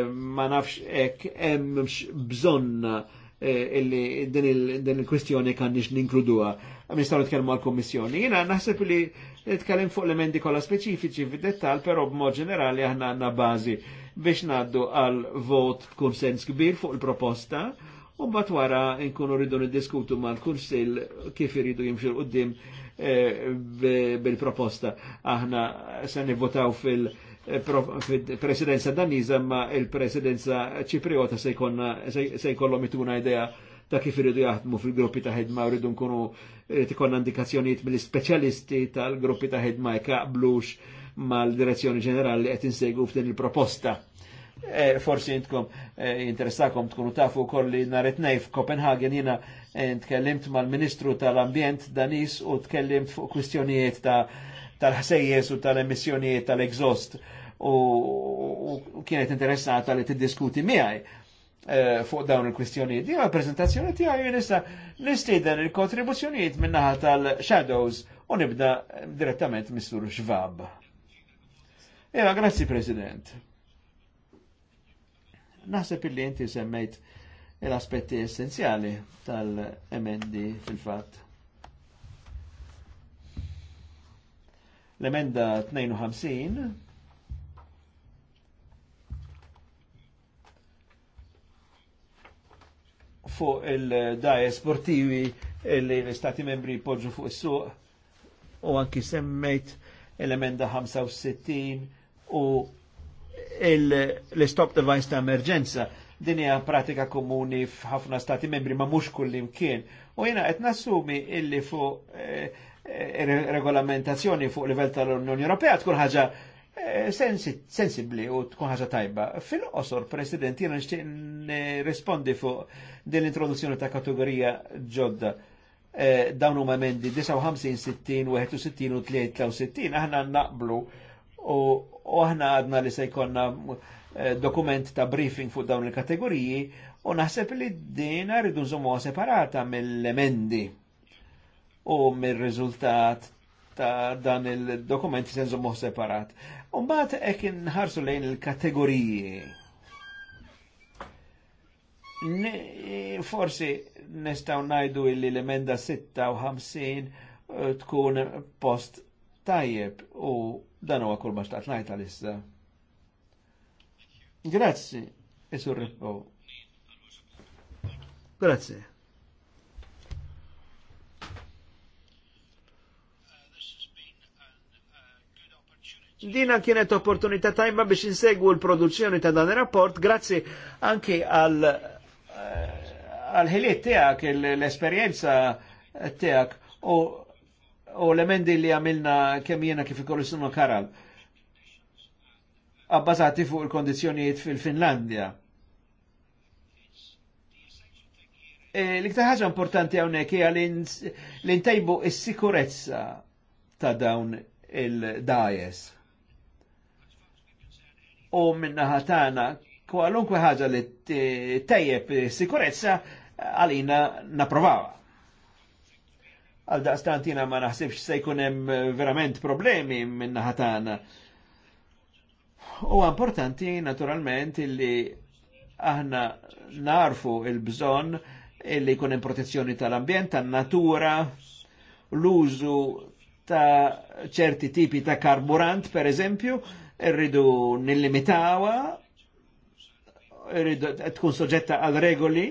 Ma nafx hekk hemm bżonna illi din il-kwistjoni kan nix ninkluduha. Nistgħu nitkellmu għal-Kommissjoni. Jiena naħseb li nitkellem fuq l-emendi kollha speċifiċi fid-dettall, però b'mod ġenerali aħna għandna bażi biex ngħaddu għal vot konsens kbir fuq il-proposta u mbagħad wara nkunu rridu niddiskutu mal-kunsill kif iridu jimxu qudiem eh, bil-proposta. Aħna se nivvotaw fil- eh, presidenza daniza ma il-presidenza ċipriota se jkollhom ituna idea ta' kif iridu jaħdmu fil-gruppi ta' ħidma u rridu nkunu Irrid indikazzjoniet indikazzjonijiet mill-speċjalisti tal-gruppi ta' ħidma jkaqblux mal-direzzjoni ġenerali qed insegwu f'din il-proposta. E, forsi jintkom e, interessakom tkunu tafu koll li naret nej f'Copenhagen jina e, tkellimt mal-Ministru tal-Ambjent Danis u tkellimt fuq kwistjonijiet tal-ħsejjes u tal-emissjonijiet tal-egzost u, u, u kienet interessata li tiddiskuti miegħi Eh, fuq dawn il-kwistjonijiet. Jew il-prezentazzjoni tiegħi nista' nistieden il-kontribuzzjonijiet min-naħa tal-Shadows u nibda direttament Mistur Xvab. Ewa, grazzi President. Naħseb illi inti semmejt l-aspetti essenzjali tal-emendi fil-fatt. L-emenda 52 fuq il-daje sportivi li l-Stati membri poġu fuq il suq u anki semmejt l-emenda 65 u l-stop device ta' emerġenza din hija pratika komuni f'ħafna stati membri ma mhux kullimkien. U jiena qed nassumi illi fuq eh, eh, regolamentazzjoni fuq livell tal-Unjoni Ewropea tkun ħaġa Eh, sensibli u tkun ħaġa tajba. Fil-qosor, President, jena nixtieq rispondi fuq din l-introduzzjoni ta' kategorija ġodda eh, dawn huma emendi 59, 61 u 63, aħna naqblu u aħna għadna li se jkollna eh, dokument ta' briefing fuq dawn il-kategoriji u naħseb li dina rridu nżommuha separata mill-emendi u mill-riżultat ta' dan il-dokument se nżommuh separat. Umbat ek nħarsu lejn il-kategoriji. forsi nistaw najdu l-emenda 56 eh, tkun post tajjeb u dan huwa kull ma xtaqt ngħidha issa. Grazzi, Isur Grazzi. Grazie. Dina kienet opportunità tajba biex insegwu l-produzzjoni ta' dan il-rapport, grazzi anki għal eh, għal-ħiliet tijak, l-esperienza tijak u, u l-emendi li għamilna kemm jena kif ikollu sunu karal. Abbazati fuq il-kondizjonijiet fil-Finlandja. E, L-iktar ħaġa importanti hawnhekk hija li intajbu s-sikurezza ta' dawn il-dajes u minna ħatana kwalunkwe ħaġa li t'ajjeb sikurezza għalina naprovawa. Għal daqstantina ma naħsibx se jkun hemm verament problemi minna ħatana. U importanti naturalment illi aħna narfu il-bżonn illi jkun hemm protezzjoni tal-ambjent, tan-natura, l-użu ta' ċerti tipi ta' karburant, per eżempju, irridu nillimitawa, irridu tkun soġġetta għal regoli,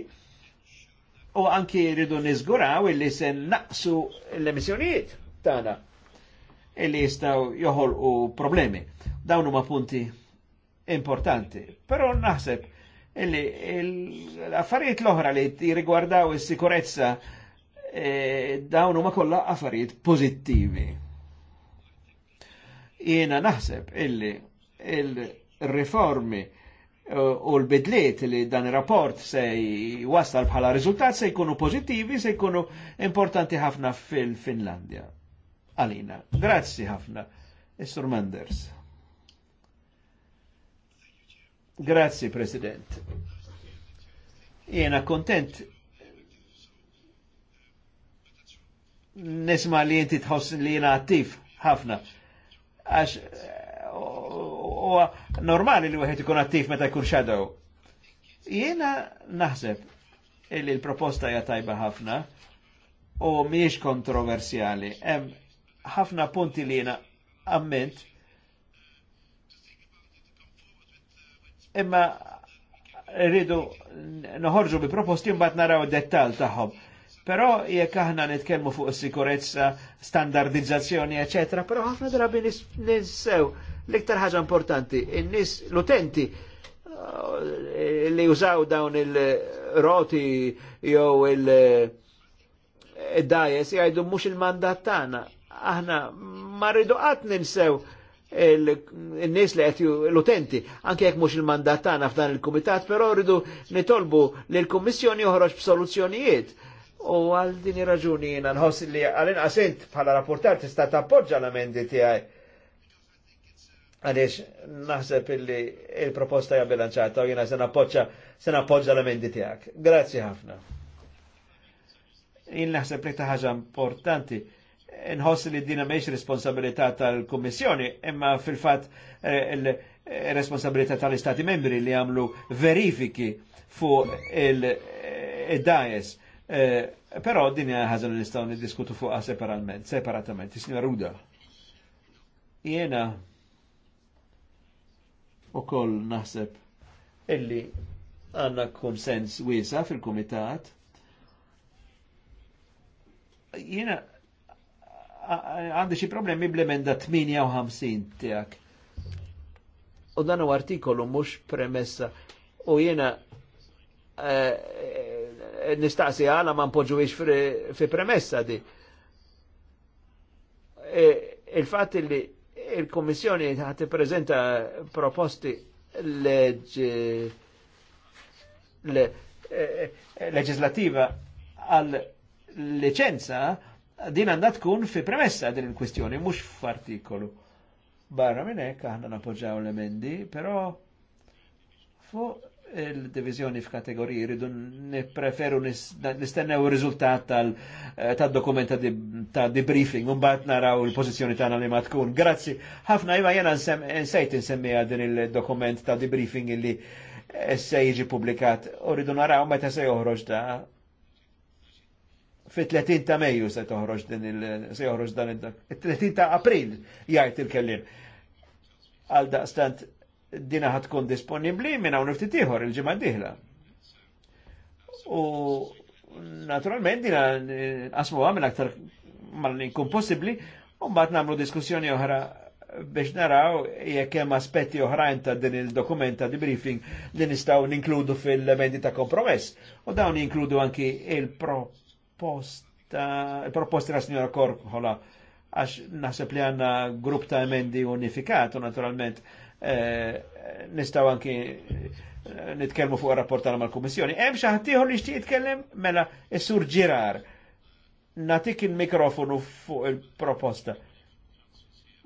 u anki rridu nizguraw illi se naqsu l-emissjonijiet tagħna illi jistaw joħolqu problemi. Dawn huma punti importanti. Però naħseb illi l-affarijiet l-oħra li jirrigwardaw is-sikurezza eh, dawn huma kollha affarijiet pożittivi. Jiena naħseb illi il reformi eh, u l-bidliet li dan il-rapport se jwassal bħala rizultat se jkunu pozittivi, se jkunu importanti ħafna fil-Finlandja. Alina, grazzi ħafna. Mr. Manders. Grazzi, President. Jena kontent nisma li jinti tħoss li jena attiv ħafna għax huwa normali li wieħed ikun attiv meta jkun shadow. Jiena naħseb illi l-proposta hija tajba ħafna u mhijiex kontroversjali. Hemm ħafna punti li jiena amment imma rridu noħorġu bi proposti mbagħad naraw dettal tagħhom Però jekk aħna nitkellmu fuq sikurezza, standardizzazzjoni, eċetera, però ħafna drabi ninsew l-iktar ħaġa importanti, in-nies l-utenti eh, li jużaw dawn il-roti jew il-dajes eh, jgħidu mhux il-mandat tagħna. Aħna ma rridu qatt ninsew il nies li qed l-utenti, anke jekk mhux il-mandat tagħna f'dan il-kumitat, però rridu nitolbu li l-Kummissjoni joħroġ b'soluzzjonijiet U għal din raġuni jina nħoss li għalin għasint bħala rapportar tista' tappoġġa l-amendi tiegħi. Għadiex naħseb illi il-proposta hija bilanċata u jiena se nappoġġa se nappoġġa l-amendi tiegħek. Grazzi ħafna. Jina naħseb li ta' ħaġa importanti nħoss li dina meċ responsabilità tal-Kummissjoni, imma fil-fatt eh, responsabilità tal-Istati membri li għamlu verifiki fuq il-dajes. Il Eh, però din għazan nistgħu niddiskutu fuqha separatament, separatament. Isna Ruda. u koll naħseb illi għandna konsens wiesa fil-kumitat. Jena għandi xi problemi bl-emenda 58 tiegħek. U dan u artikolu mhux premessa u jena eh, nistaqsi għala ma npoġuwix fi premessa di. E, il-fat li il-Kommissjoni ħati prezenta proposti leġ e, e, leġislativa għal licenza din għandha tkun fi premessa din il-kwistjoni, mhux f'artikolu. Barra minn hekk aħna napoġġaw l-emendi, però fuq il-divizjoni f'kategoriji rridu nipreferu nistennew il-riżultat eh, tal-dokumenta ta' debriefing, un bat naraw il-pozizjoni tagħna li ma tkun. Grazzi, ħafna jma iva, jena nsejt nsemmiha din il-dokument ta' debriefing illi eh, se jiġi publikat. U rridu naraw meta se joħroġ ta' fit-30 ta' Mejju se toħroġ din il- se joħroġ dan il-dak. 30 ta' April jgħid il-kellim. Għal stant dina ħatkun disponibli minn hawn nifti ieħor il-ġimgħa d-dieħla. U naturalment dina asmu għamil aktar mal-inkun possibbli u bat nagħmlu diskussjoni oħra biex naraw jekk hemm aspetti oħrajn ta' din il-dokumenta di briefing li nistgħu ninkludu fil-emendi ta' kompromess. U dawn jinkludu anki il-proposta il-proposti la signora Korkola għax naħseb li għanna grupp ta' emendi unifikat u naturalment Eh, nistaw anki eh, nitkelmu fuq il rapport tal mal-Kummissjoni. Hemm xi ħadd ieħor li jixtieq jitkellem mela is-Sur Ġirar. Natik il-mikrofonu fuq il-proposta.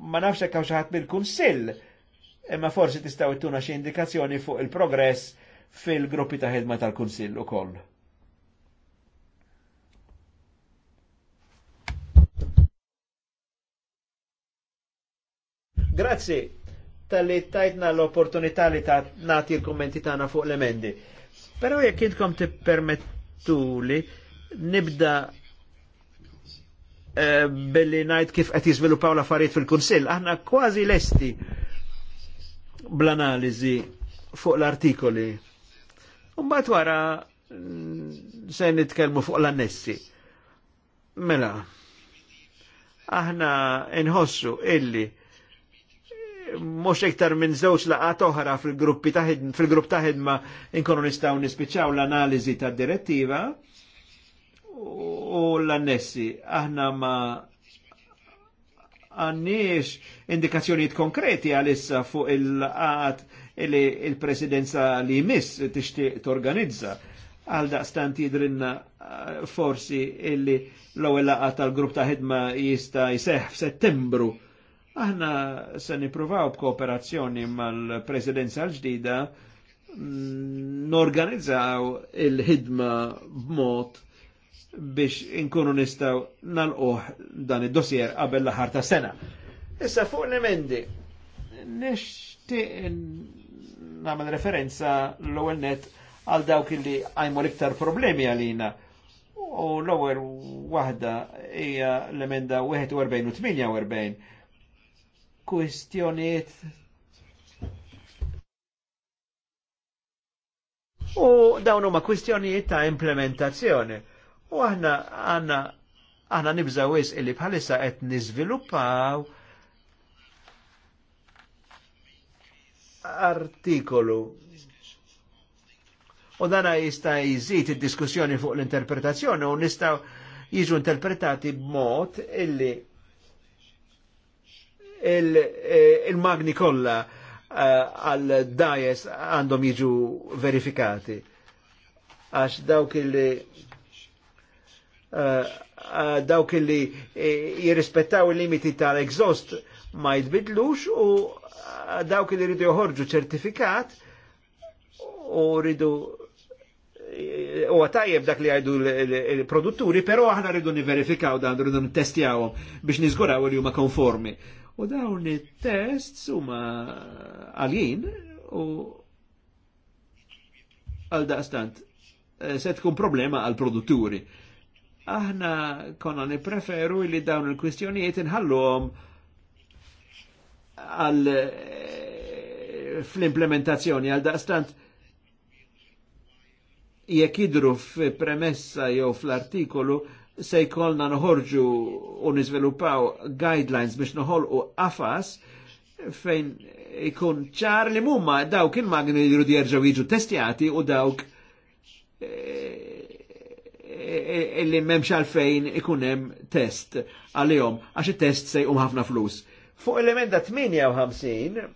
Ma nafx hekk hawn xi ħadd mill-Kunsill, imma forsi tistgħu ittuna xi indikazzjoni fuq il-progress fil-gruppi ta' ħidma tal-Kunsill ukoll. Grazie tal-li tajtna l-opportunità li ta' nati l-kommenti tagħna fuq l-emendi. Però jekk intkom tippermettuli nibda eh, billi ngħid kif qed jiżvilu Pawla Farid fil-Kunsill, aħna kważi lesti bl-analiżi fuq l-artikoli. Mbagħad wara mm, se nitkellmu fuq l-annessi. Mela, aħna nħossu illi mhux iktar minn żewġ laqat oħra fil-grupp ta' ħidma inkunu nistgħu nispiċċaw l-analiżi tad-direttiva u l-annessi. Aħna ma għanniex indikazzjonijiet konkreti għalissa fuq il-laqat il-presidenza li jmiss tixtieq torganizza għal daqstant jidrinna eh, forsi illi l-ewwel laqgħa tal-grupp ta' ħidma jista' jseħħ f'Settembru Aħna se nipruvaw b'kooperazzjoni mal-presidenza l-ġdida mm, norganizzaw il-ħidma b'mod biex inkunu nistaw nal-oħ dan id-dossier qabel l aħħar ta' sena. Issa fuq l-emendi, nishtiq namel referenza l-ewwel net għal dawk li għajmu l-iktar problemi għalina. U l-ewwel waħda hija l-emenda 41 u 48 kwistjoniet u dawn huma kwistjonijiet ta' implementazzjoni. U aħna għanna aħna nibżaw wis illi bħalissa qed niżviluppaw artikolu u dan jista' jżid id-diskussjoni fuq l-interpretazzjoni u nistgħu jiġu interpretati b'mod illi Eh, il-magni kollha eh, għal dajes għandhom jiġu verifikati. Għax dawk li eh, dawk li jirrispettaw il-limiti tal-exhaust ma jitbidlux u dawk li rridu joħorġu ċertifikat u rridu u għatajjeb dak li għajdu l-produtturi, pero aħna rridu niverifikaw dan, rridu n-testjawom biex nizguraw li huma konformi U dawn it test huma għalin u għal daqstant eh, se tkun problema għal produtturi. Aħna konna nipreferu li dawn il-kwistjonijiet għom għal eh, fl-implementazzjoni għal daqstant jekk idru f'premessa jew fl-artikolu se jkollna noħorġu u niżviluppaw guidelines biex noħolqu qafas fejn ikun ċar li mumma dawk il-magni li jridu jerġgħu jiġu testjati u dawk illi eh, eh, eh, memx għalfejn ikun hemm test għalihom għax it-test se jqum ħafna flus. Fuq il-emenda 58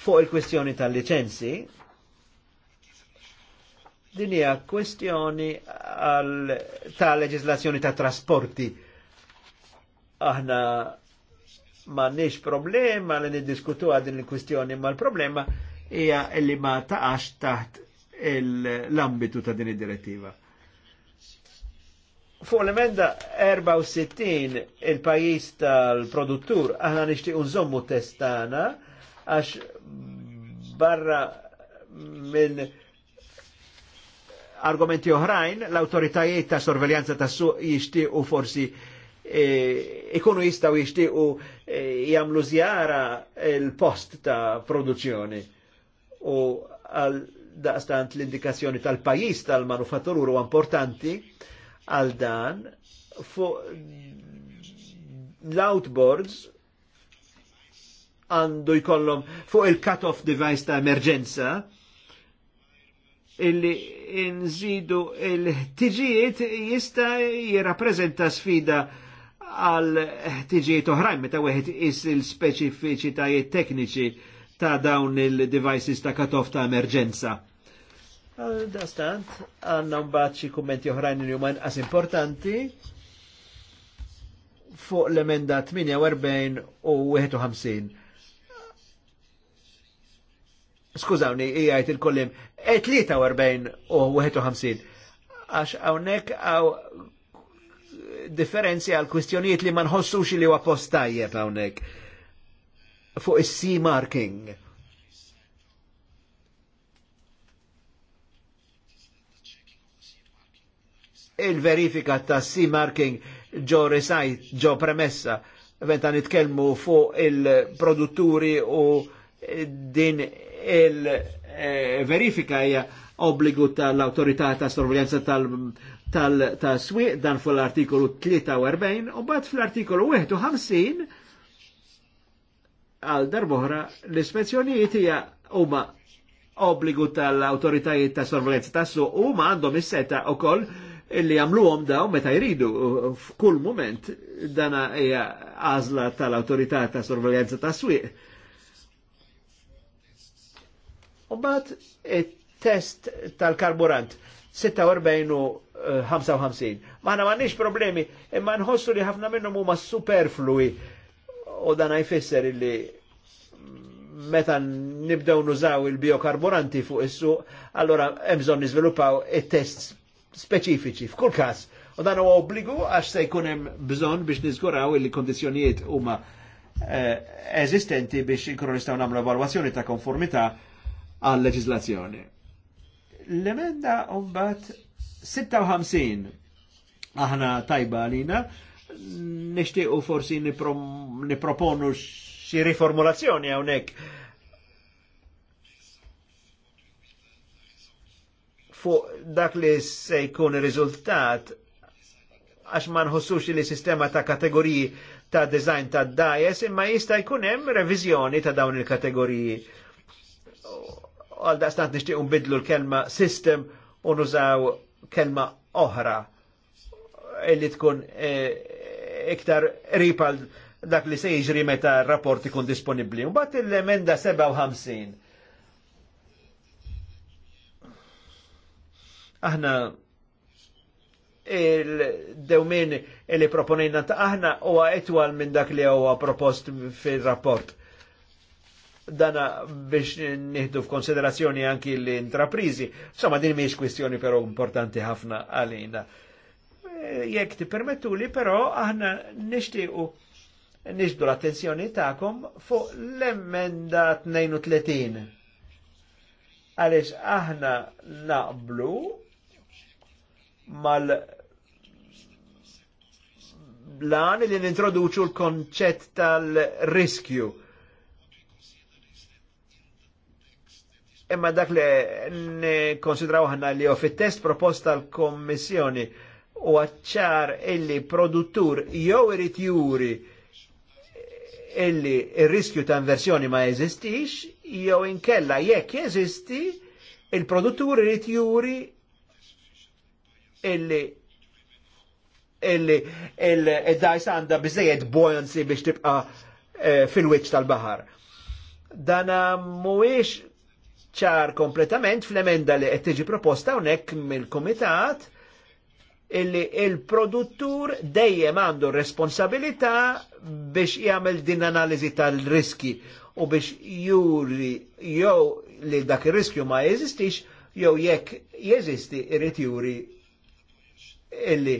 fuq il-kwestjoni tal-liċenzi, Din hija kwestjoni ta' leġislazzjoni ta' trasporti. Aħna ma nix problema li niddiskutu din il-kwestjoni, ma' l-problema hija li ma taqax taħt l-ambitu ta' din id-direttiva. Fuq l-emenda 64 il-pajis tal-produttur aħna nixtieq unżommu testana għax barra minn argumenti oħrajn, l-autoritajiet ta' sorveljanza ta' suq jishtiqu forsi e, ikunu e, jistaw jishtiqu e, jamlu zjara il-post ta' produzzjoni u għal daqstant l-indikazzjoni tal-pajis tal-manufatturur u importanti għal dan fuq l-outboards għandu jkollhom fuq il-cut-off device ta' emerġenza illi nżidu il-ħtiġijiet jista jirrappreżenta sfida għal ħtiġijiet oħrajn meta wieħed is il-speċifiċitajiet tekniċi ta' dawn il-devices ta' katof ta' emerġenza. Dastant, għanna mbagħad xi kummenti oħrajn li huma as importanti fuq l-emenda 48 u 51 skużawni, jgħajt il-kollim, 43 e u 51, għax għawnek għaw differenzi għal kwistjonijiet li ma nħossux li huwa post hawnhekk fuq is-sea marking. Il-verifika ta' sea marking ġo resajt, ġo premessa, venta nitkellmu fuq il-produtturi u din il-verifika hija obbligu tal-autorità ta' sorveljanza tal swieq dan fuq l-artikolu 43 u bat fl-artikolu 51 għal darbohra l-ispezzjonijiet hija huma obbligu tal-autoritajiet ta' sorveljanza ta' su u ma għandhom is-seta wkoll illi jagħmluhom daw meta jridu f'kull moment dana hija għażla tal autorità ta' sorveljanza ta' swieq U bat test tal-karburant 46 55. Maħna m'għandniex problemi, imma nħossu li ħafna minnhom huma superflui u dan jfisser li meta nibdew nużaw il-biokarburanti fuq is-suq, allora hemm bżonn il it-tests speċifiċi f'kull każ. U dan huwa obbligu għax se jkun hemm bżonn biex nizguraw il kondizzjonijiet huma eh, eżistenti biex inkunu nistgħu nagħmlu evalwazzjoni ta' konformità għal leġislazzjoni. L-emenda umbat 56 aħna tajba għalina, u forsi niproponu xi riformulazzjoni hawnhekk. fuq dak li se jkun riżultat għax ma nħossux li sistema ta' kategoriji ta' design ta' dajes imma jista' jkun hemm reviżjoni ta' dawn il-kategoriji għal daqstant nishtiq unbidlu l-kelma system u nużaw kelma oħra illi tkun e, iktar ripal dak li se jiġri meta rapport ikun disponibli. Mbagħad il-emenda 57. Aħna il-dewmin li proponejna ta' aħna huwa etwal minn dak li huwa propost fil-rapport dana biex nieħdu f'konsiderazzjoni anki l-intraprizi. Insomma, din miex kwistjoni però importanti ħafna għalina. Jekk ti permettu li però aħna nixtiequ nixdu l-attenzjoni ta'kom fuq l-emenda 32. Għalix aħna naqblu mal lan li nintroduċu l-konċett tal-riskju Imma dak li konsidraw ħanna li ho fit-test proposta l-Kommissjoni u għacċar illi produttur jew irid juri illi il-riskju ta' inversjoni ma jeżistix, jew inkella jekk jeżisti, il-produttur irid juri illi illi il-dajs għanda bizzejed buoyancy biex tibqa eh, fil witx tal-bahar. Dana muwiex ċar kompletament fl-emenda li qed tiġi proposta hawnhekk mill-Kumitat illi il-produttur dejjem għandu responsabilità biex jagħmel din analiżi tal-riski u biex juri jew li dak ir-riskju ma jeżistix jew jekk jeżisti irid juri illi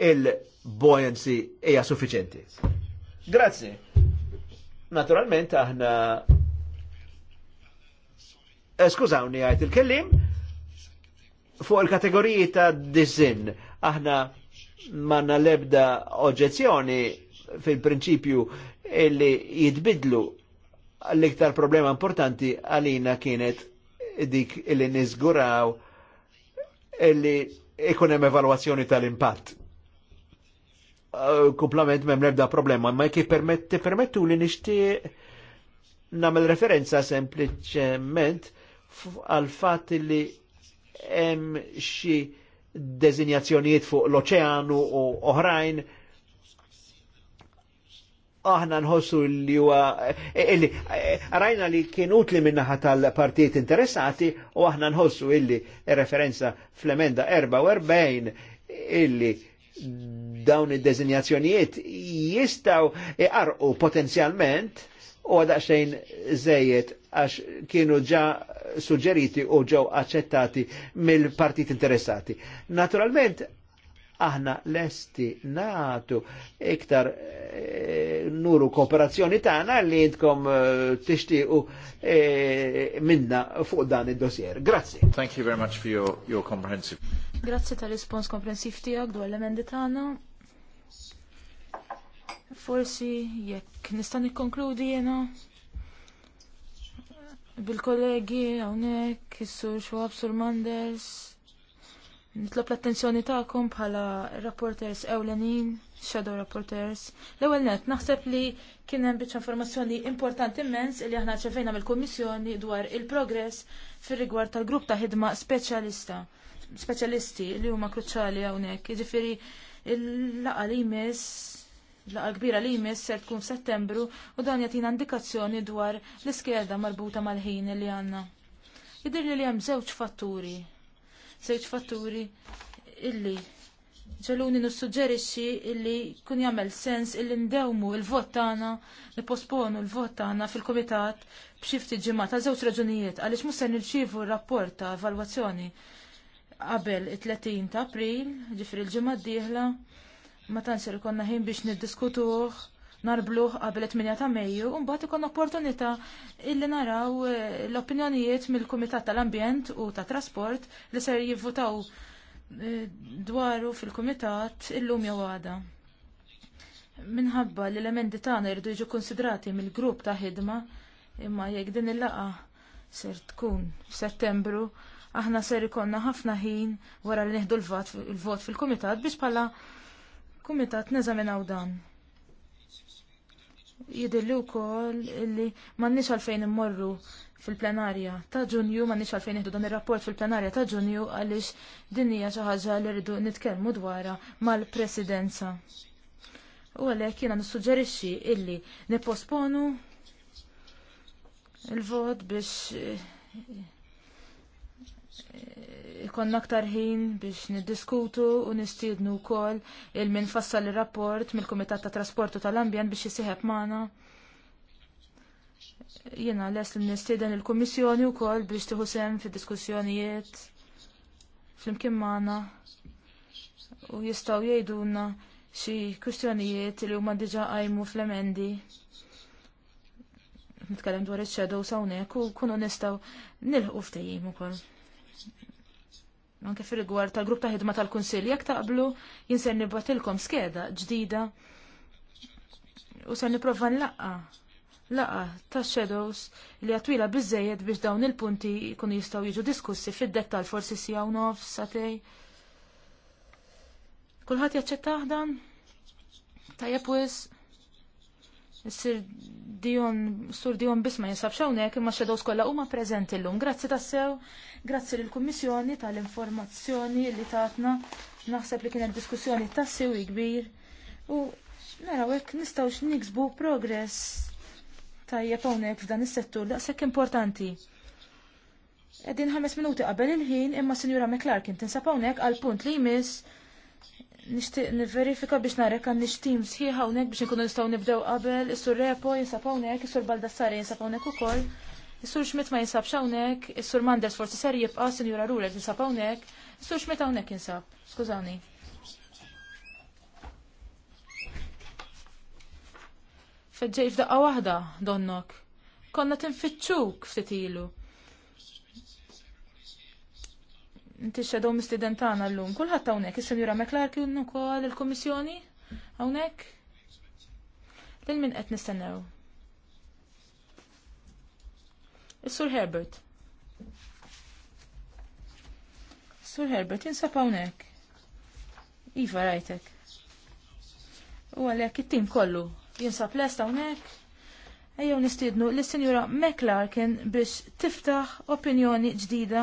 il-buoyancy hija suffiċenti. Grazzi. Naturalment aħna Eh, skużawni għajt il-kellim fuq il-kategoriji ta' dizzin, Aħna manna lebda oġezzjoni fil-prinċipju illi jitbidlu l-iktar problema importanti għalina kienet dik illi nizguraw illi ikunem evalwazzjoni tal-impatt. Eh, kumplament mem lebda problema, ma jki permettu li nishti namel referenza sempliciment għal fatt li hemm xi deżinjazzjonijiet fuq l-oċeanu u oħrajn aħna nħossu li huwa illi eh, eh, eh, rajna li kien utli minnaħa tal-partijiet interessati u aħna nħossu illi referenza fl-emenda 44 illi dawn id-deżinjazzjonijiet jistaw iqarqu potenzjalment u għadaxejn zejiet għax kienu ġa suġġeriti u ġew accettati mill-partit interessati. Naturalment, aħna lesti natu iktar e, nuru kooperazzjoni tagħna li jintkom e, eh, tixtiequ e, minna fuq dan id-dossier. Grazzi. Thank you very much for your, your comprehensive. Grazzi tal-rispons komprensiv tiegħek dwar l-emendi tagħna. Forsi jekk nista' nikkonkludi jiena. You know? bil-kollegi għonek, jissur xwab sur Manders. Nitlob l-attenzjoni ta'kom bħala rapporters ewlenin, shadow rapporters. L-ewel net, naħseb li kien hemm informazzjoni importanti immens li aħna ċefejna mill-Kummissjoni dwar il-progress fir-rigward tal-grupp ta' ħidma speċjalista. Speċjalisti li huma kruċali hawnhekk, jiġifieri il laqalimis jmiss l-laqa kbira li jmiss ser tkun settembru u dan jagħtina indikazzjoni dwar l-iskeda marbuta mal-ħin li għandna. Jidir li hemm żewġ fatturi. Żewġ fatturi illi ġaluni nissuġġerixxi illi kun jagħmel sens illi ndewmu l-vot tagħna, nipposponu l-vot tagħna fil-kumitat b'xi ftit ġimgħa ta' żewġ raġunijiet għaliex mhux se nirċievu r-rapport ta' evalwazzjoni qabel it-30 ta' April, ġifri l-ġimgħa d-dieħla ma tantx konna ħin biex niddiskutuh narbluh qabel 8 ta' Mejju, u mbagħad ikon opportunità illi naraw eh, l-opinjonijiet mill-Kumitat tal-Ambjent u tat Trasport li ser jivvutaw eh, dwaru fil-Kumitat illum jew għada. Minħabba li l-emendi tagħna jridu jiġu konsidrati mill-grupp ta' ħidma imma jekk din il laqgħa ser tkun f'Settembru aħna ser ikonna ħafna ħin wara li neħdu l-vot fil-Kumitat biex bħala kumitat neżaminaw dan. Jidilli u koll illi mannix għalfejn immorru fil-plenarja ta' ġunju, mannix għalfejn iħdu dan il-rapport fil-plenarja ta' ġunju għalix dinija ħaġa li rridu nitkelmu dwara mal-presidenza. U għalek jena nissuġġerixxi illi niposponu il-vot biex ikonna aktar ħin biex niddiskutu u nistiednu wkoll il-min fassal ir-rapport mill-Kumitat ta' Trasportu tal-Ambjent biex jisieħeb magħna. Jiena les li nistieden il-Kummissjoni wkoll biex tieħu sehem fid-diskussjonijiet flimkien magħna u jistgħu jgħidulna xi kwistjonijiet li huma diġà qajmu fl-emendi nitkellem dwar iċ-shadows u kunu nistgħu nilħqu ftehim ukoll anke fil-rigward tal-grupp ta' ħidma tal-Kunsill jekk taqblu jinser nibbatilkom skeda ġdida u se nipprova nlaqqa laqa ta' shadows li għatwila biżejjed biex dawn il-punti jkunu jistgħu jiġu diskussi fid-dettal forsi si hawn nof satej. Kulħadd jaċċettah dan? Tajjeb wisq? Sir Dion, Sur Dion bisma jinsab xawnek, imma skolla u huma prezenti l-lum. Grazzi tassew, grazzi l-Kommissjoni tal-informazzjoni li tatna. Naħseb li kienet diskussjoni tassew kbir. U naraw hekk nistgħux niksbu progress tajjeb hawnhekk f'dan is-settur daqshekk importanti. Qegħdin ħames minuti qabel il-ħin imma Sinjura McClarkin tinsab hawnhekk għal punt li jmiss nixtieq niverifika biex narek għan nixtim sħiħa hawnhekk biex nkunu nistgħu nibdew qabel, is-sur Repo jinsab hawnhekk, is-sur Baldassare jinsab hawnhekk ukoll, is jissur Schmidt ma jinsabx hawnhekk, is-sur Manders forsi ser jibqa' Sinjura Ruler jinsab hawnhekk, is-sur Schmidt hawnhekk jinsab. skużawni. Feġġej f'daqqa waħda, donnok. Konna tinfittxuk ftit ilu. Inti xedaw mistiden tagħna llum. Kulħadd hawnhekk, is-Sinjura McClark ukoll il-Kummissjoni hawnhekk. Lil min qed nistennew. Is-Sur Herbert. Sur Herbert, jinsab hawnhekk. Iva rajtek. U għalhekk it-tim kollu jinsab lest hawnhekk ejjew nistiednu l-Sinjura McLarkin biex tiftaħ opinjoni ġdida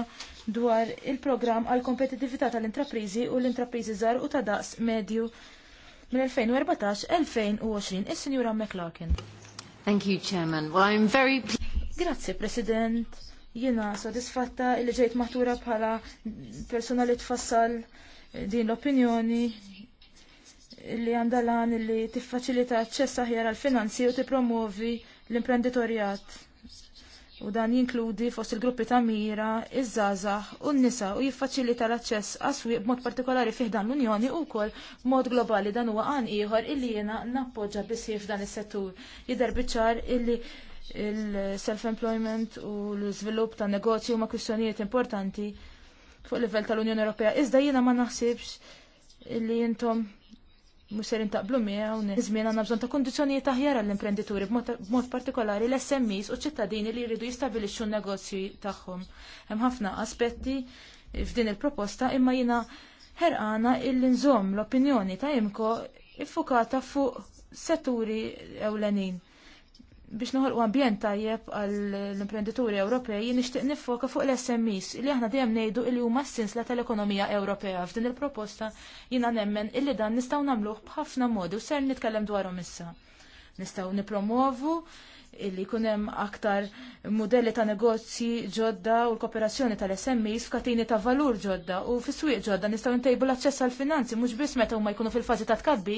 dwar il-programm għal kompetitività tal-intraprizi u l-intraprizi żgħar u ta' daqs medju mill-2014-2020. Is-Sinjura McLarkin. Thank you, Chairman. Well, I'm very Grazie, President. Jiena sodisfatta li ġejt matura bħala persona li tfassal din l-opinjoni li għandalan li tiffaċilita ċessa ħjar għal-finanzi u tipromuovi l-imprenditorjat u dan jinkludi fost il-gruppi ta' mira, iż-żazax u n-nisa u jiffaċilita l-aċċess għaswi b'mod partikolari fih dan l-Unjoni u kol mod globali dan huwa għan ieħor illi jiena nappoġġa bisħif dan is-settur. Jidher biċar illi il-self-employment u l-żvilupp ta' negozju ma' kwistjonijiet importanti fuq livell tal-Unjoni Ewropea. Iżda jiena ma naħsibx illi jintom mux intaqblu mi miegħu nizmien għanna bżonn ta' kondizzjonijiet aħjar għall-imprenditori b'mod partikolari l-SMEs u ċittadini li jridu jistabilixxu n-negozji tagħhom. Hemm ħafna aspetti f'din il-proposta imma jiena ħerqana il nżomm l-opinjoni ta' imko iffukata fuq setturi ewlenin biex noħolqu ambjent tajjeb għall imprenditori Ewropej nixtieq nifoka fuq l-SMEs li aħna dejjem ngħidu li huma s-sinsla tal-ekonomija Ewropea. F'din il-proposta jiena nemmen illi dan nistgħu nagħmluh b'ħafna modi u ser nitkellem dwarhom issa. Nistgħu nippromovu illi kunem aktar modelli ta' negozji ġodda u l-kooperazzjoni tal-SMEs f'katini ta' valur ġodda u fis-swieq ġodda nistgħu ntejbu l-aċċess għal finanzi mhux biss meta huma jkunu fil-fażi ta' tkabbi,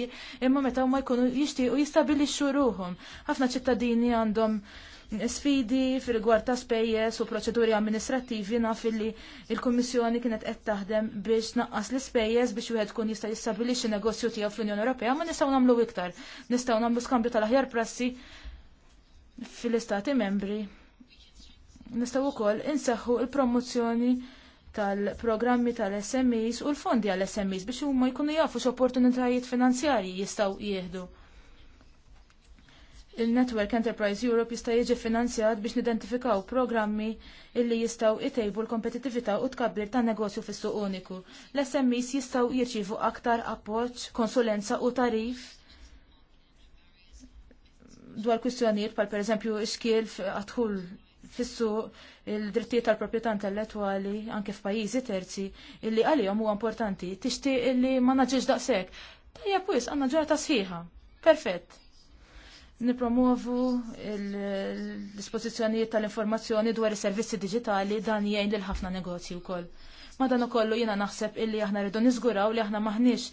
imma meta huma jkunu jixtiequ jistabilixxu ruhom. Ħafna ċittadini għandhom sfidi fil rigward ta' spejjeż u proċeduri amministrattivi naf illi il-Kummissjoni kienet qed taħdem biex naqqas l-ispejjeż biex wieħed kun jista' jistabilixxi negozju tiegħu fl-Unjoni Ewropea ma nistgħu nagħmlu iktar. Nistgħu nagħmlu skambju tal-aħjar prassi fil-istati membri nistgħu wkoll inseħħu l promozzjoni tal-programmi tal-SMEs u l-fondi għall-SMEs biex huma jkunu jafu x'opportunitajiet finanzjarji jistgħu jieħdu. Il-Network Enterprise Europe jista' jiġi finanzjat biex nidentifikaw programmi illi jistgħu jtejbu l-kompetittività u tkabbir tan negozju fis-suq uniku. L-SMEs jistgħu jirċievu aktar appoġġ, konsulenza u tarif dwar kwistjonijiet pal per eżempju iskil għadħul fissu il-drittijiet tal-proprjetà intellettwali anke f'pajjiżi terzi illi għalihom huwa importanti tixtieq illi ma naġġiex daqshekk. Tajjeb wis għandna ġorta sħiħa. Perfett. Nipromuovu l-dispożizzjonijiet tal-informazzjoni dwar is-servizzi diġitali dan jgħin lil ħafna negozji wkoll. dan ukollu jiena naħseb illi aħna rridu niżguraw li aħna maħniex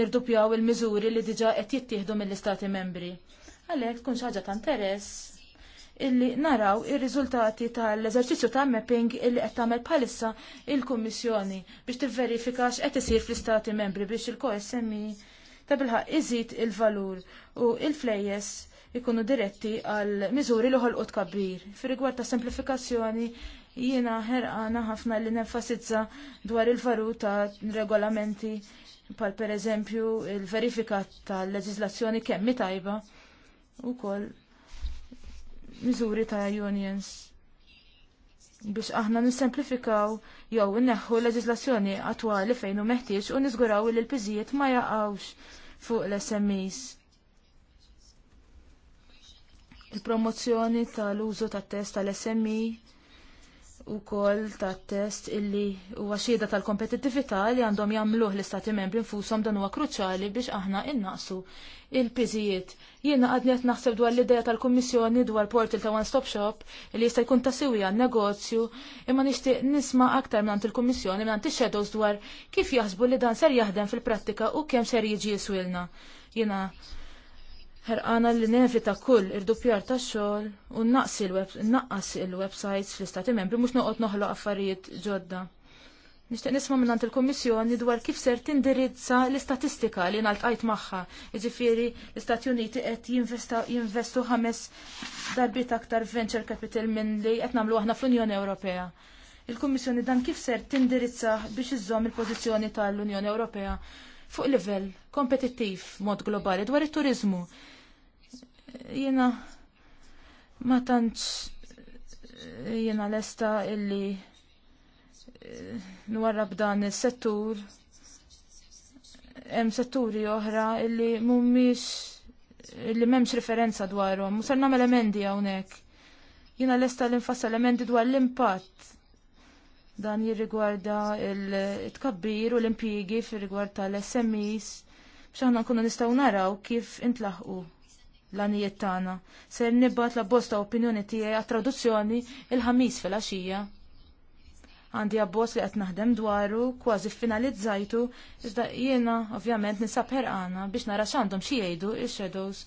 nirdupjaw il-miżuri li diġa qed jittieħdu mill-Istati membri. Għalhekk tkun xi ħaġa ta' interess illi naraw ir-riżultati tal-eżerċizzju ta' mapping illi qed tagħmel bħalissa il-Kummissjoni biex tivverifika x'qed isir fl-Istati membri biex il-KSMI ta' bilħaq iżid il-valur u il-flejjes ikunu diretti għal miżuri l-oħol qod kabbir. Fir-rigward ta' semplifikazzjoni jiena ħerqana ħafna li nenfasizza dwar il-varu ta' regolamenti pal per eżempju il-verifika tal-leġislazzjoni kemmi tajba U koll miżuri ta' unions biex aħna nissemplifikaw jew inneħħu leġislazzjoni attwali fejn hu meħtieġ u niżguraw li l-piżijiet ma jaqgħux fuq l-SMEs. Il-promozzjoni tal-użu tat-test tal-SME u kol ta' test illi huwa xhieda tal-kompetittività li għandhom jagħmluh l-istati membri nfushom dan huwa kruċjali biex aħna innaqsu il-piżijiet Jiena għadni naħseb dwar l-idea tal-Kummissjoni dwar portal ta' One Stop Shop li jista' jkun ta' siwija negozju imma nixtieq nisma' aktar minn il-Kummissjoni minn ix-shadows dwar kif jaħsbu li dan ser jaħdem fil-prattika u kemm ser jiġi jiswilna. Jiena ħerqana li nevi ta' kull ir-dupjar ta' xogħol u naqqas il websites fl-istati membri mhux noqgħod noħloq affarijiet ġodda. Nixtieq nisma minnant il-Kommissjoni dwar kif ser tindirizza l-istatistika li naltqajt magħha. Iġifiri, l-Istati Uniti qed jinvestu ħames darbit aktar venture capital minn li qed nagħmlu aħna fl-Unjoni Ewropea. Il-Kummissjoni dan kif ser tindirizza biex iżżomm il-pożizzjoni tal-Unjoni Ewropea fuq livell kompetittiv mod globali dwar it-turiżmu. Jiena ma tantx jiena lesta illi Nwarra b'dan is-settur hemm setturi oħra illi mhumiex illi m'hemmx referenza dwarhom, u ser nagħmel emendi hawnhekk. Jiena lesta l infassal emendi dwar l-impatt dan jirrigwarda l tkabbir u l-impjigi fir-rigward tal-SMEs biex aħna nkunu nistgħu naraw kif intlaħqu l-anijiet tagħna. Ser nibgħat la bosta opinjoni tiegħi għat-traduzzjoni il-ħamis fil-għaxija għandi abbozz li qed naħdem dwaru, kważi finalizzajtu, iżda jiena ovvjament nisab herqana biex nara xandom xi jgħidu ix-shadows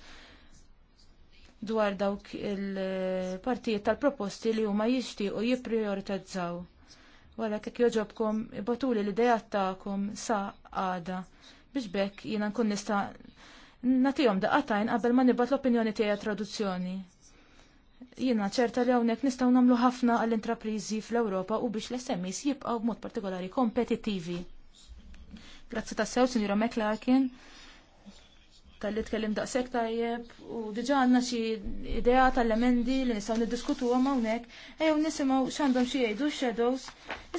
dwar dawk il-partijiet tal-proposti li huma jixtiequ jipprioritizzaw. Wara kek joġobkom ibatuli l-idejat tagħkom sa għada biex bekk jiena nkun nista' nagħtihom daqatajn qabel ma nibat l-opinjoni tiegħi traduzzjoni. Jiena ċerta li hawnhekk nistgħu nagħmlu ħafna għall-intrapriżi fl-Ewropa u biex l-SMEs jibqaw b'mod partikolari kompetittivi. Grazzi tassew, Sinjura McLarkin, tal-li tkellim daqshekk tajjeb u diġà għandna xi idea tal-emendi li nistgħu niddiskutuhom hawnhekk ejw nisimgħu x'għandhom xi jgħidu x-shadows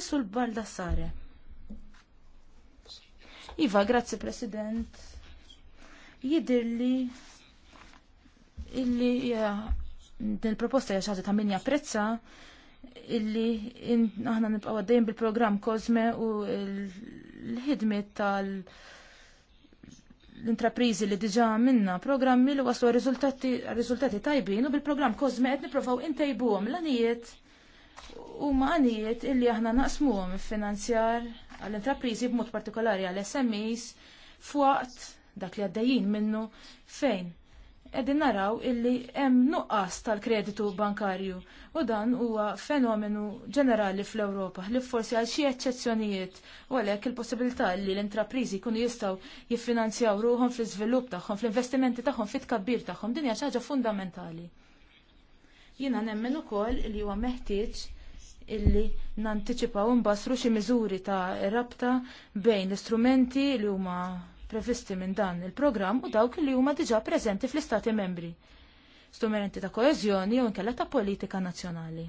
issu l-balda sare. Iva, grazzi President. Jidirli illi yeah Dil-proposta hija ta' min japprezza illi aħna nibqgħu għaddejjin bil-programm Kozme u l-ħidmiet tal l-intraprizi li diġa minna programmi li waslu riżultati tajbin u bil-programm Kozme qed intajbu intejbuhom l-għanijiet u għanijiet illi aħna naqsmuhom finanzjar għall-intraprizi b'mod partikolari għall-SMEs fuqt dak li għaddejjin minnu fejn qegħdin naraw illi hemm nuqqas tal-kreditu bankarju u dan huwa fenomenu ġenerali fl-Ewropa li forsi għal xi eċċezzjonijiet u għalhekk il-possibilità li l-intrapriżi jkunu jistgħu jiffinanzjaw ruhom fl-iżvilupp tagħhom, fl-investimenti tagħhom, fit-tkabbir tagħhom, din hija xi ħaġa fundamentali. Jiena nemmen ukoll li huwa meħtieġ illi nanticipaw imbasru xi miżuri ta' rabta bejn l-istrumenti li huma previsti minn dan il-programm u dawk li huma diġà preżenti fl-Istati membri, strumenti ta' koeżjoni jew nkella ta' politika nazzjonali.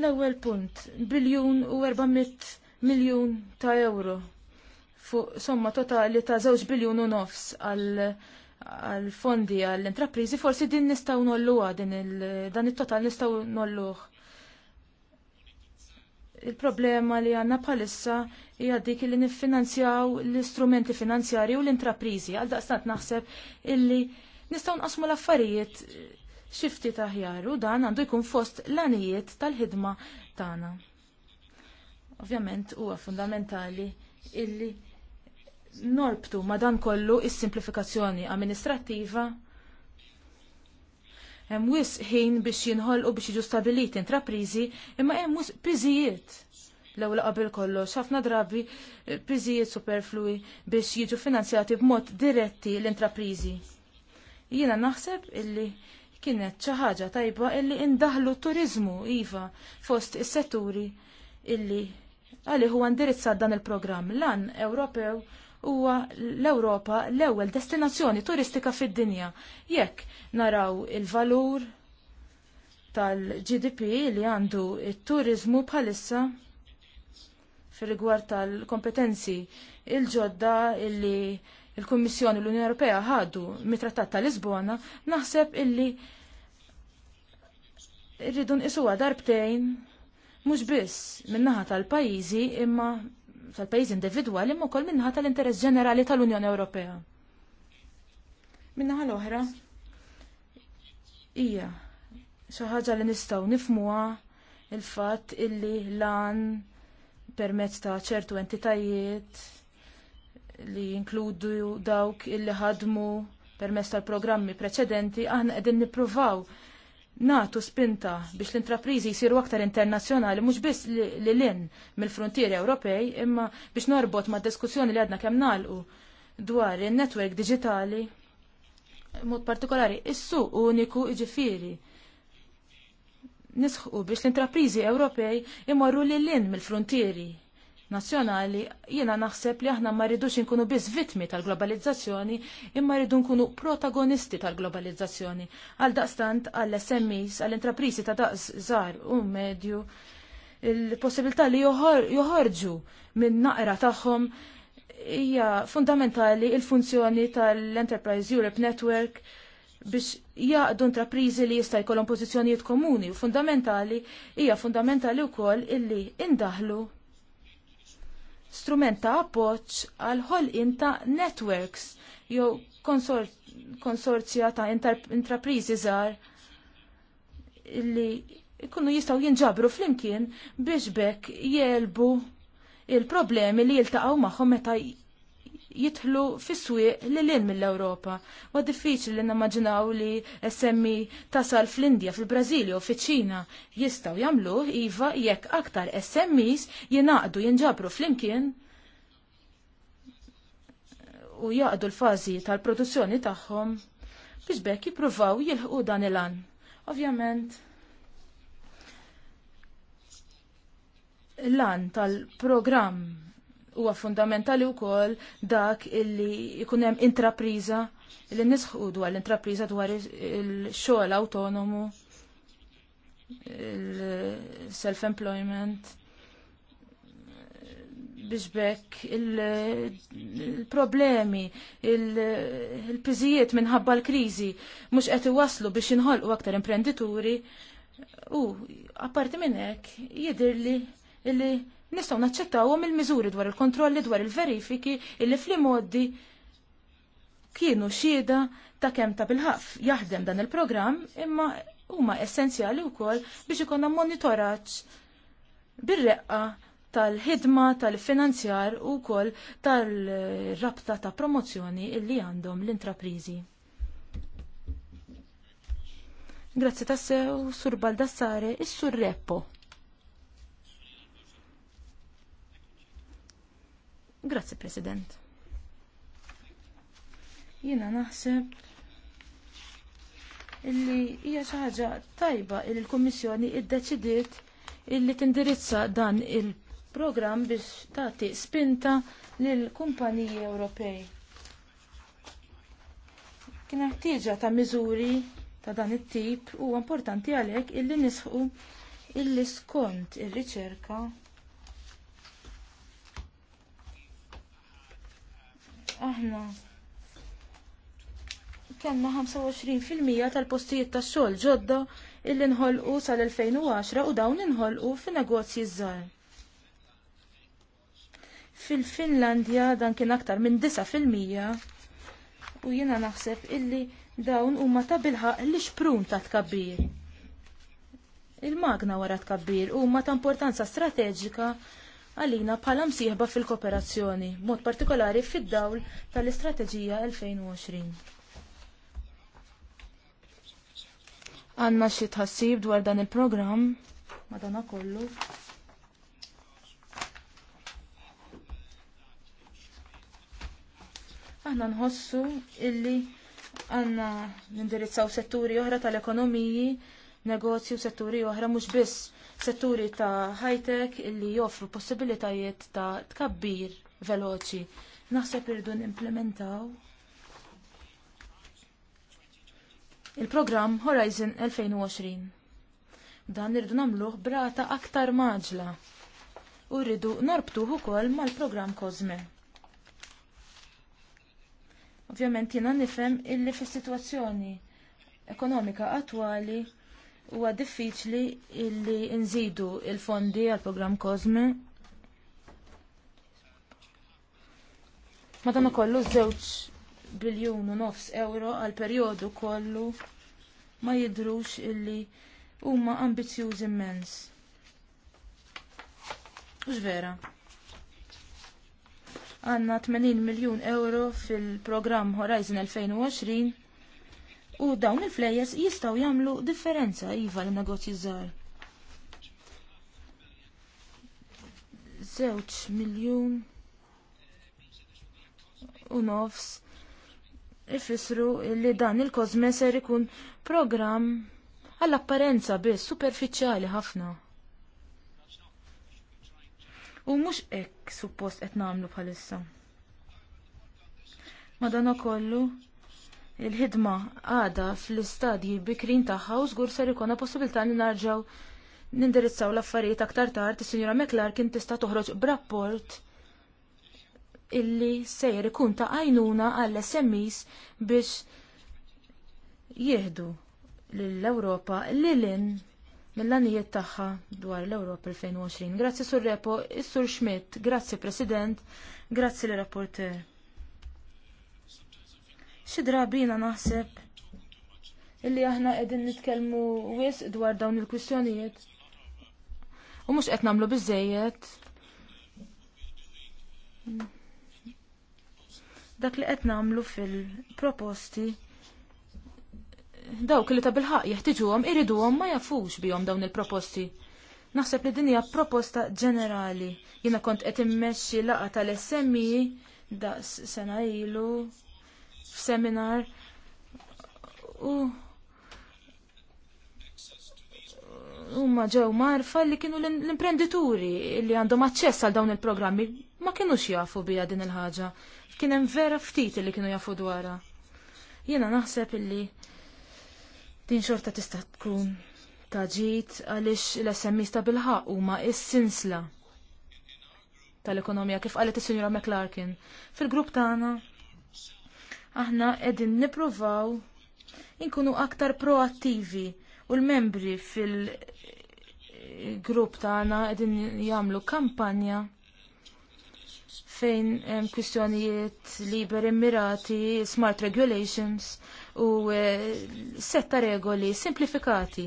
L-ewwel punt, biljun u 400 miljun ta' euro fuq somma totali ta' 2 biljun u nofs għal għal fondi għall intrapriżi forsi din nistgħu nolluha dan it-total nistgħu nolluh il-problema li għanna bħalissa hija dik li niffinanzjaw l-istrumenti finanzjarji u l-intraprizi. Għal daqstant naħseb illi nistaw nqasmu l-affarijiet xifti taħjar u dan għandu jkun fost l-anijiet tal-ħidma tagħna. Ovvjament huwa fundamentali illi norbtu ma dan kollu is-simplifikazzjoni amministrattiva hemm wis ħin biex jinħolqu biex jiġu stabiliti intraprizi, imma hemm wis piżijiet l-ewwel qabel kollox ħafna drabi eh, piżijiet superflui biex jiġu finanzjati b'mod diretti l-intraprizi. Jiena naħseb illi kienet xi ħaġa tajba illi indaħlu turizmu iva fost is-setturi illi għalli huwa indirizzat dan il-programm lan Ewropew huwa l-Ewropa l-ewwel destinazzjoni turistika fid-dinja. Jekk naraw il-valur tal-GDP li għandu it-turizmu bħalissa fir-rigward tal-kompetenzi il-ġodda illi il-Kummissjoni l-Unjoni Ewropea ħadu mit-Trattat tal Lisbona, naħseb illi irridu nqisuha darbtejn mhux biss min-naħa tal-pajjiżi imma tal-pajjiż individwali imma wkoll minnaħa tal-interess ġenerali tal-Unjoni Ewropea. Minnaħa l-oħra hija xi ħaġa li nistgħu nifmuha il-fatt illi lan permezz ta' ċertu entitajiet li jinkludu dawk illi ħadmu permezz tal-programmi preċedenti aħna qegħdin nippruvaw natu spinta biex l-intraprizi jisiru aktar internazzjonali, mhux biss li l-in mill-frontieri Ewropej, imma biex norbot ma' diskussjoni li għadna kemm nagħlqu dwar in netwerk digitali, mod partikolari, issu uniku iġifiri. Nisħu biex l-intraprizi Ewropej imorru li l-in mill-frontieri nazzjonali, jiena naħseb li aħna ma rridux inkunu biss vittmi tal-globalizzazzjoni, imma rridu nkunu protagonisti tal-globalizzazzjoni. Għal daqstant għall-SMEs, għall-intraprisi ta' daqs żgħar u medju, il-possibilità li joħorġu minn naqra tagħhom hija fundamentali il-funzjoni tal-Enterprise Europe Network biex jaqdu intraprizi li jista' jkollhom pożizzjonijiet komuni u fundamentali hija fundamentali wkoll illi indaħlu strument ta' appoġġ għal ħolqien ta' networks jew konsorzja ta' intrapriżi żgħar li jkunu jistgħu jinġabru flimkien biex bekk jelbu il-problemi li jiltaqgħu magħhom meta jitħlu fis-swieq li lin mill-Ewropa. U diffiċli li nammaġinaw li SMI e tasal fl-Indja, fil-Brażilja u fiċ-Ċina jistgħu jagħmluh iva jekk aktar SMEs jingħaqdu jinġabru flimkien u jaqdu l-fazi tal-produzzjoni tagħhom biex bekk jippruvaw jilħqu dan il-an. Ovvjament, l-an tal-programm huwa fundamentali wkoll dak illi jkun hemm intrapriża li nisħu dwar l-intrapriża dwar il-xogħol autonomu il-self-employment biex bekk il-problemi, il-piżijiet minħabba l-kriżi mhux qed waslu biex inħolqu aktar imprendituri u apparti minn hekk jidhirli li nistgħu naċċettawhom il-miżuri dwar il-kontrolli dwar il-verifiki illi fl-imoddi kienu xieda ta' kemm ta' bilħaf jaħdem dan il-programm imma huma essenzjali wkoll biex ikonna monitoraġġ bir-reqqa tal-ħidma tal-finanzjar u wkoll tal-rabta ta' promozzjoni illi għandhom l-intraprizi. Grazzi tassew, Sur Baldassare, is-Sur Reppo. Grazzi, President. Jiena naħseb illi hija xi ħaġa tajba li l-Kummissjoni iddeċidiet illi tindirizza dan il-programm biex tagħti spinta lill kumpaniji Ewropej. Kien ħtieġa ta' miżuri ta' dan it-tip huwa importanti għalhekk illi nisħu illi skont ir-riċerka il aħna kellna 25% tal-postijiet tax-xogħol ġodda illi nħolqu sal-2010 u dawn inħolqu fin-negozji żgħar. Fil-Finlandja dan kien aktar minn 9% u jiena naħseb illi dawn huma ta' bilħaq li xprun ta' tkabbir. Il-magna wara tkabbir huma ta' importanza strateġika għalina bħala msieħba fil-kooperazzjoni, mod partikolari fid-dawl tal-Istrateġija 2020. Għanna xi tħassib dwar dan il-programm, madana kollu. Aħna nħossu illi għanna nindirizzaw setturi oħra tal-ekonomiji, negozju setturi oħra mhux biss setturi ta' high-tech illi joffru possibilitajiet ta' tkabbir veloċi. Naħseb irridu nimplementaw il-programm Horizon 2020. Dan irridu nagħmluh brata aktar maġla u rridu norbtuh ukoll mal-programm Cosme. Ovvjament jiena nifhem illi fis-sitwazzjoni ekonomika attwali Huwa diffiċli illi nżidu il-fondi għal programm Cosme. Madonna kollu żewġ biljun u nofs euro għal perjodu kollu ma jidhrux illi huma ambizjuż immens. Mhux vera. Għanna 80 miljun euro fil-programm Horizon 2020 U dawn il-flejjes jistaw jamlu differenza iva l-negozji żgħar. Żewġ miljun u nofs ifisru li dan il-kozme ser ikun programm għall-apparenza biss superfiċjali ħafna. U mhux hekk suppost qed nagħmlu bħalissa. Madonna kollu, il-ħidma għada fl-istadji bikrin tagħha u żgur ser ikona possibilità li narġgħu nindirizzaw l-affarijiet aktar tard is-Sinjura Meklar kien tista' toħroġ b'rapport illi sejjer ikun ta' għajnuna għall smis biex jieħdu lill ewropa lilin mill-għanijiet tagħha dwar l-Ewropa 2020. Grazzi sur Repo, is-Sur Schmidt, grazzi President, grazzi l-Rapporter. Xi drabina naħseb illi aħna qegħdin nitkellmu wis dwar dawn il-kwistjonijiet. U mhux qed nagħmlu biżejjed. Dak li qed nagħmlu fil-proposti dawk li ta' bilħaq jeħtiġuhom iriduhom ma jafux bihom dawn il-proposti. Naħseb li din hija proposta ġenerali. Jiena kont qed immexxi laqa tal-SMI da sena ilu f'seminar u huma ġew marfa li kienu l-imprendituri li għandhom aċċess għal dawn il-programmi ma kienu jafu bija din il-ħaġa. Kien hemm vera ftit li kienu jafu dwarha. Jiena naħseb illi din xorta tista' tkun taġit għalix għaliex l bil ta' bilħaq huma is-sinsla tal-ekonomija kif qalet is-Sinjora McLarkin. Fil-grupp tagħna aħna qegħdin nippruvaw inkunu aktar proattivi u l-membri fil-grupp tagħna qegħdin jagħmlu kampanja fejn hemm kwistjonijiet liber immirati, smart regulations u eh, setta regoli simplifikati.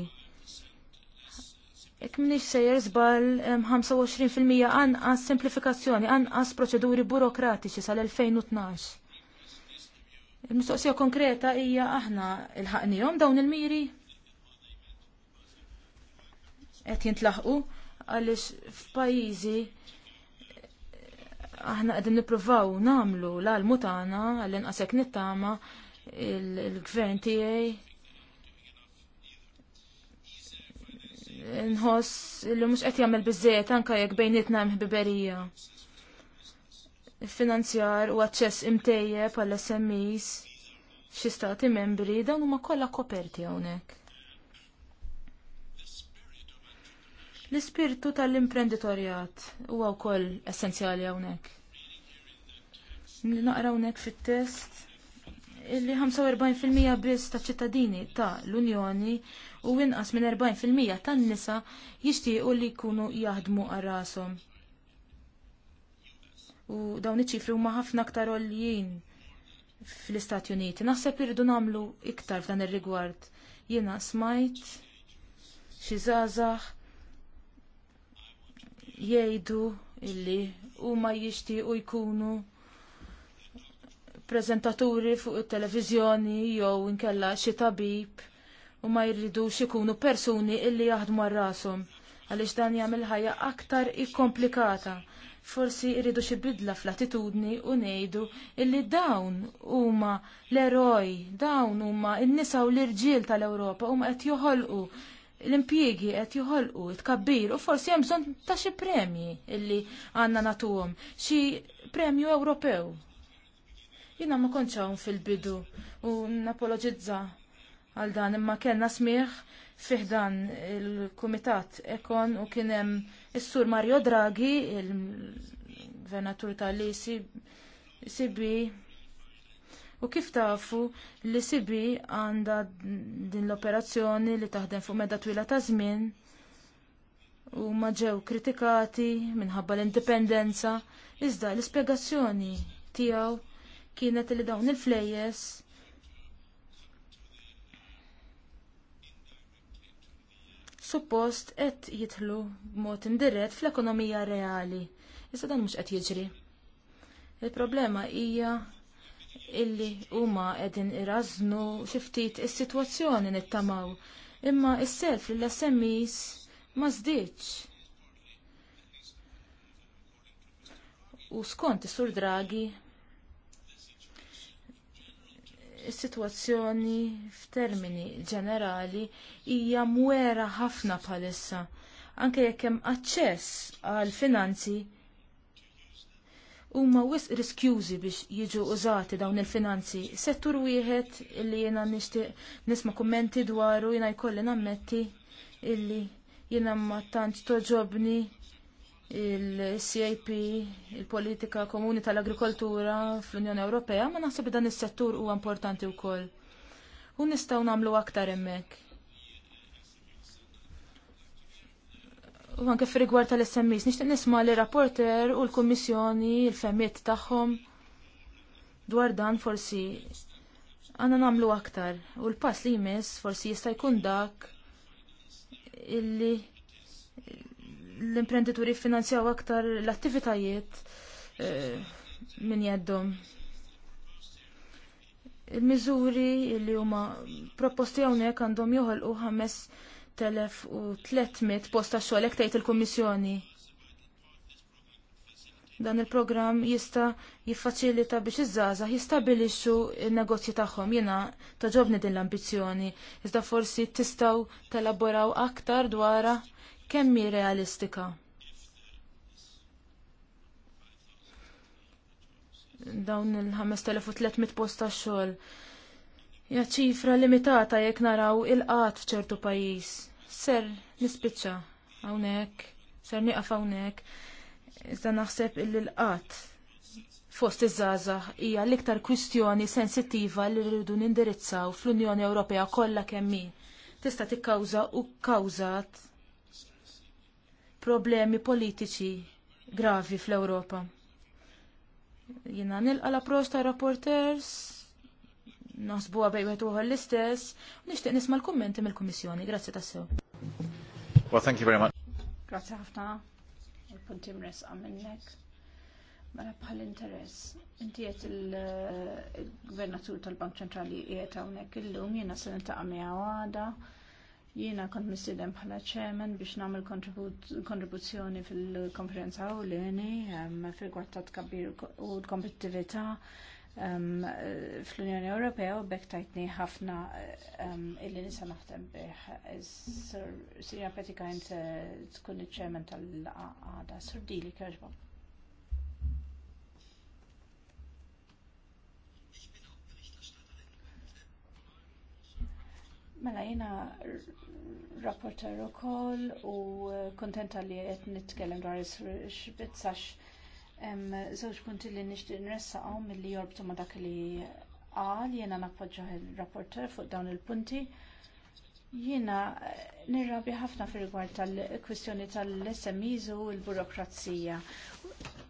Jekk minix sejjer żball 25% anqas simplifikazzjoni, anqas proċeduri burokratiċi sal-2012. Il-mistoqsija konkreta hija aħna il-ħaqnijom dawn il-miri. Qed jintlaħqu għaliex f'pajjiżi aħna qegħdin nippruvaw nagħmlu l-almu tagħna għall-inqas hekk nittama il-gvern tiegħi nħoss li mhux qed jagħmel biżejjed anke jekk bejnietna hemm ħbiberija finanzjar u aċċess imtejjeb għall smis xi stati membri dawn huma kollha koperti hawnhekk. L-ispirtu tal-imprenditorjat huwa wkoll essenzjali hawnhekk. Naqra hawnhekk fit-test illi 45% biss ta' ċittadini ta' l-Unjoni u inqas minn 40% tan nisa jixtiequ li jkunu jaħdmu għal rashom u dawn iċ-ċifri huma ħafna aktar għoljin fl-Istati Uniti. Naħseb irridu nagħmlu iktar f'dan ir-rigward. Jiena smajt xi żgħażagħ jgħidu illi huma jixtiequ jkunu prezentaturi fuq it-televiżjoni jew inkella xi tabib u ma jridux ikunu persuni illi jaħdmu ar-rashom għaliex dan jagħmel ħajja aktar ikkomplikata forsi irridu xi bidla fl-attitudni u ngħidu illi dawn huma l-eroj, dawn huma n-nisa u l-irġiel tal-Ewropa huma qed joħolqu l-impjiegi qed joħolqu tkabbir u forsi hemm bżonn ta' xi premji illi għandna nagħtuhom, xi premju Ewropew. Jiena ma kontx fil-bidu u napologizza għal dan imma kellna smigħ fiħdan il-Kumitat Ekon u kien hemm is-Sur Mario Draghi, il-Venatur tal-Lisi, Sibi, u kif tafu li Sibi għandha din l-operazzjoni li taħdem fuq medda twila ta' żmien u maġew ġew kritikati minħabba l-indipendenza, iżda l-ispjegazzjoni tiegħu kienet li dawn il-flejjes suppost qed jidħlu b'mod indirett fl-ekonomija reali. Issa dan mhux qed jiġri. Il-problema hija illi huma qegħdin irażnu xi ftit is-sitwazzjoni nittamaw. Imma s-self lill smis ma żdiedx. U skont is-sur Draghi is-sitwazzjoni f'termini ġenerali hija mwera ħafna bħalissa anke jekk hemm aċċess għal finanzi huma wisq riskjużi biex jiġu użati dawn il-finanzi. Settur wieħed illi jiena nixtieq nisma' kummenti dwaru jiena jkolli nammetti illi jiena ma tantx toġobni il-CIP, il-Politika Komuni tal-Agrikoltura fl-Unjoni Ewropea, ma naħseb dan is-settur huwa importanti wkoll. U nistgħu nagħmlu aktar hemmhekk. U anke fir-rigward tal-SMEs, nixtieq nisma' li rapporter u l-Kummissjoni il-femmiet tagħhom dwar dan forsi għanna namlu aktar. U l-pass li jmiss forsi jista' jkun dak illi l-imprenditori finanzjaw aktar l-attivitajiet eh, minn jeddom. Il-miżuri li huma proposti hawnhekk għandhom joħolqu 5300 posta xogħol hekk tgħid il-Kummissjoni. Dan il-programm jista' jiffaċilita biex iż-żgħażagħ jistabilixxu n-negozji tagħhom jiena taġobni din l-ambizzjoni, iżda forsi tistgħu telaboraw aktar dwarha kemm hi realistika. Dawn il-5300 post ta' xogħol hija ċifra limitata jekk naraw il-qat f'ċertu pajjiż. Ser nispiċċa hawnhekk, ser nieqaf hawnhekk. Iżda naħseb illi l-qat fost iż-żgħażagħ hija l-iktar kwistjoni sensittiva li rridu nindirizzaw fl-Unjoni Ewropea kollha kemm hi. Tista' tikkawża u kkawżat problemi politiċi gravi fl-Ewropa. Jina nilqa l prosta ta' rapporters, nasbu bej wieħed l-istess, nixtieq nisma' l-kummenti mill-Kummissjoni. Grazzi tassew. Well, thank you very much. Grazzi ħafna. Il-punti mresqa minnek. Mela bħal interess. Inti għet il-Gvernatur tal-Bank Ċentrali qiegħed hawnhekk illum jiena se nintaqa' miegħu għada. Jiena kont mistieden bħala chairman biex nagħmel kontribuzzjoni fil-konferenza u l-eni ehm, fil-kwartat kabir u l-kompetitività ehm, fl-Unjoni Ewropea u bekk tajtni ħafna ehm, illi nisa naħdem biex. Sir Petikajn tkun ċemen chairman tal-għada, Sir Dili, Mela jena rapporter u koll eh, u kontenta li għet nitkellem dwar xbitzax zewġ punti li nishtiq nressa għom mill-li jorbtu ma dak li għal jena nappoġġa il-rapporter fuq dawn il-punti. Jiena eh, nirra ħafna fil rigward tal-kwistjoni tal smis u l-burokrazija.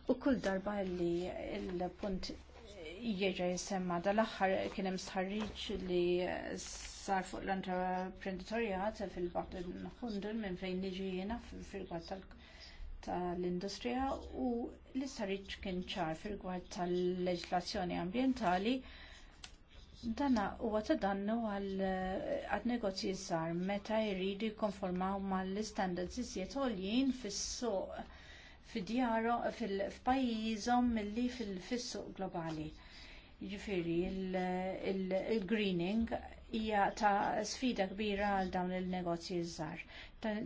U kull darba li l punti jieġa jisemma dal-axħar kienem sħarriċ li sar fuq l-entreprenditorjat fil-baħdu n minn fejn liġi jena fil-gwad tal-industrija u li sħarriċ kien ċar fil-gwad tal-leġlazzjoni ambientali Dana huwa ta' dannu għal negozji żgħar meta jridu jikkonformaw mal-istandards iżjed għoljin fis-suq fid-djaru fil-pajjiżhom milli fis-suq globali. Ġifiri, il-greening hija ta' sfida kbira għal dawn il-negozji żgħar.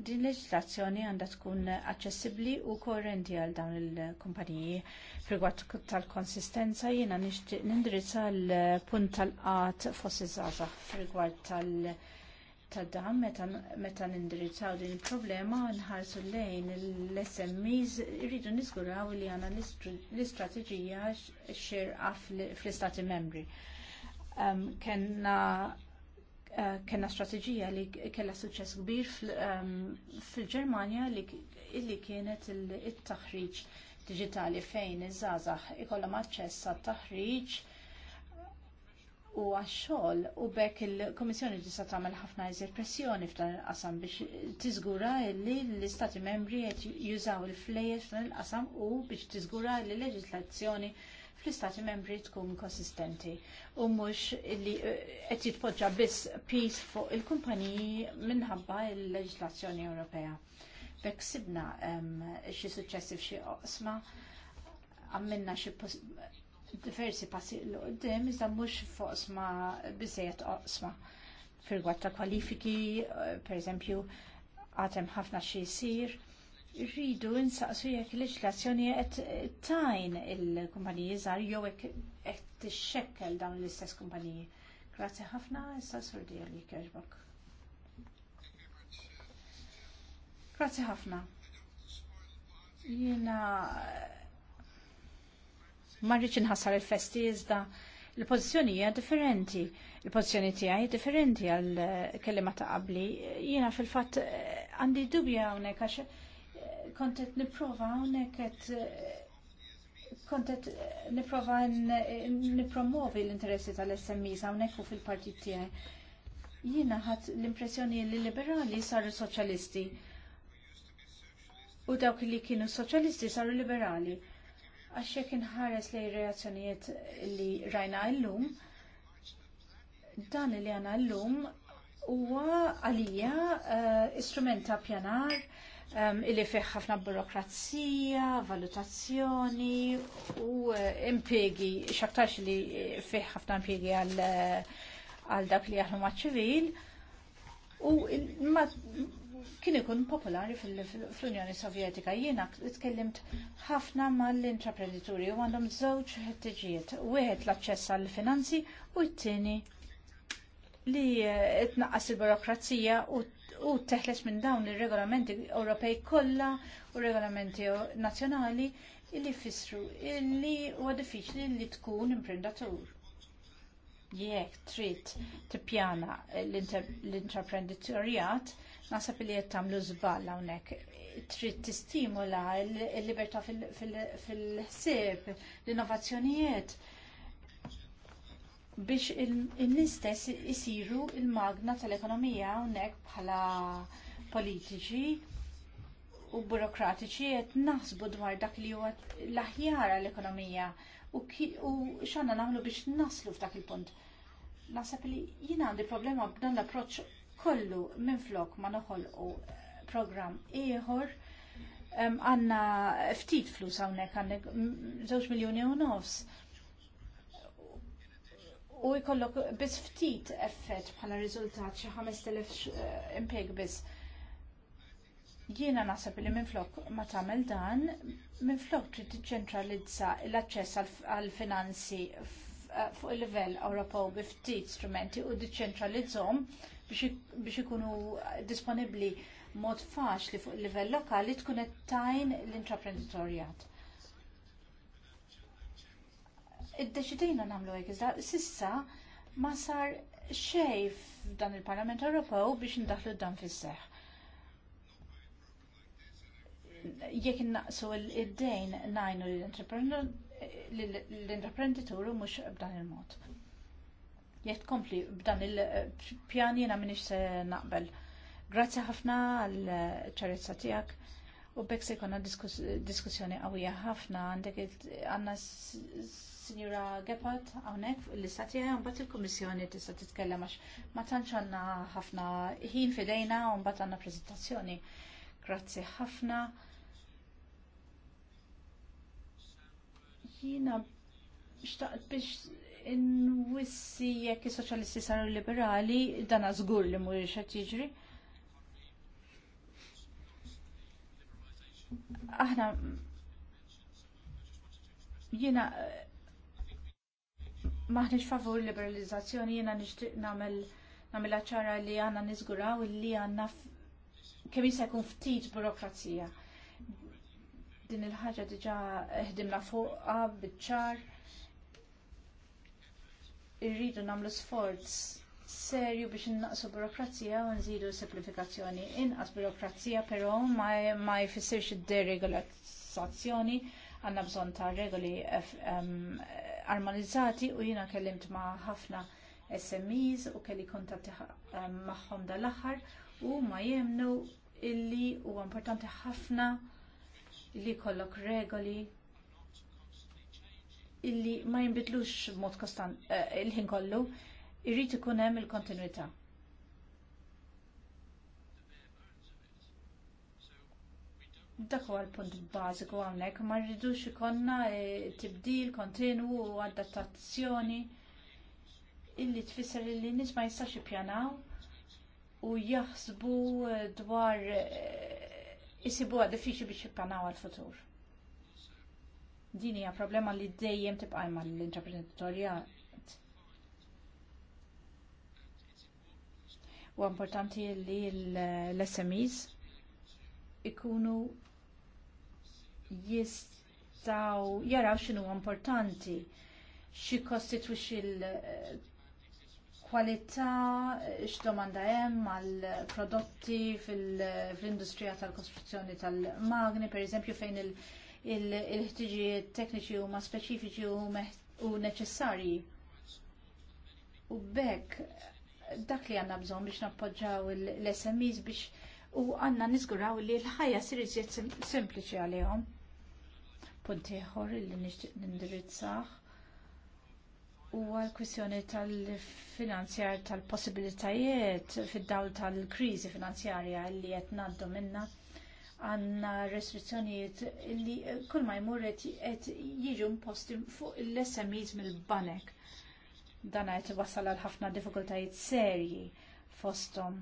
Din leġislazzjoni għandha tkun aċċessibbli u koerenti għal dawn il-kumpaniji. Frigwat tal-konsistenza jiena nixtieq nindirizza l-punt tal-qat fost iż-żgħażagħ frigwat tal-, -tal ta' dan meta nindirizzaw din il-problema nħarsu lejn l-SMEs irridu niżguraw li għandna l-istrateġija xirqa fl-istati membri. Eh, kenna strateġija li kellha suċċess kbir fil-Ġermanja li kienet it taħriġ diġitali fejn iż-żgħażagħ ikollhom aċċess għat-taħriġ u għax-xogħol u bekk il-Komissjoni tista' tagħmel ħafna iżjed pressjoni f'dan il-qasam biex tiżgura li l-Istati membri qed jużaw il-flejjeż f'dan il-qasam u biex tiżgura li l-leġislazzjoni fl-Istati membri tkun konsistenti u mhux li eh, qed jitpoġġa biss pis fuq il-kumpaniji minħabba l leġislazzjoni Ewropea. Bekk sibna ehm, xi suċċessi f'xi oqsma għamilna xi diversi passi l-qoddim, iżda mhux fuq sma biżejjed oqsma. Firgwat ta' kwalifiki, eh, pereżempju għad hemm ħafna xi jsir. Rridu nsaqsu jekk il-leġislazzjoni qed tajn il-kumpaniji żgħar jew qed tixxekkel dawn l-istess kumpaniji. Grazzi ħafna, issa sordi għalik jaġbok. Grazzi ħafna. Jiena ma rridx inħassar il-festi iżda l pozizjoni hija differenti. Il-pozizjoni tiegħi differenti għal kelima ta' qabli. Jiena fil-fatt eh, għandi dubja hawnhekk għax eh, kont qed nipprova hawnhekk qed eh, kont qed nipprova nippromovi l-interessi tal smis hawnhekk u fil-partit tiegħi. Jiena ħadd l-impressjoni li liberali saru soċjalisti u dawk li kienu soċjalisti saru liberali Għax jekk inħares lej reazzjonijiet li rajna llum, dan li għana llum huwa għalija eh, istrumenta ta' pjanar eh, illi fih ħafna burokrazija, valutazzjoni u eh, impiegi, xaktarx li fih ħafna impiegi għal, dak li jaħdmu maċ ċivil. U kien ikun popolari fl-Unjoni Sovjetika. Jiena tkellimt ħafna mal-intraprenditori u għandhom żewġ ħettiġijiet. Wieħed l-aċċess għall finanzi u t-tieni li eh, tnaqqas il-burokrazija u teħles minn dawn ir-regolamenti Ewropej kollha u regolamenti nazzjonali li fissru li huwa diffiċli li tkun imprendatur. Jekk trid tippjana l-intraprenditorjat, Nasab li qed tagħmlu żball hawnhekk. Trid tistimula l-libertà fil-ħsieb, l-innovazzjonijiet biex il-nistess isiru l magna tal-ekonomija hawnhekk bħala politiċi u burokratiċi qed naħsbu dwar dak li huwa l-aħjar għall-ekonomija u, x'għandna nagħmlu biex naslu f'dak il-punt. Naħseb li jien għandi problema b'dan l-approċċ kollu minflok ma noħolqu programm ieħor għanna ftit flus hawnhekk għandek żewġ miljuni u nofs. U jkollok biss ftit effett bħala riżultat xi 5000 eh, impjeg biss jiena naħseb li minflok ma tagħmel dan, minflok trid tiċċentralizza l-aċċess għall-finanzi eh, fuq il-livell Ewropew bi ftit strumenti u tiċċentralizzhom biex ikunu disponibbli mod faċli fuq livell lokali tkun qed tajn l-intraprenditorjat. Iddeċidejna nagħmlu hekk iżda sissa ma sar xejn f'dan il-Parlament Ewropew biex ndaħlu dan fis-seħħ. Jekk innaqsu id-dejn najnu l-intraprenditur mhux b'dan il-mod jett tkompli b'dan il-pjan jena minix se naqbel. Grazzi ħafna għal ċarizza tiegħek. u bek se jkollna diskussjoni qawwija ħafna għandek għandna Sinjura Gepard hawnhekk l istatija għan mbagħad il-Kummissjoni tista' titkellem għax ma tantx għandna ħafna ħin fidejna u mbagħad għandna preżentazzjoni. Grazzi ħafna. Jina, biex nwissi jekk is-soċjalisti saru liberali dan żgur li mhuwiex qed jiġri. Aħna jiena m'aħniex favur liberalizzazzjoni jiena nixtieq nagħmel nagħmilha ċara li għandna niżguraw li għandna kemm jista' jkun ftit burokrazija. Din il-ħaġa diġà ħdimna fuqha biċ-ċar irridu nagħmlu sforz serju biex innaqsu burokrazija u nżidu simplifikazzjoni. Inqas burokrazija però ma jfissirx id-deregolamentazzjoni għandna bżonn ta' regoli armonizzati u jiena kellimt ma' ħafna SMEs u kelli kontatti magħhom dal-aħħar u ma jemnu illi huwa importanti ħafna li jkollok regoli illi ma jinbidlux b'mod kostant uh, eh, il-ħin kollu, irrit ikun hemm il-kontinuità. Dak huwa l-punt bażiku hawnhekk, ma rridux ikonna eh, tibdil kontinwu u adattazzjoni illi tfisser l nies ma jistax ippjanaw u jaħsbu eh, dwar isibuha diffiċli biex jippjanaw għal-futur. Din hija problema li dejjem tibqa' ma' l-intraprenditorjat. U importanti li l-SMEs ikunu jistgħu jaraw xinu importanti xi kostitwixxi l kwalità, x'domanda hemm għall prodotti fl-industrija tal-kostruzzjoni tal-magni, per eżempju fejn il- il-ħtiġijiet tekniċi huma speċifiċi u neċessarji. U bekk dak li għandna bżonn biex nappoġġaw l-SMEs biex u għandna niżguraw li l-ħajja sirriġiet iżjed sempliċi għalihom. Punt ieħor li nindirizzah huwa l-kwistjoni tal-finanzjar tal-possibilitajiet fid-dawl tal-kriżi finanzjarja li qed ngħaddu minnha għanna restrizzjonijiet li kull ma jmur qed jiġu imposti fuq l-SMEs mill-banek. Dan qed iwassal għal ħafna diffikultajiet serji fosthom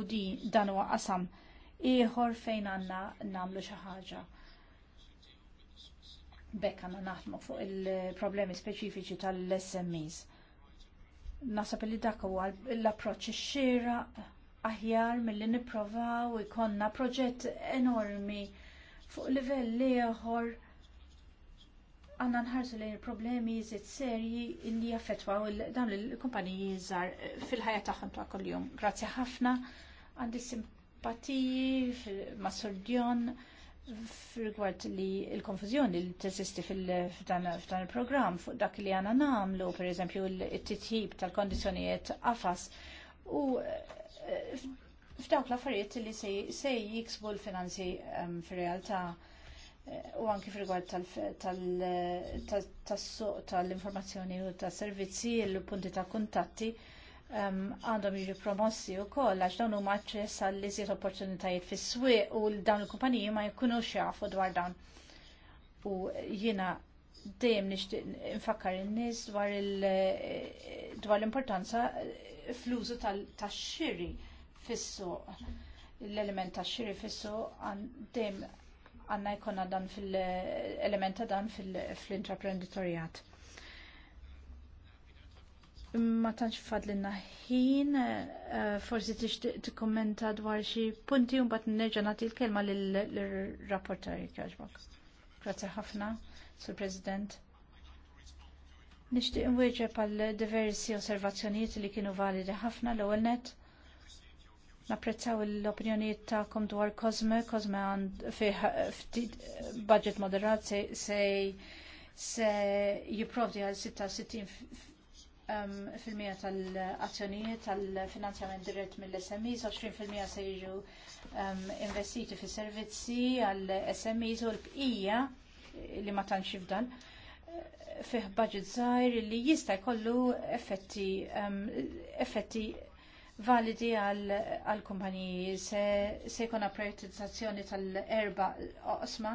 u din dan huwa qasam ieħor fejn għandna nagħmlu xi ħaġa. Bekk għandna naħdmu fuq il-problemi speċifiċi tal-SMEs. Nasab li dak huwa l-approċċ xieraq aħjar milli nipprovaw ikonna proġett enormi fuq livell ieħor għanna nħarsu lejn il-problemi jizit serji li jaffetwaw dawn il-kumpaniji jizzar fil-ħajja tagħhom ta' kuljum. Grazzi ħafna għandi simpatiji ma' sordjon fil li l konfuzjoni li teżisti f'dan il-programm fuq dak li għana namlu, per eżempju, il-titjib tal kondizzjonijiet għafas u f'dawk l-affarijiet li se jiksbu l-finanzi fir-realtà eh, u anki f'rigward tal-suq tal-informazzjoni u tas-servizzi, l-punti ta' kuntatti għandhom jiġu promossi wkoll għax dawn huma aċċess għall iżjed opportunitajiet fis-swieq u dawn il-kumpaniji ma jkunux jafu dwar dawn. U jiena dejjem nixtieq infakkar in-nies dwar l-importanza fl-użu tax-xiri fis-suq. L-element tax-xiri fis-suq dejjem għandna jkollna dan fil elementa ta' dan fl-intraprenditorjat. Ma tantx fadlinna ħin, eh, forsi tixtieq tikkummenta dwar xi punti un bat nerġa' nagħti l-kelma l-rapportari jekk jogħġbok. Grazzi ħafna, Sur President Nixtieq nwieġeb għal diversi osservazzjonijiet li kienu validi ħafna l-ewwel nett. Napprezzaw l-opinjonijiet tagħkom dwar Cosme, Cosme għand fih ftit budget moderat se se se jipprovdi għal 66 fil-mija tal-azzjonijiet tal-finanzjament dirett mill-SMEs, 20% se jiġu investiti fi servizzi għall-SMEs u l-bqija li ma tantx f'dan fih budget żgħir li jista' jkollu effetti um, effetti validi għal kumpaniji se, se jkun prioritizzazzjoni tal-erba osma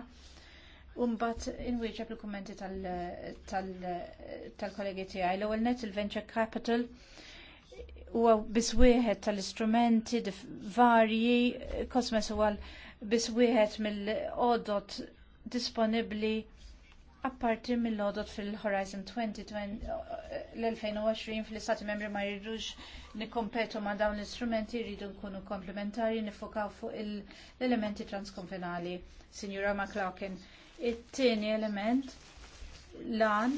Umbat inwieġeb il-kommenti tal-kollegi tiegħi. L-ewwel net il-venture capital huwa biss wieħed tal-istrumenti varji kosmes huwa biss wieħed mill-qodot disponibbli Apparti mill-lodot fil-Horizon 2020 eh, l-2020 fil-Istati membri ma jirrux nikompetu ma dawn l-istrumenti jridu nkunu komplementari nifokaw fuq l-elementi transkonfinali. Signora McLaughlin, it-tieni element lan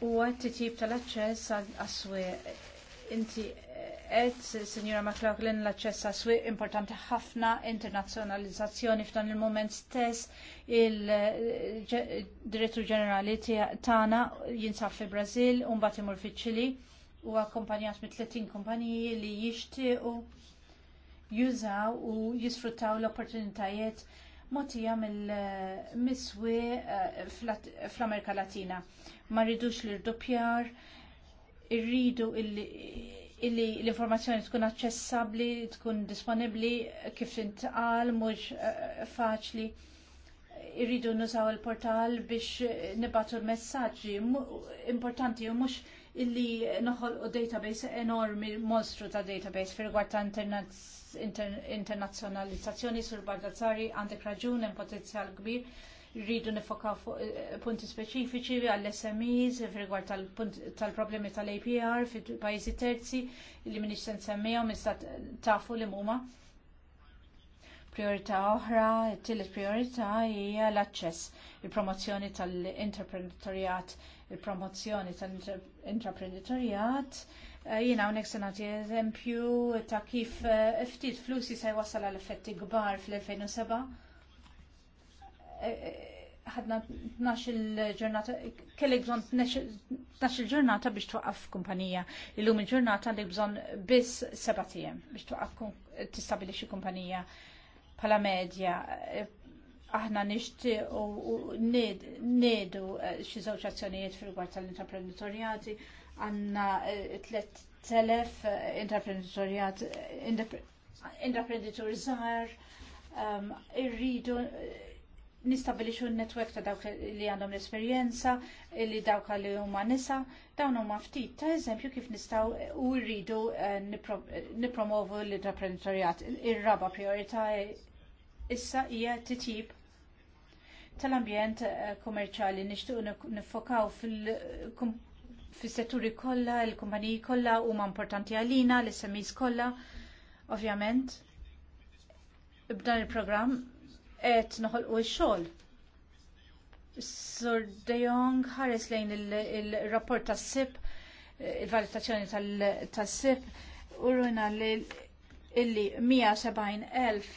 huwa t-tip tal-aċċess għas-swe inti et, Signora McLaughlin, l-access għaswi importanti ħafna, internazzjonalizzazzjoni f'dan il-moment stess, il-direttur ġenerali tagħna jinsab fi Brażil u mbagħad imur fi ċili, u akkompanjat mit 30 kumpaniji li jixtiequ jużaw u jisfruttaw l-opportunitajiet motija mill-miswi eh, fl-Amerika Latina. Ma rridux l-irdupjar, irridu illi l-informazzjoni tkun aċċessabbli, tkun disponibbli kif intqal, mhux eh, faċli. Irridu nużaw il-portal biex nibatu l-messagġi importanti u mhux illi noħolqu database enormi, monstru ta' database fil rigward ta' internazzjonalizzazzjoni sur Baldazzari għandek raġun hemm potenzjal kbir rridu nifokaw fuq eh, punti speċifiċi għall-SMEs f'rigward tal-problemi tal-APR fil-pajjiżi terzi li minix se nsemmihom iżda tafu li huma. Priorità oħra, it-tielet priorità hija l-aċċess, il-promozzjoni tal interprenditorjat il-promozzjoni tal-intraprenditorjat. Eh, Jina unek senati eżempju ta' kif eh, ftit flusi se jwassal għal effetti kbar fl-2007 ħadna il ġurnata, kellek bżon il ġurnata biex twaqqaf kumpanija. Illum il-ġurnata li bżon biss seba' tiegħem biex twaqqaf tistabilixxi kumpanija bħala medja. Aħna nishti u nedu eh, xi żewġ azzjonijiet fil-rigward tal-intraprenditorjati għandna 3000 eh, eh, intraprenditorjat intraprenditur żgħar um, irridu nistabilixu n-netwerk ta' dawk li għandhom l-esperjenza, li dawk li huma nisa, dawn huma ftit ta' eżempju kif nistgħu u rridu eh, nipromovu l-intraprenditorjat. Ir-raba priorità issa hija titjib tal-ambjent eh, kummerċali nixtiequ nifokaw fil-setturi kollha, il-kumpaniji kollha huma importanti għalina, l-SMEs kollha, ovvjament. B'dan il-programm qed noħolqu u xogħol Sur De Jong ħares lejn il-rapport il tas-SIP, il-valutazzjoni tas-SIP, u runa li illi 170,000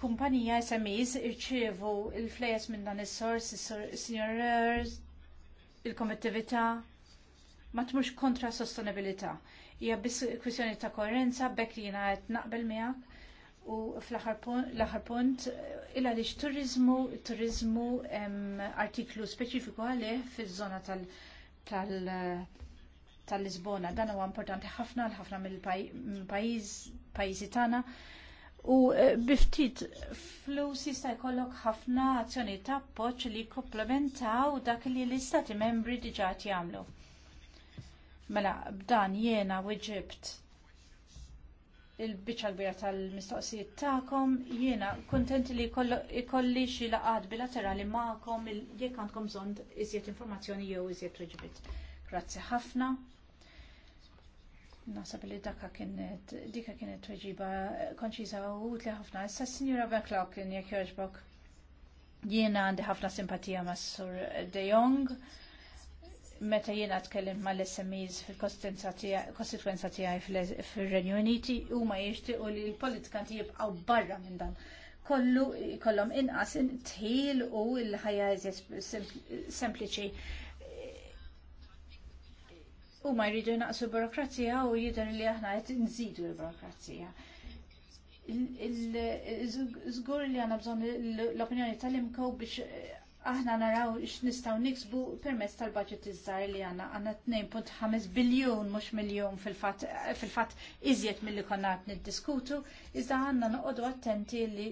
kumpanija SMEs irċievu il flejas minn dan is-sors, il-signorers, il-kompettività, ma tmux kontra sostenibilità. Hija biss kwistjoni ta' koerenza bekk li jiena qed naqbel miegħek U fl-aħħar punt, il għaliex turizmu, turizmu artiklu speċifiku għalih fiż-żona tal-Lisbona. Dan huwa importanti ħafna l ħafna mill-pajjiżi tagħna. U eh, biftit flus jista' jkollok ħafna azzjoni ta' appoġġ li komplementaw dak li l-istati membri diġà jagħmlu. Mela, b'dan jiena weġibt il-biċa kbira tal-mistoqsijiet tagħkom. Jiena kuntenti li jkolli xi laqgħat bilaterali magħkom jekk għandkom bżonn iżjed informazzjoni jew iżjed tweġibiet. Grazzi ħafna. Nasab li dakka kienet dikka kienet tweġiba konċiża u tli ħafna. Issa Sinjura kien jekk jogħġbok. Jiena għandi ħafna simpatija mas-Sur De Jong meta jiena tkellim l smes fil-kostituenza tijaj fil renju Uniti u ma jiexti u li l-politikanti jibqgħu barra minn dan. Kollu kollom inqas tħil u l-ħajja sempliċi. U ma jridu naqsu burokrazija u jidher li aħna qed nżidu l-burokrazija. Zgur li għana bżon l-opinjoni tal-imkow biex aħna naraw x'nistgħu niksbu permezz tal-budget iż-żgħar li għandna għanna 2.5 biljun mhux miljun fil-fatt fil-fatt iżjed milli konna qed niddiskutu, iżda għandna noqogħdu attenti li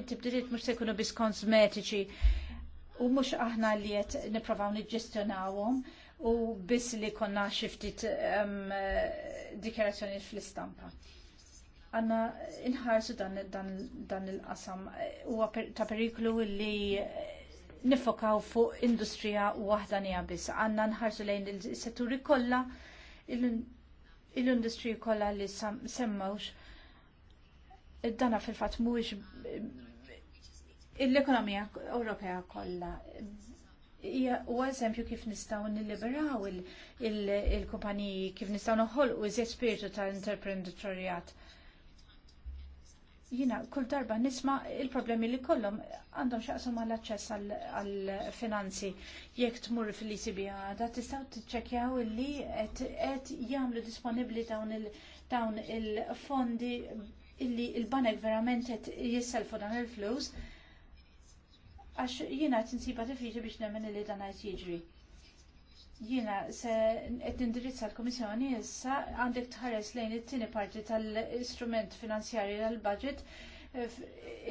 inti mhux se jkunu biss metiċi u mhux aħna li qed niprofaw niġġestjonawhom u biss li konna xiftit um, dikjarazzjoni fl-istampa. Għanna inħarsu dan, dan, dan il-qasam u ta' periklu li nifokaw fuq industrija waħda nija biss. Għanna nħarsu lejn il-setturi kollha l-industriji kollha li semmawx. Dana fil-fatt mhuwiex l-ekonomija Ewropea kollha. U eżempju kif nistgħu liberaw il-kumpaniji, kif nistgħu noħolqu iż spiritu tal-entreprenditorjat jina kull darba nisma il-problemi li kollom għandhom xaqsum għall aċċess għall-finanzi jekk tmur fil-ECB għada tistaw t-ċekjaw li qed jagħmlu disponibbli dawn il-fondi illi il-banek verament qed jisselfu dan il-flus għax jiena t tifriġi biex nemmen li dan qed jiġri. Jiena se qed indirizza l-Kummissjoni issa għandek tħares lejn it-tieni parti tal-istrument finanzjarji tal-budget eh,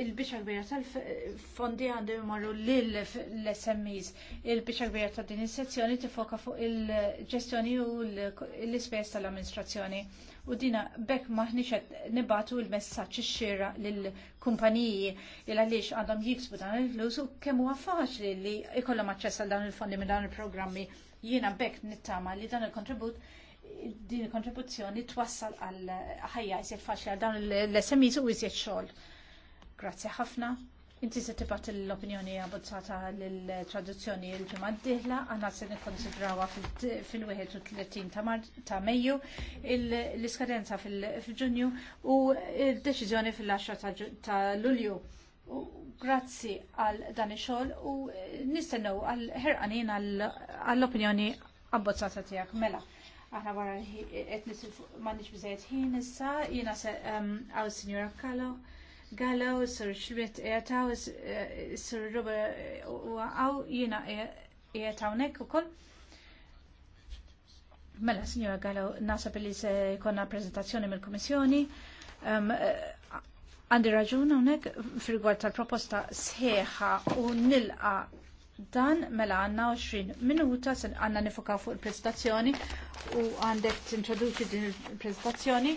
il biċċa kbira tal-fondi għandu jmorru lill-SMEs. il biċċa kbira ta' din is-sezzjoni tifoka fuq il-ġestjoni u l-ispejjeż tal-amministrazzjoni. U dina bekk maħniċ qed nibatu l-messaġġ ix-xira lill-kumpaniji il għaliex għandhom jiksbu dan il-flus u kemm huwa faċli li jkollhom aċċess għal dan il-fondi minn dan il-programmi Jiena bekk nittama li dan il-kontribut din il-kontribuzzjoni twassal għal ħajja jisir faċli għal dan l smis u jisir xogħol. Grazzi ħafna. Inti se tibat l-opinjoni abbozzata l-traduzzjoni l-ġimgħa d-dieħla, għandna se nikkonsidrawha fil-31 ta' Mejju, l-iskadenza fil-Ġunju u d-deċiżjoni fil-10 ta' Lulju. Grazzi għal dan ix-xogħol u eh, nistennew għal ħerqanin għall-opinjoni abbozzata tiegħek mela. Aħna wara qed nisilfu m'għandix biżejjed ħin issa, jiena se ehm, għaw Sinjura Kalo, Gallo, Sir Schmidt qiegħed hawn, eh, Sir Robert huwa eh, hawn, jiena qiegħed hawnhekk ukoll. Mela, Sinjura Gallo, nasab li se jkollna preżentazzjoni mill-Kummissjoni. Ehm, Għandi raġun hawnhekk fil-gwar tal-proposta sħiħa u nilqa dan mela għanna 20 minuta għanna nifokaw fuq il-prestazzjoni u għandek t-introduċi din il-prestazzjoni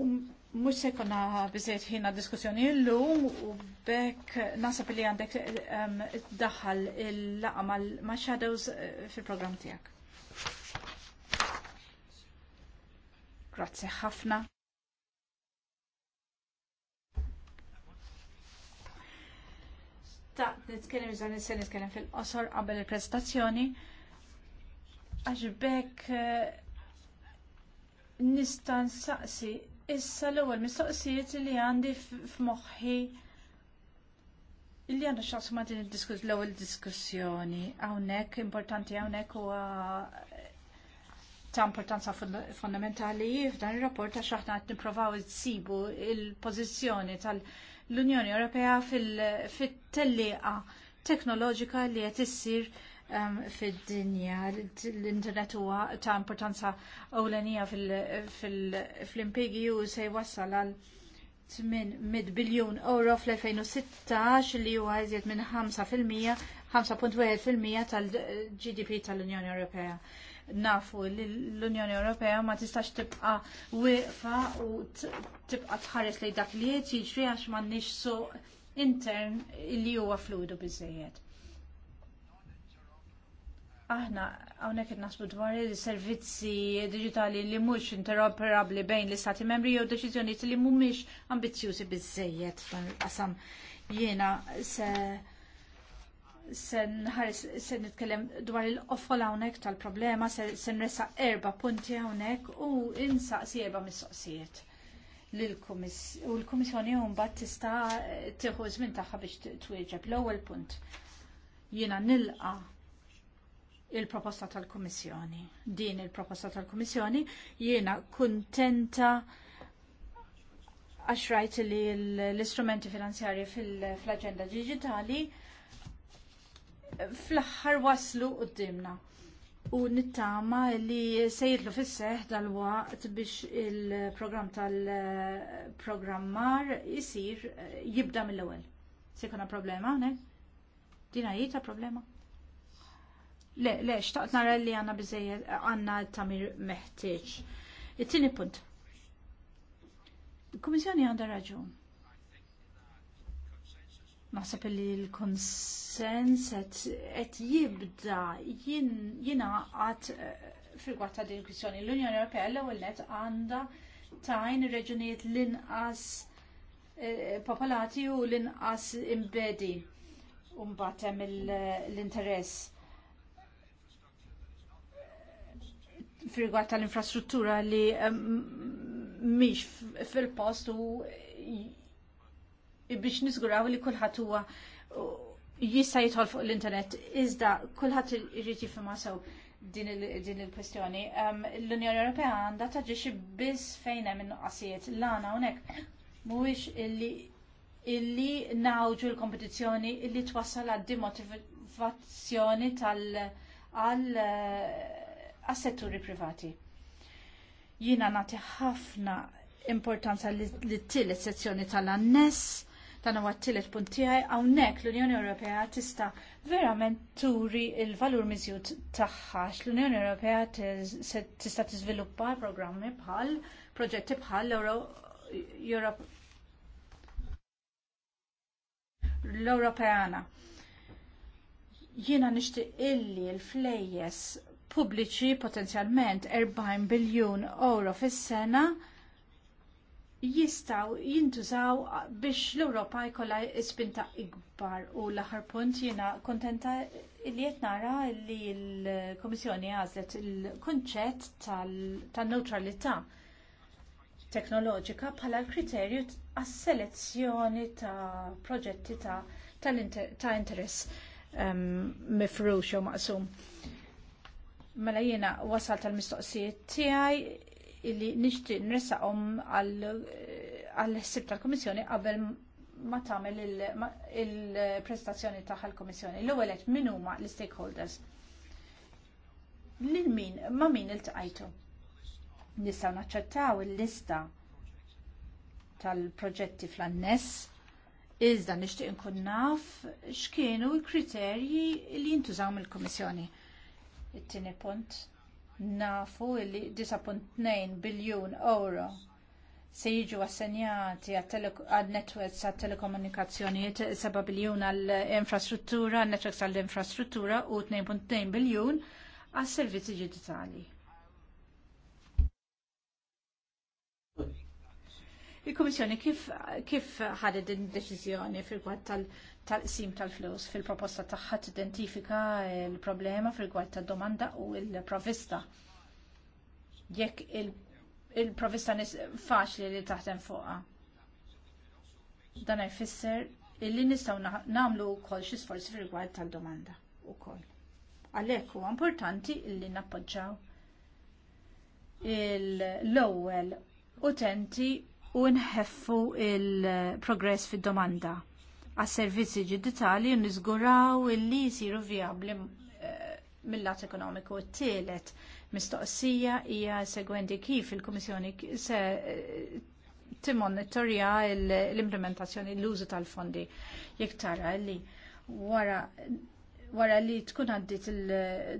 u mux konna bizzejt ħina diskussjoni l-lum u bekk nasab li għandek um, ehm, daħal il laqma ma' shadows eh, fil-program tijak. Grazie ħafna. xtaqt nitkellem iżda nissa nitkellem fil-qosor qabel il-prestazzjoni għax bekk eh, nista nsaqsi issa l-ewwel mistoqsijiet li għandi f'moħħi illi għandu xaqsu ma din l-ewwel diskussjoni hawnhekk importanti hawnhekk huwa eh, ta' importanza fundamentali f'dan ir-rapport għax aħna qed nipprovaw insibu il-pożizzjoni tal- l-Unjoni Ewropea fit-telliqa teknoloġika li qed issir um, fid-dinja. L-internet huwa ta' importanza ewlenija fl-impjegi u se jwassal għal 8 biljun euro fl-2016 li huwa iżjed minn 5%, 5.1% tal-GDP tal-Unjoni Ewropea nafu li l-Unjoni Ewropea ma tistax tibqa wieqfa u tibqa tħares lejn dak li qed jiġri għax m'għandniex suq intern li huwa fluidu biżejjed. Aħna hawnhekk qed naħsbu dwar il-servizzi diġitali li mhux interoperabbli bejn l-istati membri jew deċiżjonijiet li mhumiex ambizzjużi biżejjed tal qasam Jiena se sen nitkellem dwar il-qofol hawnhekk tal-problema, sen resa erba punti hawnhekk u insaqsi erba mistoqsijiet. U l-Kummissjoni mbagħad tista' tieħu żmien tagħha biex twieġeb l-ewwel punt. Jiena nilqa il-proposta tal-Kummissjoni. Din il-proposta tal-Kummissjoni jiena kuntenta għax rajt li l-istrumenti finanzjarji fil-agenda digitali fl-aħħar waslu qudiemna. U nittama li sejtlu fis dal-waqt biex il-programm tal-programmar jisir jibda mill-ewwel. Sekona problema hawnhekk? Dina jita problema? Le, le, xtaqt nara li għanna bizzejja għanna tamir meħtieġ. It-tieni punt. Il-Kummissjoni għandha raġun Naħseb li l-konsens qed jibda jiena għad eh, fil ta' din il kwistjoni l-Unjoni Ewropea l-ewwel net għandha tajn reġunijiet l-inqas eh, popolati u l-inqas imbedi u mbagħad hemm l-interess. fil tal-infrastruttura li eh, mhix fil-post u biex niżguraw li kulħadd huwa jista' jidħol fuq l-internet iżda kulħadd irid jifhimha sew din il-kwestjoni. L-Unjoni Ewropea għandha taġixi biss fejn hemm in-nuqqasijiet l-għana hawnhekk mhuwiex illi illi nawġu l-kompetizzjoni illi twassal għad dimotivazzjoni tal- għal eh, setturi privati. Jina nati ħafna importanza li t-tillet sezzjoni tal-annes ta' nawattil t-tielet punt tiegħi hawnhekk l-Unjoni Ewropea tista' verament turi l-valur miżjud tagħha l-Unjoni Ewropea tista' tiżviluppa programmi bħal proġetti bħal l-Ewropeana. Jiena nixtieq illi l-flejjes pubbliċi potenzjalment 40 biljun euro fis-sena jistaw jintużaw biex l-Europa jkollha spinta ikbar u l-aħħar punt jiena kontenta li qed nara li l-Komissjoni għażlet il-kunċett tan-neutralità teknoloġika bħala l-kriterju għas-selezzjoni ta' proġetti ta' ta' interess ehm, mifrux jew maqsum. Mela jiena wasal tal-mistoqsijiet tiegħi illi nixtieq nresaqhom għall ħsib tal-Kummissjoni qabel ma tagħmel il-prestazzjoni tagħha l-Kummissjoni. L-ewwel qed min huma l-stakeholders. Lil min ma min iltqajtu. Nistgħu naċċettaw il-lista tal-proġetti fl-anness Iżda nixtieq inkun naf x'kienu l-kriterji li jintużaw mill-Kummissjoni. It-tieni punt nafu li 9.2 biljun euro se jiġu assenjati għad-networks għat telekomunikazzjonijiet 7 biljun għall-infrastruttura, networks għall-infrastruttura u 2.2 biljun għas servizzi ġiditali. Il-Komissjoni kif, ħadet din deċiżjoni fil-gwad tal-qsim tal qsim tal fil-proposta tagħha tidentifika l-problema fil-gwad tad-domanda u l-provista. Jekk il-provista faċli li taħdem fuqha. Dan jfisser illi nistgħu nagħmlu u kol sforzi fil-gwad tal-domanda u kol. Għalek u importanti illi nappoġġaw l-ewel utenti u nħeffu il-progress fid-domanda għas servizzi ġidditali u nizguraw illi jisiru viabli eh, mill-lat ekonomiku. T-tielet mistoqsija hija segwendi kif il-Kummissjoni se eh, timonitorja l-implementazzjoni l-użu tal-fondi jekk tara li wara wara li tkun għaddit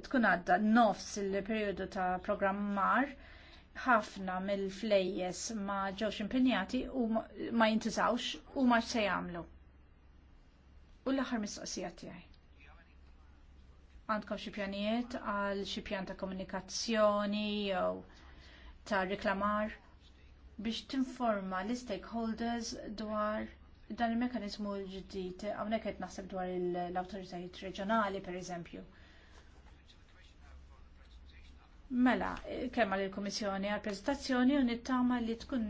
tkun għadda nofs il-periodu ta' programmar ħafna mill-flejjes ma ġewx impenjati u ma jintużawx u ma se jagħmlu. U l-aħħar mistoqsija tiegħi. Għandkom xi pjanijiet għal xi pjan ta' komunikazzjoni jew ta' riklamar biex tinforma l istakeholders dwar dan il mekkaniżmu l-ġdid hawnhekk qed naħseb dwar l-awtoritajiet reġjonali pereżempju Mela, għal il komissjoni għal-prezentazzjoni u nittama li tkun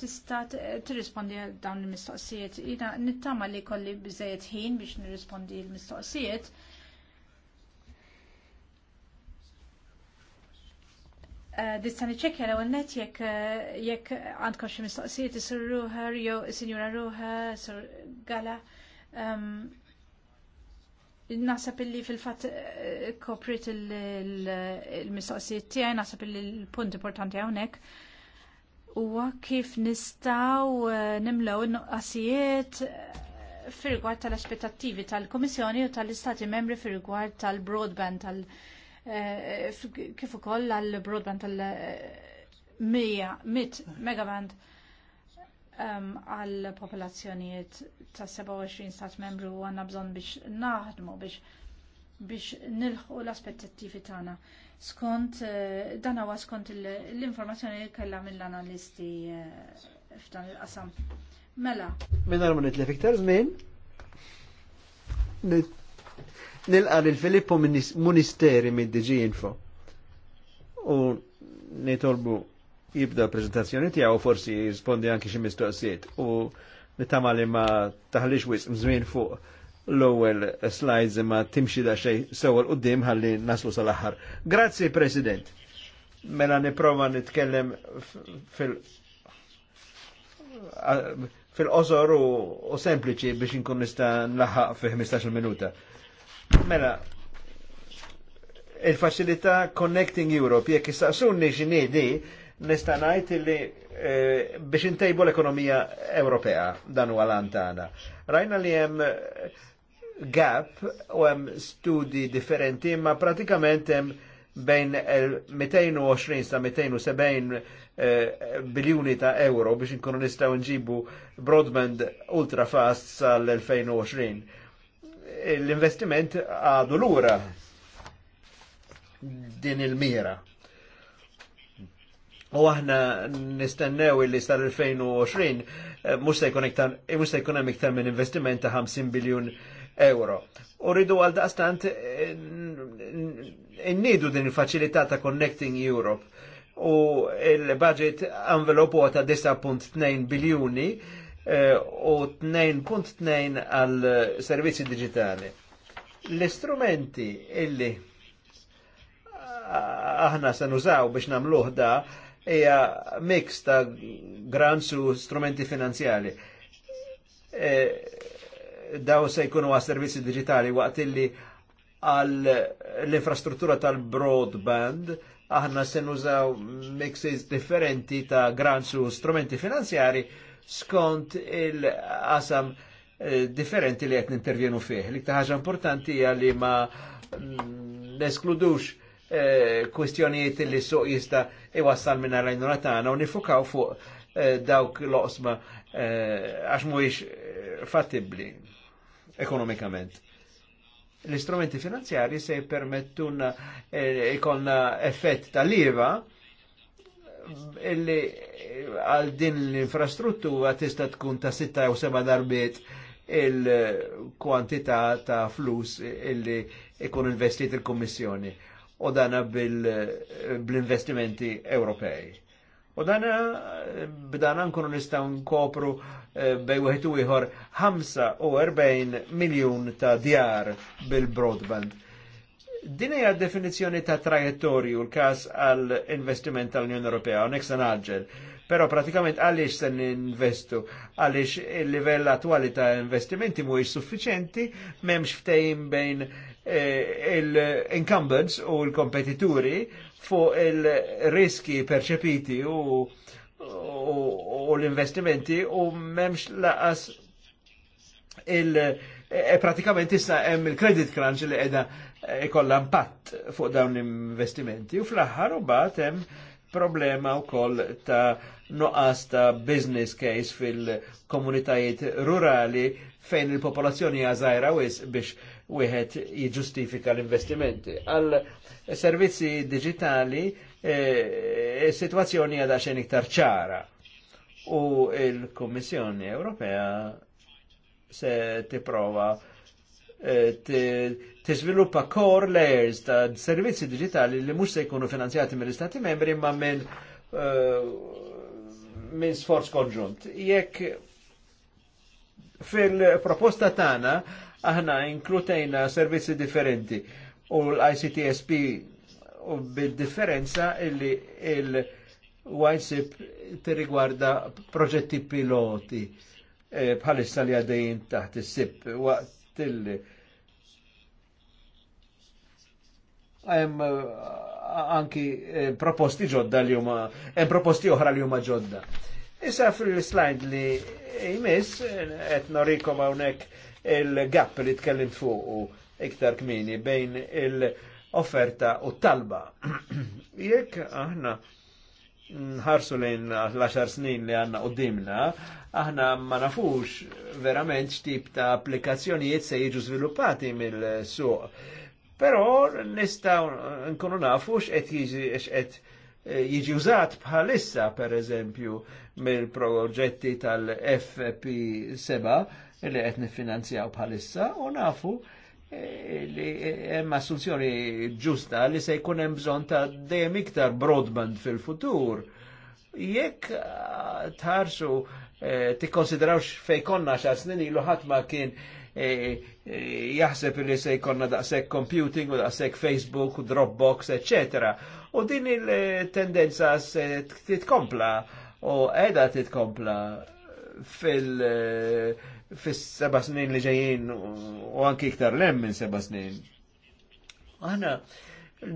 tista tirrispondi għal dawn il-mistoqsijiet. Ina nittama li kolli bżejet ħin biex nirrispondi l mistoqsijiet eh, Dista' niċċekkja l net eh, jekk għandkom xi mistoqsijiet isir Ruher jew is-Sinjura Ruher, Sur Gala. Ehm, Nasab illi fil-fat eh, koprit il-mistoqsijiet tiegħi, nasab illi l-punt importanti hawnhekk huwa kif nistgħu eh, nimlew in-nuqqasijiet eh, fir-rigward tal-aspettattivi tal-Kummissjoni u tal-Istati membri fir-rigward tal-broadband tal- kif ukoll għall broadband tal-100 megaband Um, għal popolazzjonijiet ta' 27 stat membru u għanna bżon biex naħdmu biex biex nilħu l-aspettattivi tagħna. Skont eh, dan huwa skont l-informazzjoni li kellha mill-analisti eh, f'dan il-qasam. Mela. Mela ma nitlef fiktar żmien. Nilqa lil Filippo Munisteri mid-DG Info. U nitolbu jibda prezentazzjoni tiegħu forsi jispondi anki xi mistoqsijiet u nittama li ma taħlix wisq mżmin fuq l-ewwel slides imma timxi da xejn sewwa l-qudiem ħalli naslu sal-aħħar. Grazzi President. Mela nipprova nitkellem fil fil-qosor u sempliċi biex nkun nista' nlaħħaq fi 15 minuta. Mela, il-faċilità Connecting Europe, jekk istaqsunni x'inhi nista' ngħid li eh, biex intejbu l-ekonomija Ewropea dan għal-antana. Rajna li hemm gap u hemm studi differenti ma pratikament hemm bejn 220 sa 270 biljoni eh, biljuni ta' euro biex inkunu nistaw nġibu broadband ultra fast sal-2020. Eh, l-investiment għadu l-ura din il-mira. U aħna nistennew li sar 2020 musta se jkun hemm iktar minn investiment ta' 50 biljun euro. U rridu għal daqstant innidu din il-faċilità ta' Connecting Europe u il-budget envelope huwa ta' 10.2 biljuni u 2.2 għal servizzi digitali. L-istrumenti illi aħna se nużaw biex namluħ da' hija mix ta' grants u strumenti finanzjali. E, daw se jkunu għas servizzi digitali waqt illi għal l-infrastruttura tal-broadband aħna se nużaw mixes differenti ta' grants u strumenti finanzjari skont il-qasam e, differenti li qed nintervjenu fih. L-iktar importanti għalli ma mm, neskludux Eh, kwistjonijiet li suq jista' iwassal minn għal tagħna u nifukaw fuq eh, dawk l-osma eh, għax mhuwiex fattibbli ekonomikament. L-istrumenti finanzjari se jippermettuna ikonna effett tal-IVA illi għal din l-infrastruttura tista' tkun ta' sitta jew seba' darbiet il-kwantità ta' flus illi ikun investit il-Kommissjoni u dana bil investimenti Ewropej. U dana b'dana nkunu nistaw nkopru eh, bej wieħed u ieħor 45 miljun ta' djar bil-broadband. Din hija definizzjoni ta' trajettorju l-każ għal investiment tal-Unjoni Ewropea, u nexan aġel. Però pratikament għaliex se ninvestu, għaliex il-livell attuali ta' investimenti mhuwiex suffiċenti, m'hemmx ftehim bejn Eh, l incumbents u l-kompetituri fuq il-riski perċepiti u, l-investimenti u memx laqas il- E pratikament issa hemm il-credit crunch li qiegħda eh, ikollha impatt fuq dawn l-investimenti u fl-aħħar u bagħad hemm problema wkoll ta' noqas ta' business case fil-komunitajiet rurali fejn il-popolazzjoni hija żgħira wis biex wieħed jiġustifika l-investimenti. Għal servizzi digitali e, e, situazzjoni għadha xejn iktar ċara u l kommissjoni Ewropea se tipprova e, tiżviluppa core layers ta' servizzi digitali li mhux se jkunu finanzjati mill-Istati membri ma minn e, minn sforz konġunt. Jekk Fil-proposta tagħna aħna inklutejna servizzi differenti u l-ICTSP u bil-differenza illi il ysip tirrigwarda proġetti piloti eh, bħalissa li għadajin taħt il-SIP waqt illi għem eh, anki eh, proposti ġodda li huma, proposti oħra li huma ġodda. Issa fil-slide li jmiss, et norikom għonek il-gap li tkellim fuq iktar kmini bejn il-offerta u talba. Jekk aħna nħarsu lejn l-10 snin li għanna u dimna, aħna ma nafux verament xtip ta' applikazzjonijiet se jiġu sviluppati mill-suq. Pero nistaw nkunu nafux et eh, jiġi użat bħalissa, per eżempju, mill-proġetti tal-FP7 li qed finanzjaw bħalissa u nafu eh, li hemm assunzjoni ġusta li se jkun hemm bżonn ta' dejjem iktar broadband fil-futur. Jekk eh, tħarsu ti eh, tikkonsidrawx fejkonna xa snin ilu ħat ma kien eh, jaħseb li se jkonna daqsek computing u daqsek Facebook, Dropbox, eccetera. U din il-tendenza se titkompla u edha titkompla fil- fis seba snin li ġejjin u anki iktar lem minn seba snin. Aħna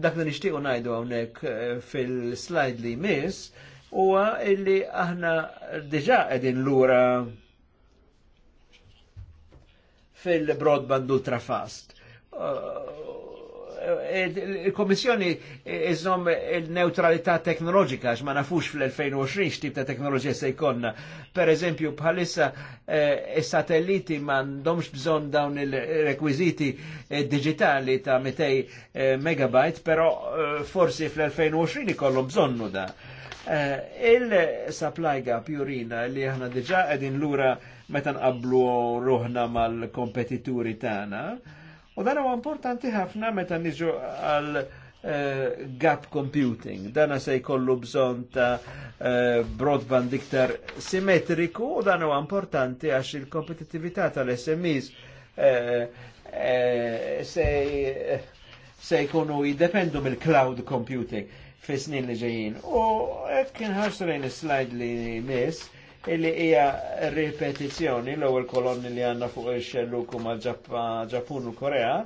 dak li nixtiequ ngħidu hawnhekk eh, fil-slide li miss huwa illi aħna diġà qegħdin lura fil-broadband ultra fast. Eh, il-Komissjoni iżom il-neutralità teknoloġika għax ma nafux fl-2020 x'tip ta' teknoloġija se jkonna. Per eżempju, bħalissa eh, il satelliti ma m'għandhomx bżon dawn il rekwiziti eh, digitali ta' 200 eh, megabajt, però forsi fl-2020 kollom bżonnu da. Il-supply gap jurina li aħna diġa qegħdin lura metan qablu ruħna mal-kompetituri tagħna U dan huwa importanti ħafna meta niġu għal uh, gap computing. Dana se jkollu bżon ta' uh, broadband iktar simmetriku u dan huwa importanti għax il-kompetitività tal-SMEs uh, eh, se se jkunu jiddependu mill-cloud computing fi snin li ġejjin. U kien ħarsu lejn is-slide li miss, illi hija ripetizzjoni l-ewwel kolonni li għandna fuq ix xellu kuma Ġappun u Korea.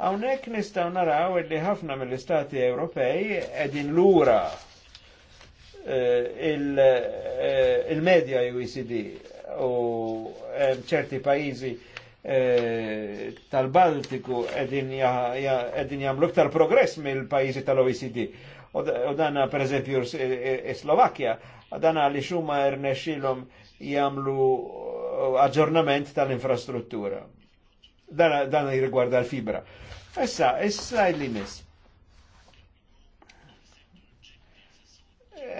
Hawnhekk nistgħu naraw illi ħafna mill-Istati Ewropej qegħdin lura eh, eh, il-medja UECD u e eh, ċerti pajizi tal-Baltiku edin jamlu iktar progress mill-pajizi tal-OECD. U danna per eżempju, Slovakkja dan għalli xuma rnexilom jamlu uh, aġġornament tal-infrastruttura. Dana, dan jirgwarda l-fibra. Issa, issa il-limis.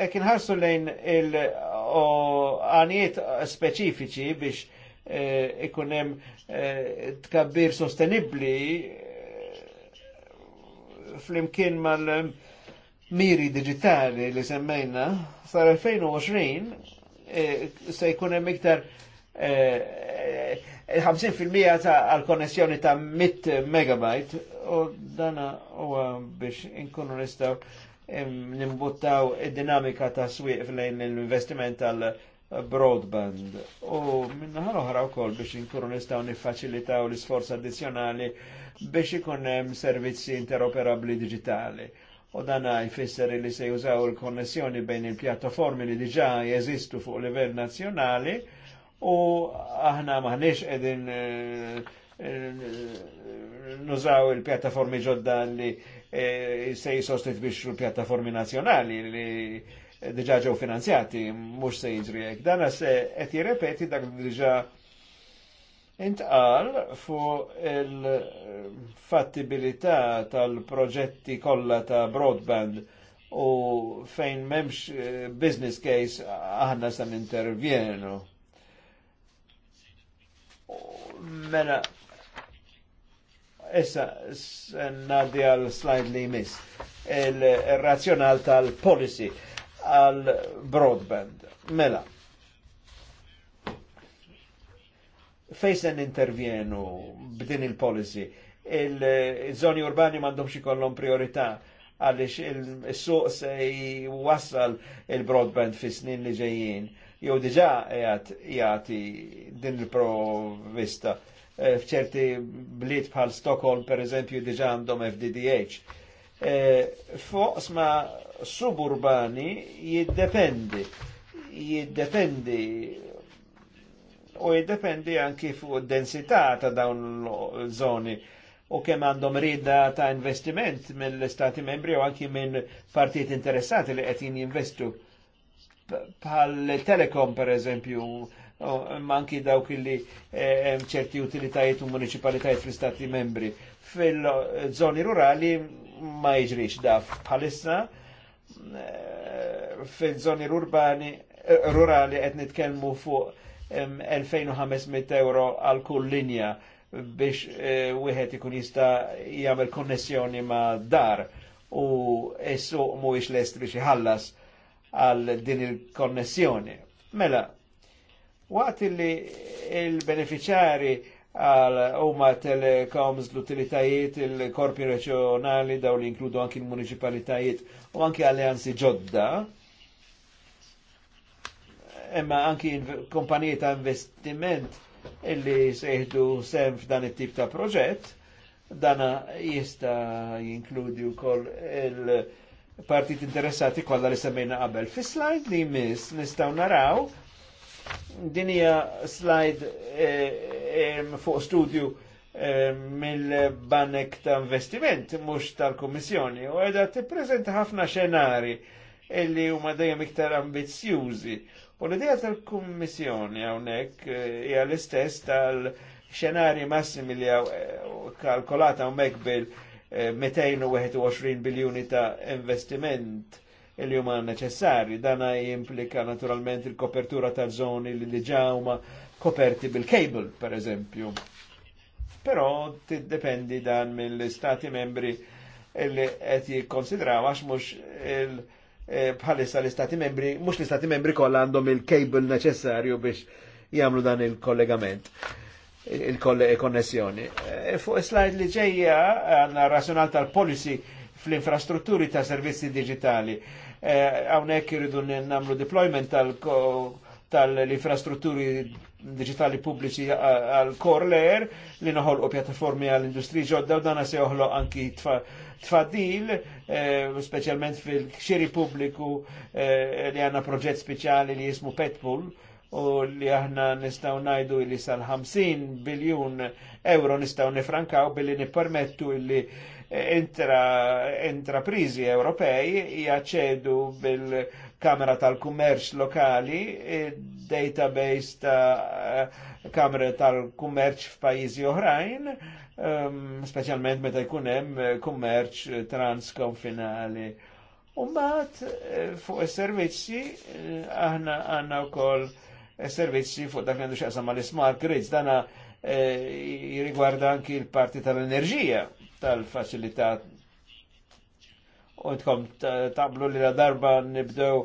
E kien ħarsu lejn il-għaniet speċifiċi biex eh, ikunem eh, tkabbir sostenibli eh, fl-imkien mal- miri digitali li semmejna sar 2020 e, se jkun hemm iktar 50% e, e, ta' għal-konnessjoni ta' 100 megabyte u dana huwa biex inkunu nistaw nimbuttaw id-dinamika ta' swieq fl-lejn l-investiment tal- broadband u minnaħar oħra wkoll biex inkunu nistaw niffaċilitaw l-isforz addizzjonali biex ikun hemm servizzi interoperabli digitali u dan jfisser li se jużaw il-konnessjoni bejn il-pjattaformi li diġa jeżistu fuq livell nazzjonali u aħna maħniex edin eh, eh, nużaw il-pjattaformi ġodda li eh, se jisostit biex il-pjattaformi nazjonali li diġa ġew finanzjati, mux se jġri Dan se qed jirrepeti dak diġa Intqal fu il-fattibilità tal-proġetti kollha ta' broadband u fejn memx eh, business case aħna san intervjenu. Mela, issa nadi għal slide li jmiss, il-razzjonal tal-policy għal broadband. Mela, fejsen intervjenu b'din il-policy. Il-żoni urbani mandom xikollom priorità għalix il-suq se jwassal il-broadband fi snin li ġejjien. Jow diġa jgħati din il-provista eh, fċerti bliet bħal Stockholm, per eżempju, diġa għandhom FDDH. Eh, Fuq sma suburbani jiddependi, jiddependi u jiddependi anki fuq densità ta' dawn l zoni u kemm għandhom rida ta' investiment mill-Stati membri u anki minn partijiet interessati li qed jinvestu bħal telekom per eżempju manki dawk li eh, hemm ċerti utilitajiet u municipalitajiet fl-Stati membri. Fil-żoni rurali ma jiġrix da bħalissa eh, fil-żoni eh, rurali qed nitkellmu fuq 2500 euro għal kull linja biex eh, wieħed ikun jista' jagħmel konnessjoni ma' dar u s-suq mhuwiex lest biex iħallas għal din il-konnessjoni. Mela, waqt li il beneficiari għal huma telecoms l-utilitajiet il-korpi reġjonali daw li inkludu anki l-municipalitajiet u anki alleanzi ġodda Emma anki kompanijiet ta' investiment illi seħdu sem f'dan it-tip ta' proġett, dana jista jinkludi u koll il-partit interessati kolla li semmejna qabel. Fi slide li mis nistaw naraw, dinija slide eh, eh, fuq studju mill-banek ta' investiment, mux tal-Komissjoni, u edha t ħafna xenari illi huma dejjem iktar ambizzjużi U l-idea tal-Kummissjoni għonek eh, hija l-istess tal xenari massimi li għaw eh, kalkolata hawnhekk bil-221 eh, biljoni ta' investiment il huma neċessari. Dana jimplika naturalment il-kopertura ta' zoni li diġa huma koperti bil-kabel, per eżempju. Però t-dependi dan mill-Stati membri li għet jikonsidraw għax mux il- Eh, bħalissa l-istati membri, mux l-istati membri kolla għandhom il-kabel neċessarju biex jamlu dan il-kollegament il-konnessjoni. Eh, fuq slide li ġeja għanna razzjonal tal-policy fl-infrastrutturi ta' servizzi digitali. Għawnek eh, jiridu namlu deployment tal-infrastrutturi digitali pubbliċi għal core layer li noħolqu pjattaformi għal-industri ġodda u dana se joħloq anki tfaddil, eh, specialment fil-xiri publiku eh, li għanna proġett speċjali li jismu Petpool u li aħna nistaw najdu li sal-50 biljun euro nistaw nifrankaw billi nippermettu li intra, intraprizi Ewropej jaċedu bil-Kamera tal-Kummerċ Lokali, database ta' Kamera tal-Kummerċ f'pajjiżi oħrajn, um, specialment meta jkun hemm eh, kummerċ eh, transkonfinali. U mbagħad eh, fuq is-servizzi aħna għandna wkoll servizzi fuq dak li għandu xaqsam mal smart grids dana e, jirigwarda anki l-parti tal-enerġija tal-facilità u tkom tablu li la darba nibdew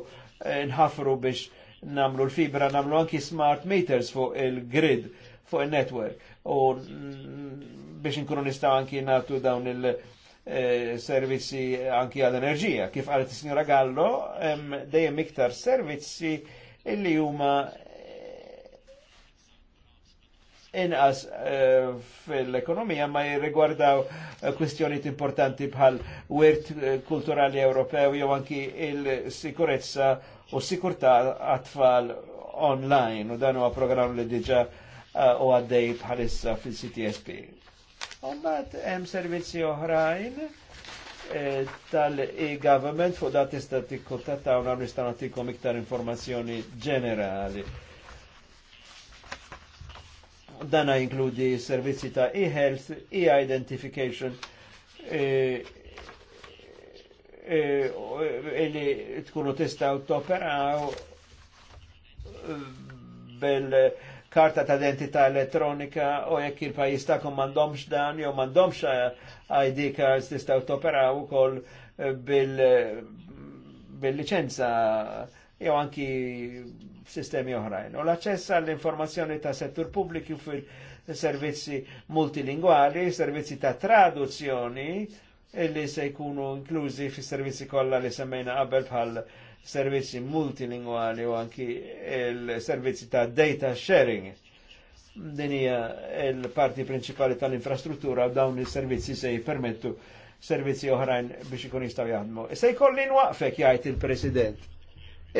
nħafru biex namlu l-fibra, namlu anki smart meters fuq il-grid, fuq il-network u biex inkunu nistaw anki natu dawn il-servizzi anki għal-enerġija. Kif għalet signora Gallo, dejjem iktar servizzi illi huma eh, inqas eh, fil-ekonomija ma jirrigwardaw eh, kwistjoniet importanti bħal wirt kulturali Ewropew jew anki il-sikurezza u sikurtà għat-tfal online u dan huwa programm li diġa' Uh, u għaddej bħalissa fil-CTSP. Umbat hemm servizzi oħrajn eh, tal-e-government fuq dat tista' tikkuntattaw nagħmlu nista' nagħtikom iktar informazzjoni ġenerali. Dana jinkludi servizzi ta' e-health, e-identification, illi eh, eh, tkunu tistaw toperaw bel karta ta' identità elettronika u jekk il-pajis ta'kom mandomx dan jew mandomx eh, ID cards tistaw toperaw ukoll eh, bil bil-licenza jew anki sistemi oħrajn. U l-aċċess għall-informazzjoni ta' settur pubbliku fil-servizzi multilingwali, servizzi ta' traduzzjoni, illi se jkunu inklużi fis servizzi kollha li semmejna qabel bħal servizzi multilingwali u anki il-servizzi ta' data sharing. Din hija l-parti principali tal-infrastruttura dawn il servizzi se jipermettu servizzi oħrajn biex ikun jistgħu jaħdmu. E se jkolli nwaqfek jgħid il-President.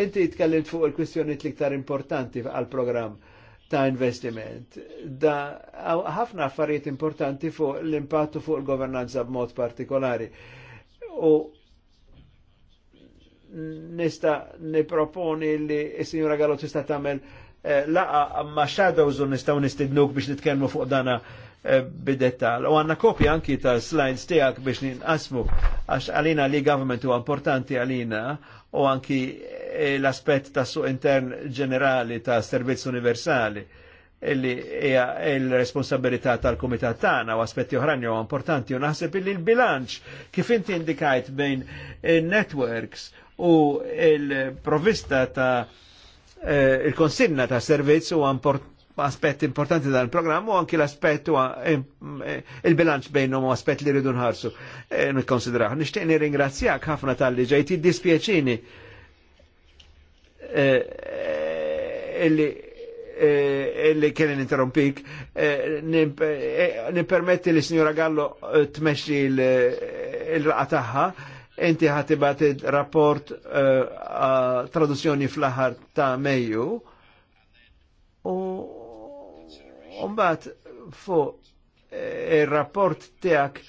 Inti tkellimt fuq il-kwistjonijiet l-iktar importanti għal program ta' investiment. Da ħafna affarijiet importanti fuq l-impattu fuq il-governanza b'mod partikolari. U nista niproponi li il-Signora Gallo tista tamel eh, laqa ma shadows un nistaw nistidnuk biex nitkellmu fuq dana eh, bidettal. U għanna kopja anki ta' slides tijak biex ninqasmu għax għalina li government u importanti għalina u anki eh, l-aspet ta' suq intern ġenerali ta' servizz universali illi hija il responsabilità tal-Kumitat tagħna u aspetti oħrajn u importanti u naħseb illi l-bilanċ kif inti indikajt bejn networks u il-provista ta' eh, il-konsinna ta' servizz u import aspett importanti dan il-programm u anki l-aspett eh, il-bilanċ bejnhom u aspett li rridu nħarsu eh, nikkonsidraħ. Nixtieq nirringrazzjak ħafna tal-li ġejti dispieċini eh, illi eh, illi kien ninterrompik, eh, nipermetti li signora Gallo tmexxi il raqa tagħha inti ħatibat il-rapport uh, traduzzjoni fl ħar ta' Meju. u mbagħad fu eh, il-rapport tijak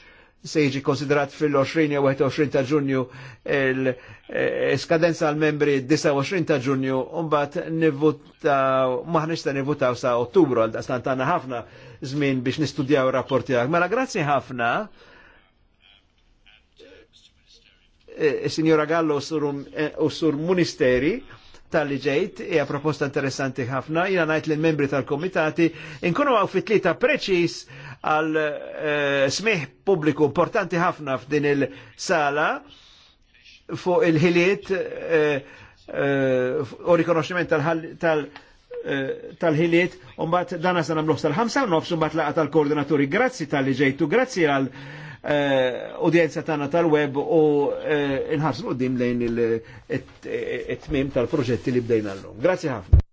se jiġi konsiderat fil-20 u 21 ta' ġunju il-skadenza eh, għal membri 29 ta' ġunju umbat nivutaw, maħnix ta' nivutaw sa' ottubru għal dastan ħafna zmin biex nistudjaw il-rapport tijak. Mela grazzi ħafna e, signora Gallo u sur eh, Ministeri tal-li ġejt, hija proposta interessanti ħafna, jina najt l-membri tal-komitati, inkunu għaw fitlita preċis għal smih publiku importanti ħafna f'din il-sala fuq il-ħiliet u rikonoxximent tal-ħiliet, un bat dana sa namluħ tal-ħamsa, nofsu bat laqa tal-koordinaturi, grazzi tal-li ġejtu, grazzi għal Eh, udjenza tagħna tal-web u eh, nħarsu qudiem lejn il tmim tal-proġetti li bdejna llum. Grazzi ħafna.